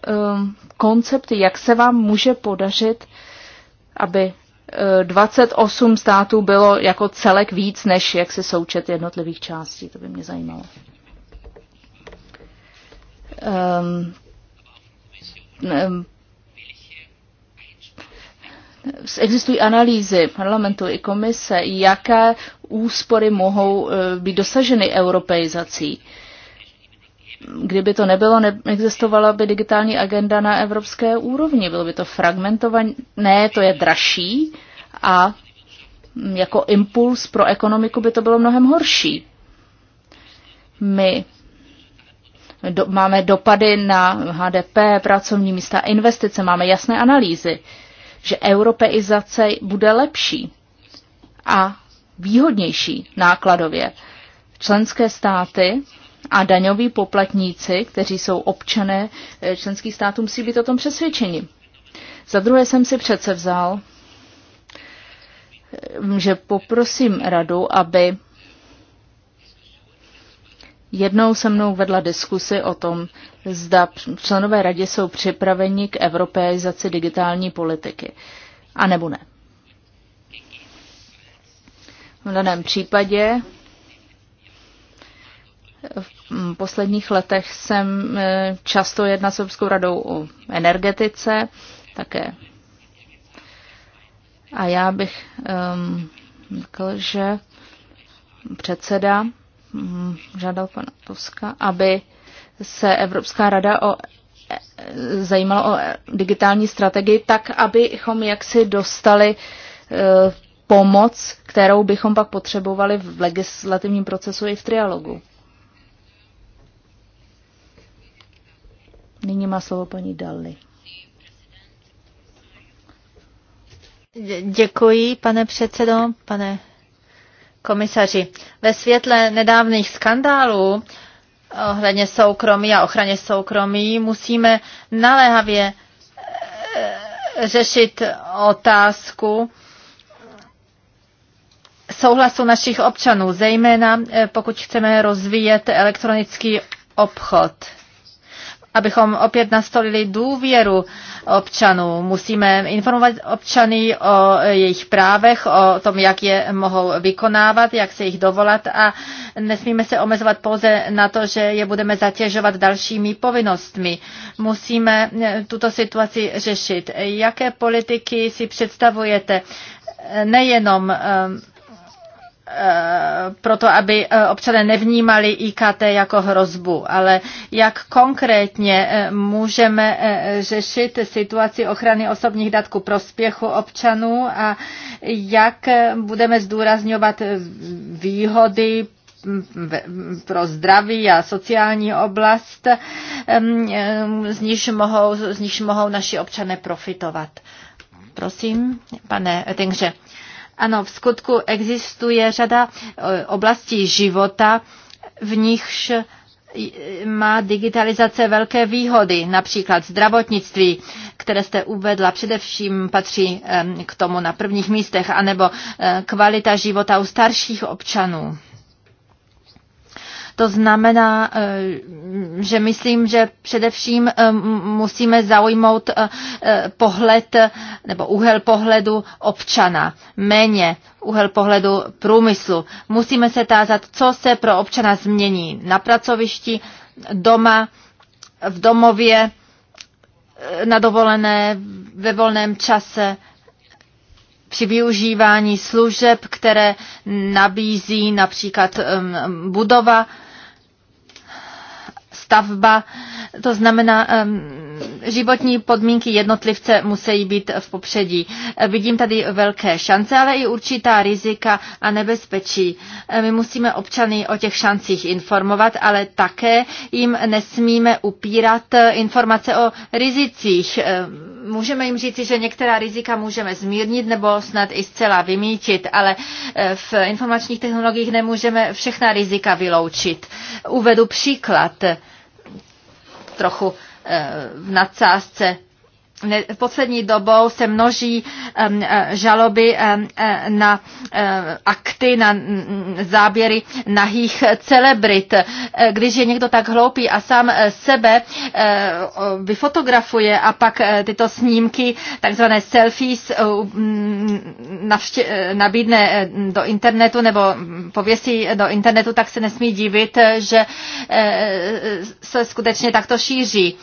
ehm, koncepty? Jak se vám může podařit, aby 28 států bylo jako celek víc než jak se součet jednotlivých částí. To by mě zajímalo. Um, Existují analýzy parlamentu i komise, jaké úspory mohou eh, být dosaženy europeizací. Kdyby to nebylo, neexistovala by digitální agenda na evropské úrovni. Bylo by to fragmentované, to je dražší a jako impuls pro ekonomiku by to bylo mnohem horší. My do, máme dopady na HDP, pracovní místa, investice, máme jasné analýzy, že europeizace bude lepší a výhodnější nákladově. Členské státy a daňoví poplatníci, kteří jsou občané eh, členských států, musí být o tom přesvědčeni. Za druhé jsem si přece vzal, eh, že poprosím radu, aby jednou se mnou vedla diskusy o tom, zda členové radě jsou připraveni k europeizaci digitální politiky, a nebo ne. V daném případě v posledních letech jsem e, často jedna s Evropskou radou o energetice, také. A já bych um, řekl, že předseda um, žádal pana Tuska, aby se Evropská rada o e, zajímala o digitální strategii, tak abychom jaksi dostali e, pomoc, kterou bychom pak potřebovali v legislativním procesu i v trialogu. Nyní má slovo paní Dalli. Děkuji, pane předsedo, pane komisaři. Ve světle nedávných skandálů ohledně soukromí a ochraně soukromí musíme naléhavě eh, řešit otázku souhlasu našich občanů, zejména eh, pokud chceme rozvíjet elektronický obchod abychom opět nastolili důvěru občanů. Musíme informovat občany o jejich právech, o tom, jak je mohou vykonávat, jak se jich dovolat a nesmíme se omezovat pouze na to, že je budeme zatěžovat dalšími povinnostmi. Musíme eh, tuto situaci řešit. Jaké politiky si představujete? Nejenom eh, proto, aby eh, občané nevnímali IKT jako hrozbu, ale jak konkrétně eh, můžeme eh, řešit situaci ochrany osobních dat ku prospěchu občanů a jak budeme zdůrazňovat výhody pro zdraví a sociální oblast, z níž mohou, z níž mohou naši občané profitovat. Prosím, pane Tengře. Ano, v skutku existuje řada e, oblastí života, v nichž e, má digitalizace velké výhody, například zdravotnictví, které jste uvedla, především patří k tomu na prvních místech, anebo e, kvalita života u starších občanů. To znamená, eh, že myslím, že především eh, musíme zaujmout eh, pohled nebo úhel pohledu občana, méně úhel pohledu průmyslu. Musíme se tázat, co se pro občana změní na pracovišti, doma, v domově, na dovolené, ve volném čase, při využívání služeb, které nabízí například budova stavba. To znamená, životní podmínky jednotlivce musí být v popředí. Vidím tady velké šance, ale i určitá rizika a nebezpečí. My musíme občany o těch šancích informovat, ale také jim nesmíme upírat informace o rizicích. Můžeme jim říci, že některá rizika můžeme zmírnit nebo snad i zcela vymítit, ale eh, v informačních technologiích nemůžeme všechna rizika vyloučit. Uvedu příklad trochu eh, v nadsázce poslední dobou se množí e, žaloby e, na e, akty, na záběry nahých celebrit. Když je někdo tak hloupý a sám sebe vyfotografuje a pak tyto snímky, takzvané selfies, nabídne do internetu nebo pověsí do internetu, tak se nesmí divit, že se skutečně takto šíří.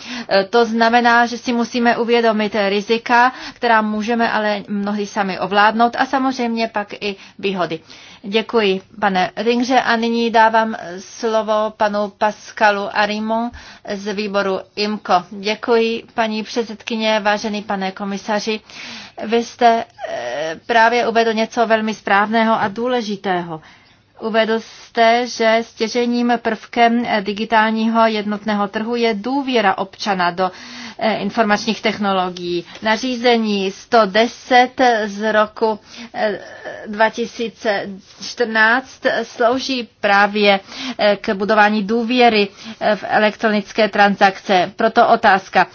To znamená, že si musíme uvědomit, uvědomit rizika, která můžeme ale mnohdy sami ovládnout a samozřejmě pak i výhody. Děkuji, pane Ringře, a nyní dávám slovo panu Pascalu Arimon z výboru IMCO. Děkuji, paní předsedkyně, vážený pane komisaři. Vy jste eh, právě uvedl něco velmi správného a důležitého. Uvedl jste, že stěžením prvkem digitálního jednotného trhu je důvěra občana do eh, informačních technologií. Nařízení 110 z roku 2014 eh, slouží právě eh, k budování důvěry v elektronické transakce. Proto otázka,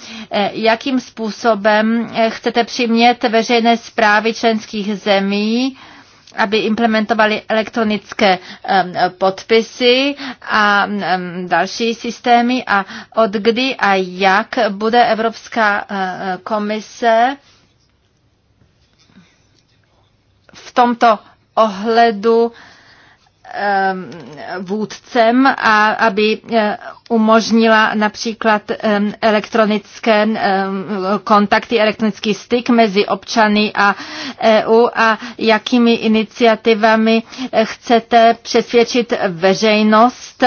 jakým způsobem chcete přimět veřejné zprávy členských zemí, aby implementovali elektronické podpisy a další systémy a od kdy a jak bude Evropská eh, komise v tomto ohledu Eh, vůdcem a aby eh, umožnila například eh, elektronické kontakty, elektronický styk mezi občany a EU a jakými iniciativami chcete přesvědčit veřejnost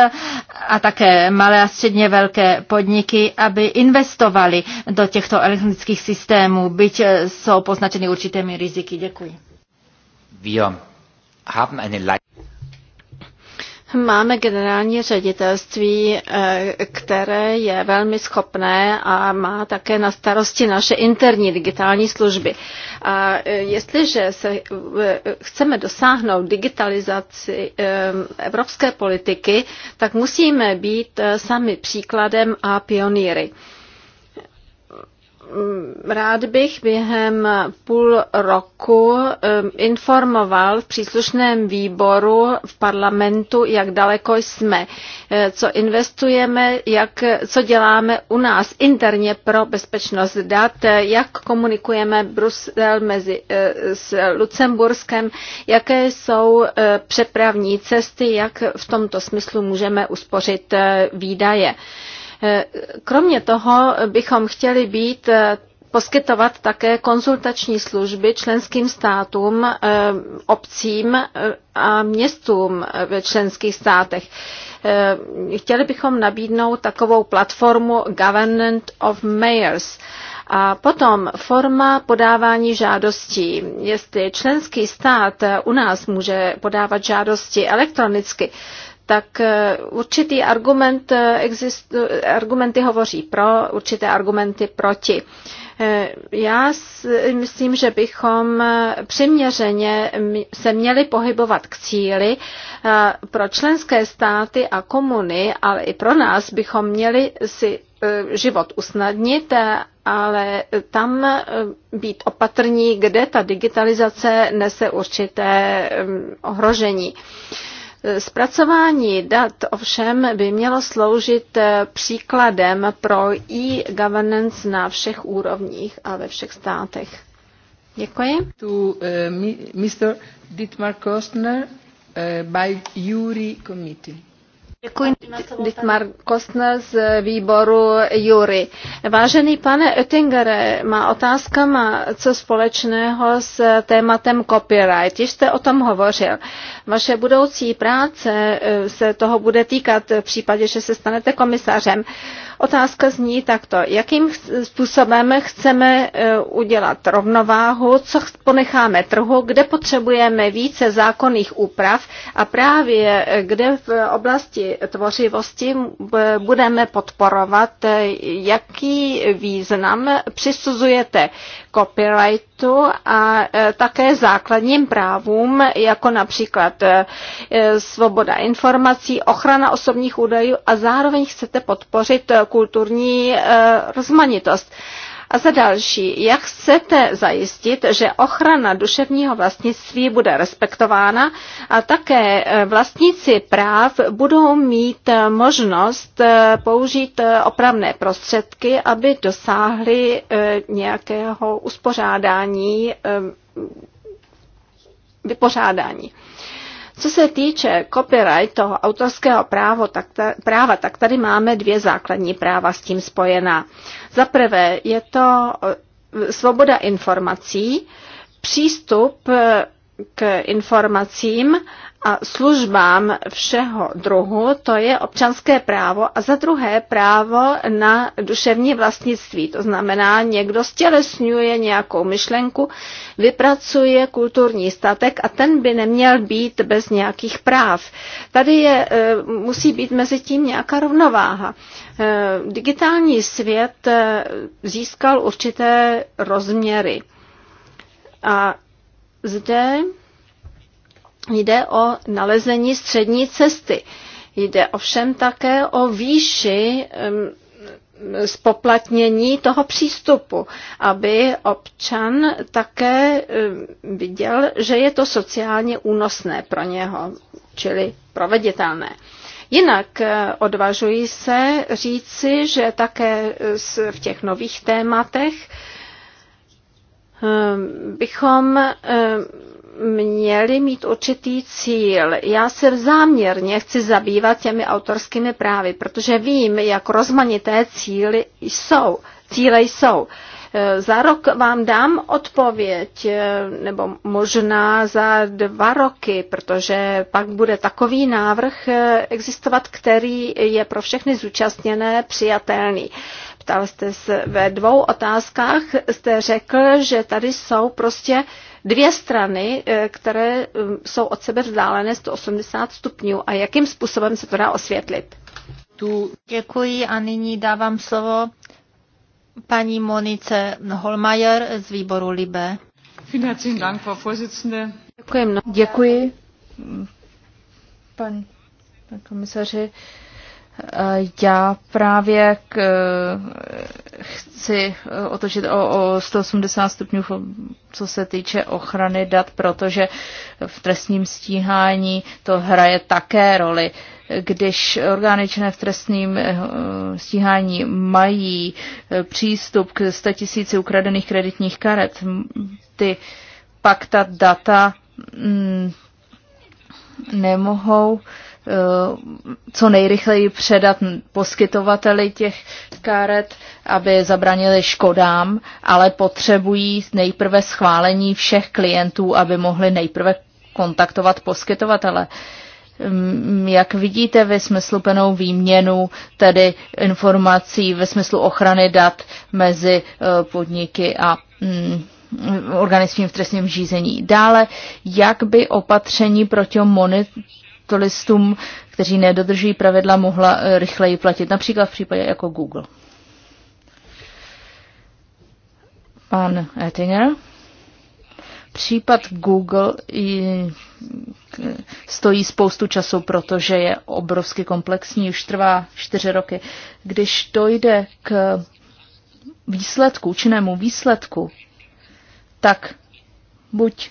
a také malé a středně velké podniky, aby investovali do těchto elektronických systémů, byť jsou poznačeny určitými riziky. Děkuji. Wir haben eine Máme generální ředitelství, eh, které je velmi schopné a má také na starosti naše interní digitální služby. A eh, jestliže se eh, chceme dosáhnout digitalizaci evropské politiky, tak musíme být sami příkladem a pionýry. Mm, rád bych během půl roku mm, informoval v příslušném výboru v parlamentu, jak daleko jsme, eh, co investujeme, jak, co děláme u nás interně pro bezpečnost dat, eh, jak komunikujeme Brusel mezi, eh, s Lucemburskem, jaké jsou přepravní cesty, jak v tomto smyslu můžeme uspořit výdaje. Eh, kromě toho bychom chtěli být eh, poskytovat také konzultační služby členským státům, eh, obcím a městům ve členských státech. Chtěli bychom nabídnout takovou platformu Government of Mayors. A potom forma podávání žádostí. Jestli členský stát u nás může podávat žádosti elektronicky, tak eh, určitý argument eh, exist, eh, argumenty hovoří pro, určité argumenty proti. Já myslím, že bychom přiměřeně se měli pohybovat k cíli. Pro členské státy a komuny, ale i pro nás bychom měli si život usnadnit, ale tam být opatrní, kde ta digitalizace nese určité ohrožení. Zpracování dat ovšem by mělo sloužit eh, příkladem pro e-governance na všech úrovních a ve všech státech. Děkuji. To uh, eh, Mr. Dietmar Kostner uh, by Jury Committee. Děkuji, Dietmar Kostner z výboru Jury. Vážený pane Oettingere, má otázka má co společného s tématem copyright. Již jste o tom hovořil. Vaše budoucí práce eh, se toho bude týkat v případě, že se stanete komisařem. Otázka zní takto, jakým způsobem chceme e, udělat rovnováhu, co ponecháme trhu, kde potřebujeme více zákonných úprav a právě e, kde v oblasti tvořivosti budeme podporovat, e, jaký význam přisuzujete copyrightu a také základním právům, jako například svoboda informací, ochrana osobních údajů a zároveň chcete podpořit kulturní eh, rozmanitost. A za další, jak chcete zajistit, že ochrana duševního vlastnictví bude respektována a také eh, vlastníci práv budou mít eh, možnost použít opravné prostředky, aby dosáhli nějakého uspořádání, vypořádání. Co se týče copyright, toho autorského právo, tak ta, práva, tak tady máme dvě základní práva s tím spojená. Za prvé je to e, svoboda informací, přístup e, k informacím a službám všeho druhu, to je občanské právo a za druhé právo na duševní vlastnictví. To znamená, někdo stělesňuje nějakou myšlenku, vypracuje kulturní statek a ten by neměl být bez nějakých práv. Tady je, e, musí být mezi tím nějaká rovnováha. E, digitální svět e, získal určité rozměry. A zde jde o nalezení střední cesty. Jde ovšem také o výši spoplatnění toho přístupu, aby občan také viděl, že je to sociálně únosné pro něho, čili proveditelné. Jinak eh, odvažuji se říci, že také v těch nových tématech Ehm, bychom ehm, měli mít určitý cíl. Já se záměrně chci zabývat těmi autorskými právy, protože vím, jak rozmanité cíly jsou. Cíle jsou. Ehm, za rok vám dám odpověď, nebo možná za dva roky, protože pak bude takový návrh existovat, který je pro všechny zúčastněné přijatelný. Ptal jste se ve dvou otázkách, jste řekl, že tady jsou prostě dvě strany, eh, které mm, jsou od sebe vzdálené 180 stupňů a jakým způsobem se to dá osvětlit. Tu děkuji a nyní dávám slovo paní Monice Holmajer z výboru Libe. Děkuji. Děkuji. Pan, komisaři, Eh, já právě k, eh, chci eh, otočit o, o 180 stupňů, co se týče ochrany dat, protože v trestním stíhání to hraje také roli. Když orgány činné v trestním stíhání mají přístup k 100 000 ukradených kreditních karet, ty pak ta data mm, nemohou uh, Eh, co nejrychleji předat poskytovateli těch karet, aby zabranili škodám, ale potřebují nejprve schválení všech klientů, aby mohli nejprve kontaktovat poskytovatele. Mm, jak vidíte ve smyslu penou výměnu, tedy informací ve smyslu ochrany dat mezi eh, podniky a mm, organismem v trestním řízení. Dále, jak by opatření proti monopolistům, kteří nedodržují pravidla, mohla eh, rychleji platit, například v případě jako Google. Pan Ettinger. Případ Google eh, stojí spoustu času, protože je obrovsky komplexní, už trvá čtyři roky. Když dojde k výsledku, činnému výsledku, tak buď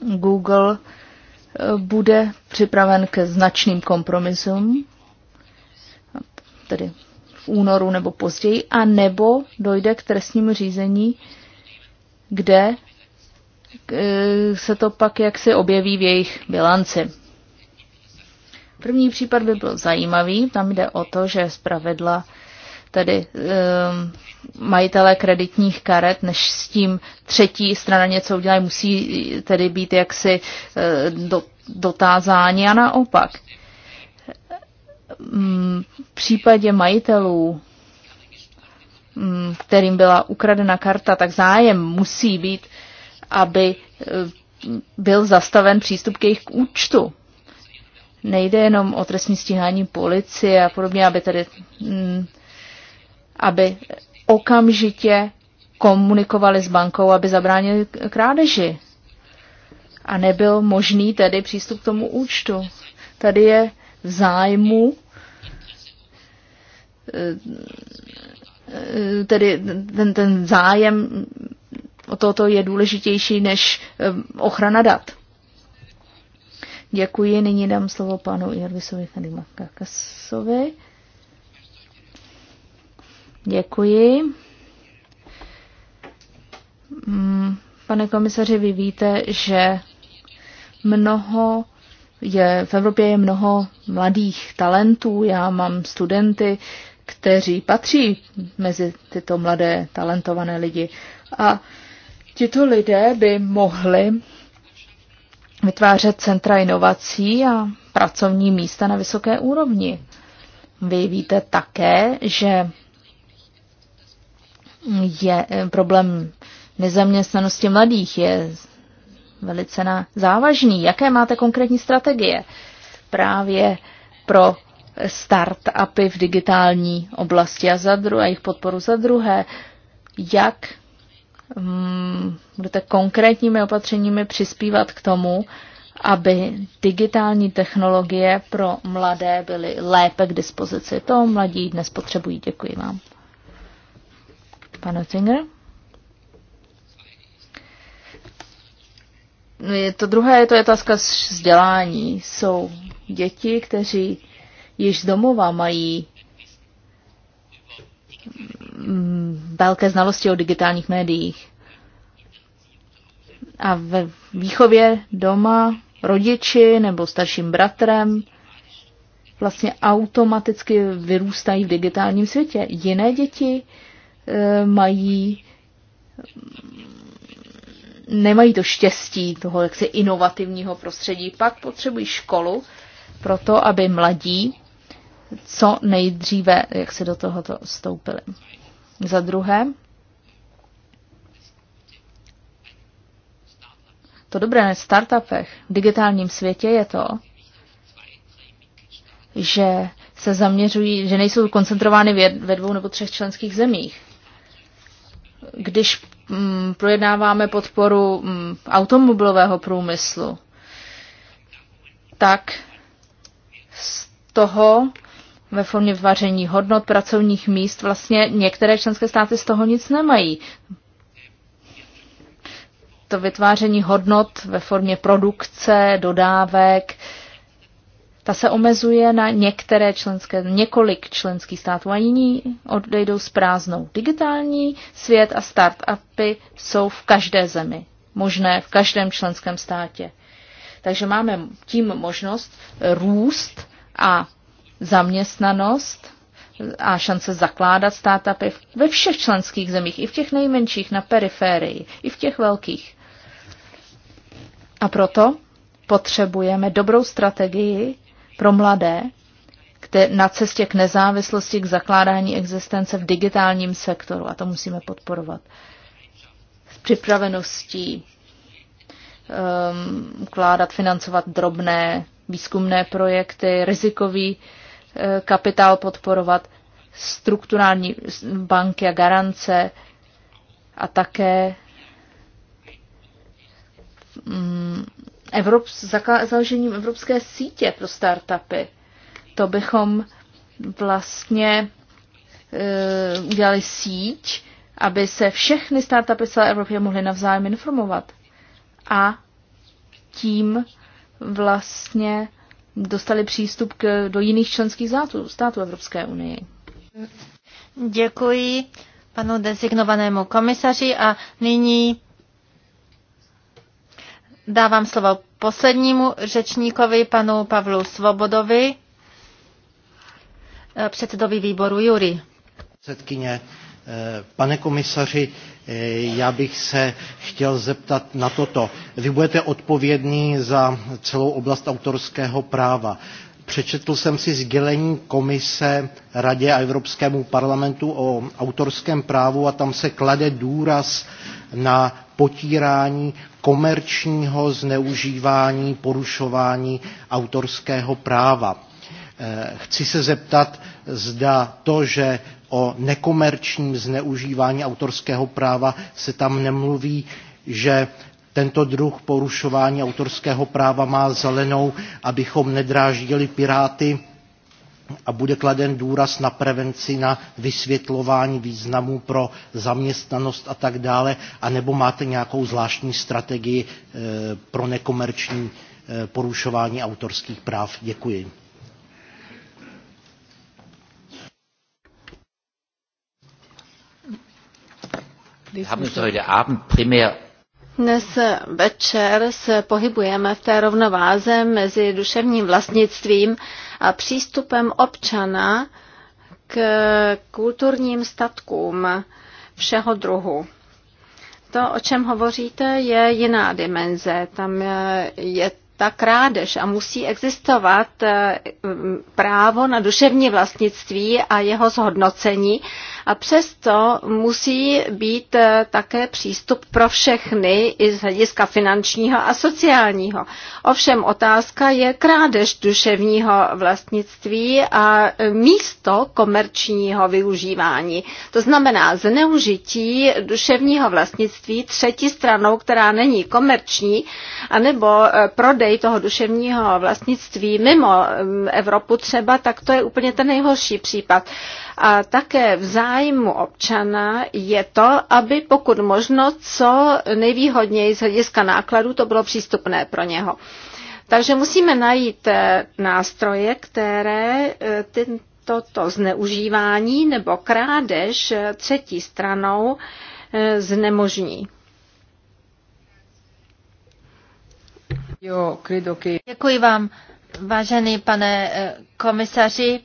Google bude připraven ke značným kompromisům, tedy v únoru nebo později, a nebo dojde k trestnímu řízení, kde e, se to pak jaksi objeví v jejich bilanci. První případ by byl zajímavý, tam jde o to, že zpravidla tedy ehm, majitele kreditních karet, než s tím třetí strana něco udělá, musí tedy být jaksi eh, do, dotázáni a naopak. Mm, v případě majitelů, mm, kterým byla ukradena karta, tak zájem musí být, aby eh, byl zastaven přístup k jejich účtu. Nejde jenom o trestní stíhání policie a podobně, aby tedy mm, aby okamžitě komunikovali s bankou, aby zabránili krádeži. A nebyl možný tedy přístup k tomu účtu. Tady je v zájmu eh, tedy ten, ten zájem o toto je důležitější než eh, ochrana dat. Děkuji, nyní dám slovo panu Jarvisovi Kadimakasovi. Děkuji. Mm, pane komisaři, vy víte, že mnoho je, v Evropě je mnoho mladých talentů. Já mám studenty, kteří patří mezi tyto mladé talentované lidi. A tito lidé by mohli vytvářet centra inovací a pracovní místa na vysoké úrovni. Vy víte také, že je eh, problém nezaměstnanosti mladých je velice na, závažný. Jaké máte konkrétní strategie právě pro start-upy v digitální oblasti a za druhé, jejich podporu za druhé, jak mm, budete konkrétními opatřeními přispívat k tomu, aby digitální technologie pro mladé byly lépe k dispozici. To mladí dnes potřebují. Děkuji vám pana No Je to druhé, je to otázka vzdělání. Jsou děti, kteří již z domova mají mm, velké znalosti o digitálních médiích. A ve výchově doma rodiči nebo starším bratrem vlastně automaticky vyrůstají v digitálním světě. Jiné děti Eh, mají nemají to štěstí toho jaksi inovativního prostředí. Pak potřebují školu pro to, aby mladí co nejdříve jak se do tohoto vstoupili. Za druhé, to dobré na startupech v digitálním světě je to, že se zaměřují, že nejsou koncentrovány ve dvou nebo třech členských zemích když mm, projednáváme podporu mm, automobilového průmyslu, tak z toho ve formě vaření hodnot pracovních míst vlastně některé členské státy z toho nic nemají. To vytváření hodnot ve formě produkce, dodávek, ta se omezuje na některé členské, několik členských států a jiní odejdou s prázdnou. Digitální svět a startupy jsou v každé zemi, možné v každém členském státě. Takže máme tím možnost růst a zaměstnanost a šance zakládat startupy ve všech členských zemích, i v těch nejmenších, na periférii, i v těch velkých. A proto potřebujeme dobrou strategii, pro mladé na cestě k nezávislosti, k zakládání existence v digitálním sektoru a to musíme podporovat. S připraveností um, ukládat, financovat drobné výzkumné projekty, rizikový uh, kapitál podporovat, strukturální banky a garance a také um, Evrop, založením evropské sítě pro startupy. To bychom vlastně e, udělali síť, aby se všechny startupy celé Evropě mohly navzájem informovat. A tím vlastně dostali přístup k, do jiných členských států, států Evropské unie. Děkuji panu designovanému komisaři a nyní Dávám slovo poslednímu řečníkovi, panu Pavlu Svobodovi, eh, předsedovi výboru Jury. Předsedkyně, eh, pane komisaři, eh, já bych se chtěl zeptat na toto. Vy budete odpovědný za celou oblast autorského práva. Přečetl jsem si sdělení komise Radě a Evropskému parlamentu o autorském právu a tam se klade důraz na potírání komerčního zneužívání, porušování autorského práva. Eh, chci se zeptat, zda to, že o nekomerčním zneužívání autorského práva se tam nemluví, že tento druh porušování autorského práva má zelenou, abychom nedráždili piráty a bude kladen důraz na prevenci, na vysvětlování významu pro zaměstnanost a tak dále, anebo máte nějakou zvláštní strategii eh, pro nekomerční eh, porušování autorských práv. Děkuji. Dnes večer se pohybujeme v té rovnováze mezi duševním vlastnictvím a přístupem občana k kulturním statkům všeho druhu. To, o čem hovoříte, je jiná dimenze. Tam je ta krádež a musí existovat eh, právo na duševní vlastnictví a jeho zhodnocení a přesto musí být eh, také přístup pro všechny i z hlediska finančního a sociálního. Ovšem otázka je krádež duševního vlastnictví a eh, místo komerčního využívání. To znamená zneužití duševního vlastnictví třetí stranou, která není komerční, anebo eh, prodej toho duševního vlastnictví mimo mm, Evropu třeba, tak to je úplně ten nejhorší případ. A také v zájmu občana je to, aby pokud možno co nejvýhodněji z hlediska nákladů to bylo přístupné pro něho. Takže musíme najít eh, nástroje, které eh, toto zneužívání nebo krádež eh, třetí stranou znemožní. Děkuji vám, vážený pane komisaři.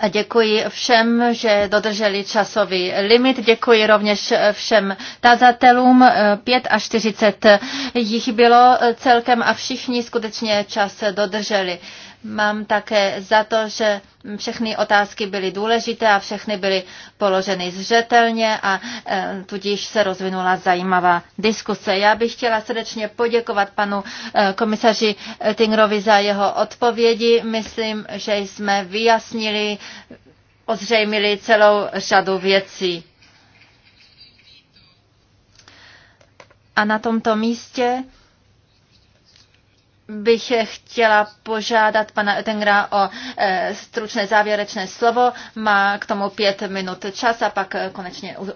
A děkuji všem, že dodrželi časový limit. Děkuji rovněž všem tazatelům. 5 až 40 jich bylo celkem a všichni skutečně čas dodrželi. Mám také za to, že všechny otázky byly důležité a všechny byly položeny zřetelně a e, tudíž se rozvinula zajímavá diskuse. Já bych chtěla srdečně poděkovat panu e, komisaři Tingrovi za jeho odpovědi. Myslím, že jsme vyjasnili, ozřejmili celou řadu věcí. A na tomto místě bych chtěla požádat pana Oettingera o eh, stručné závěrečné slovo. Má k tomu pět minut čas a pak konečně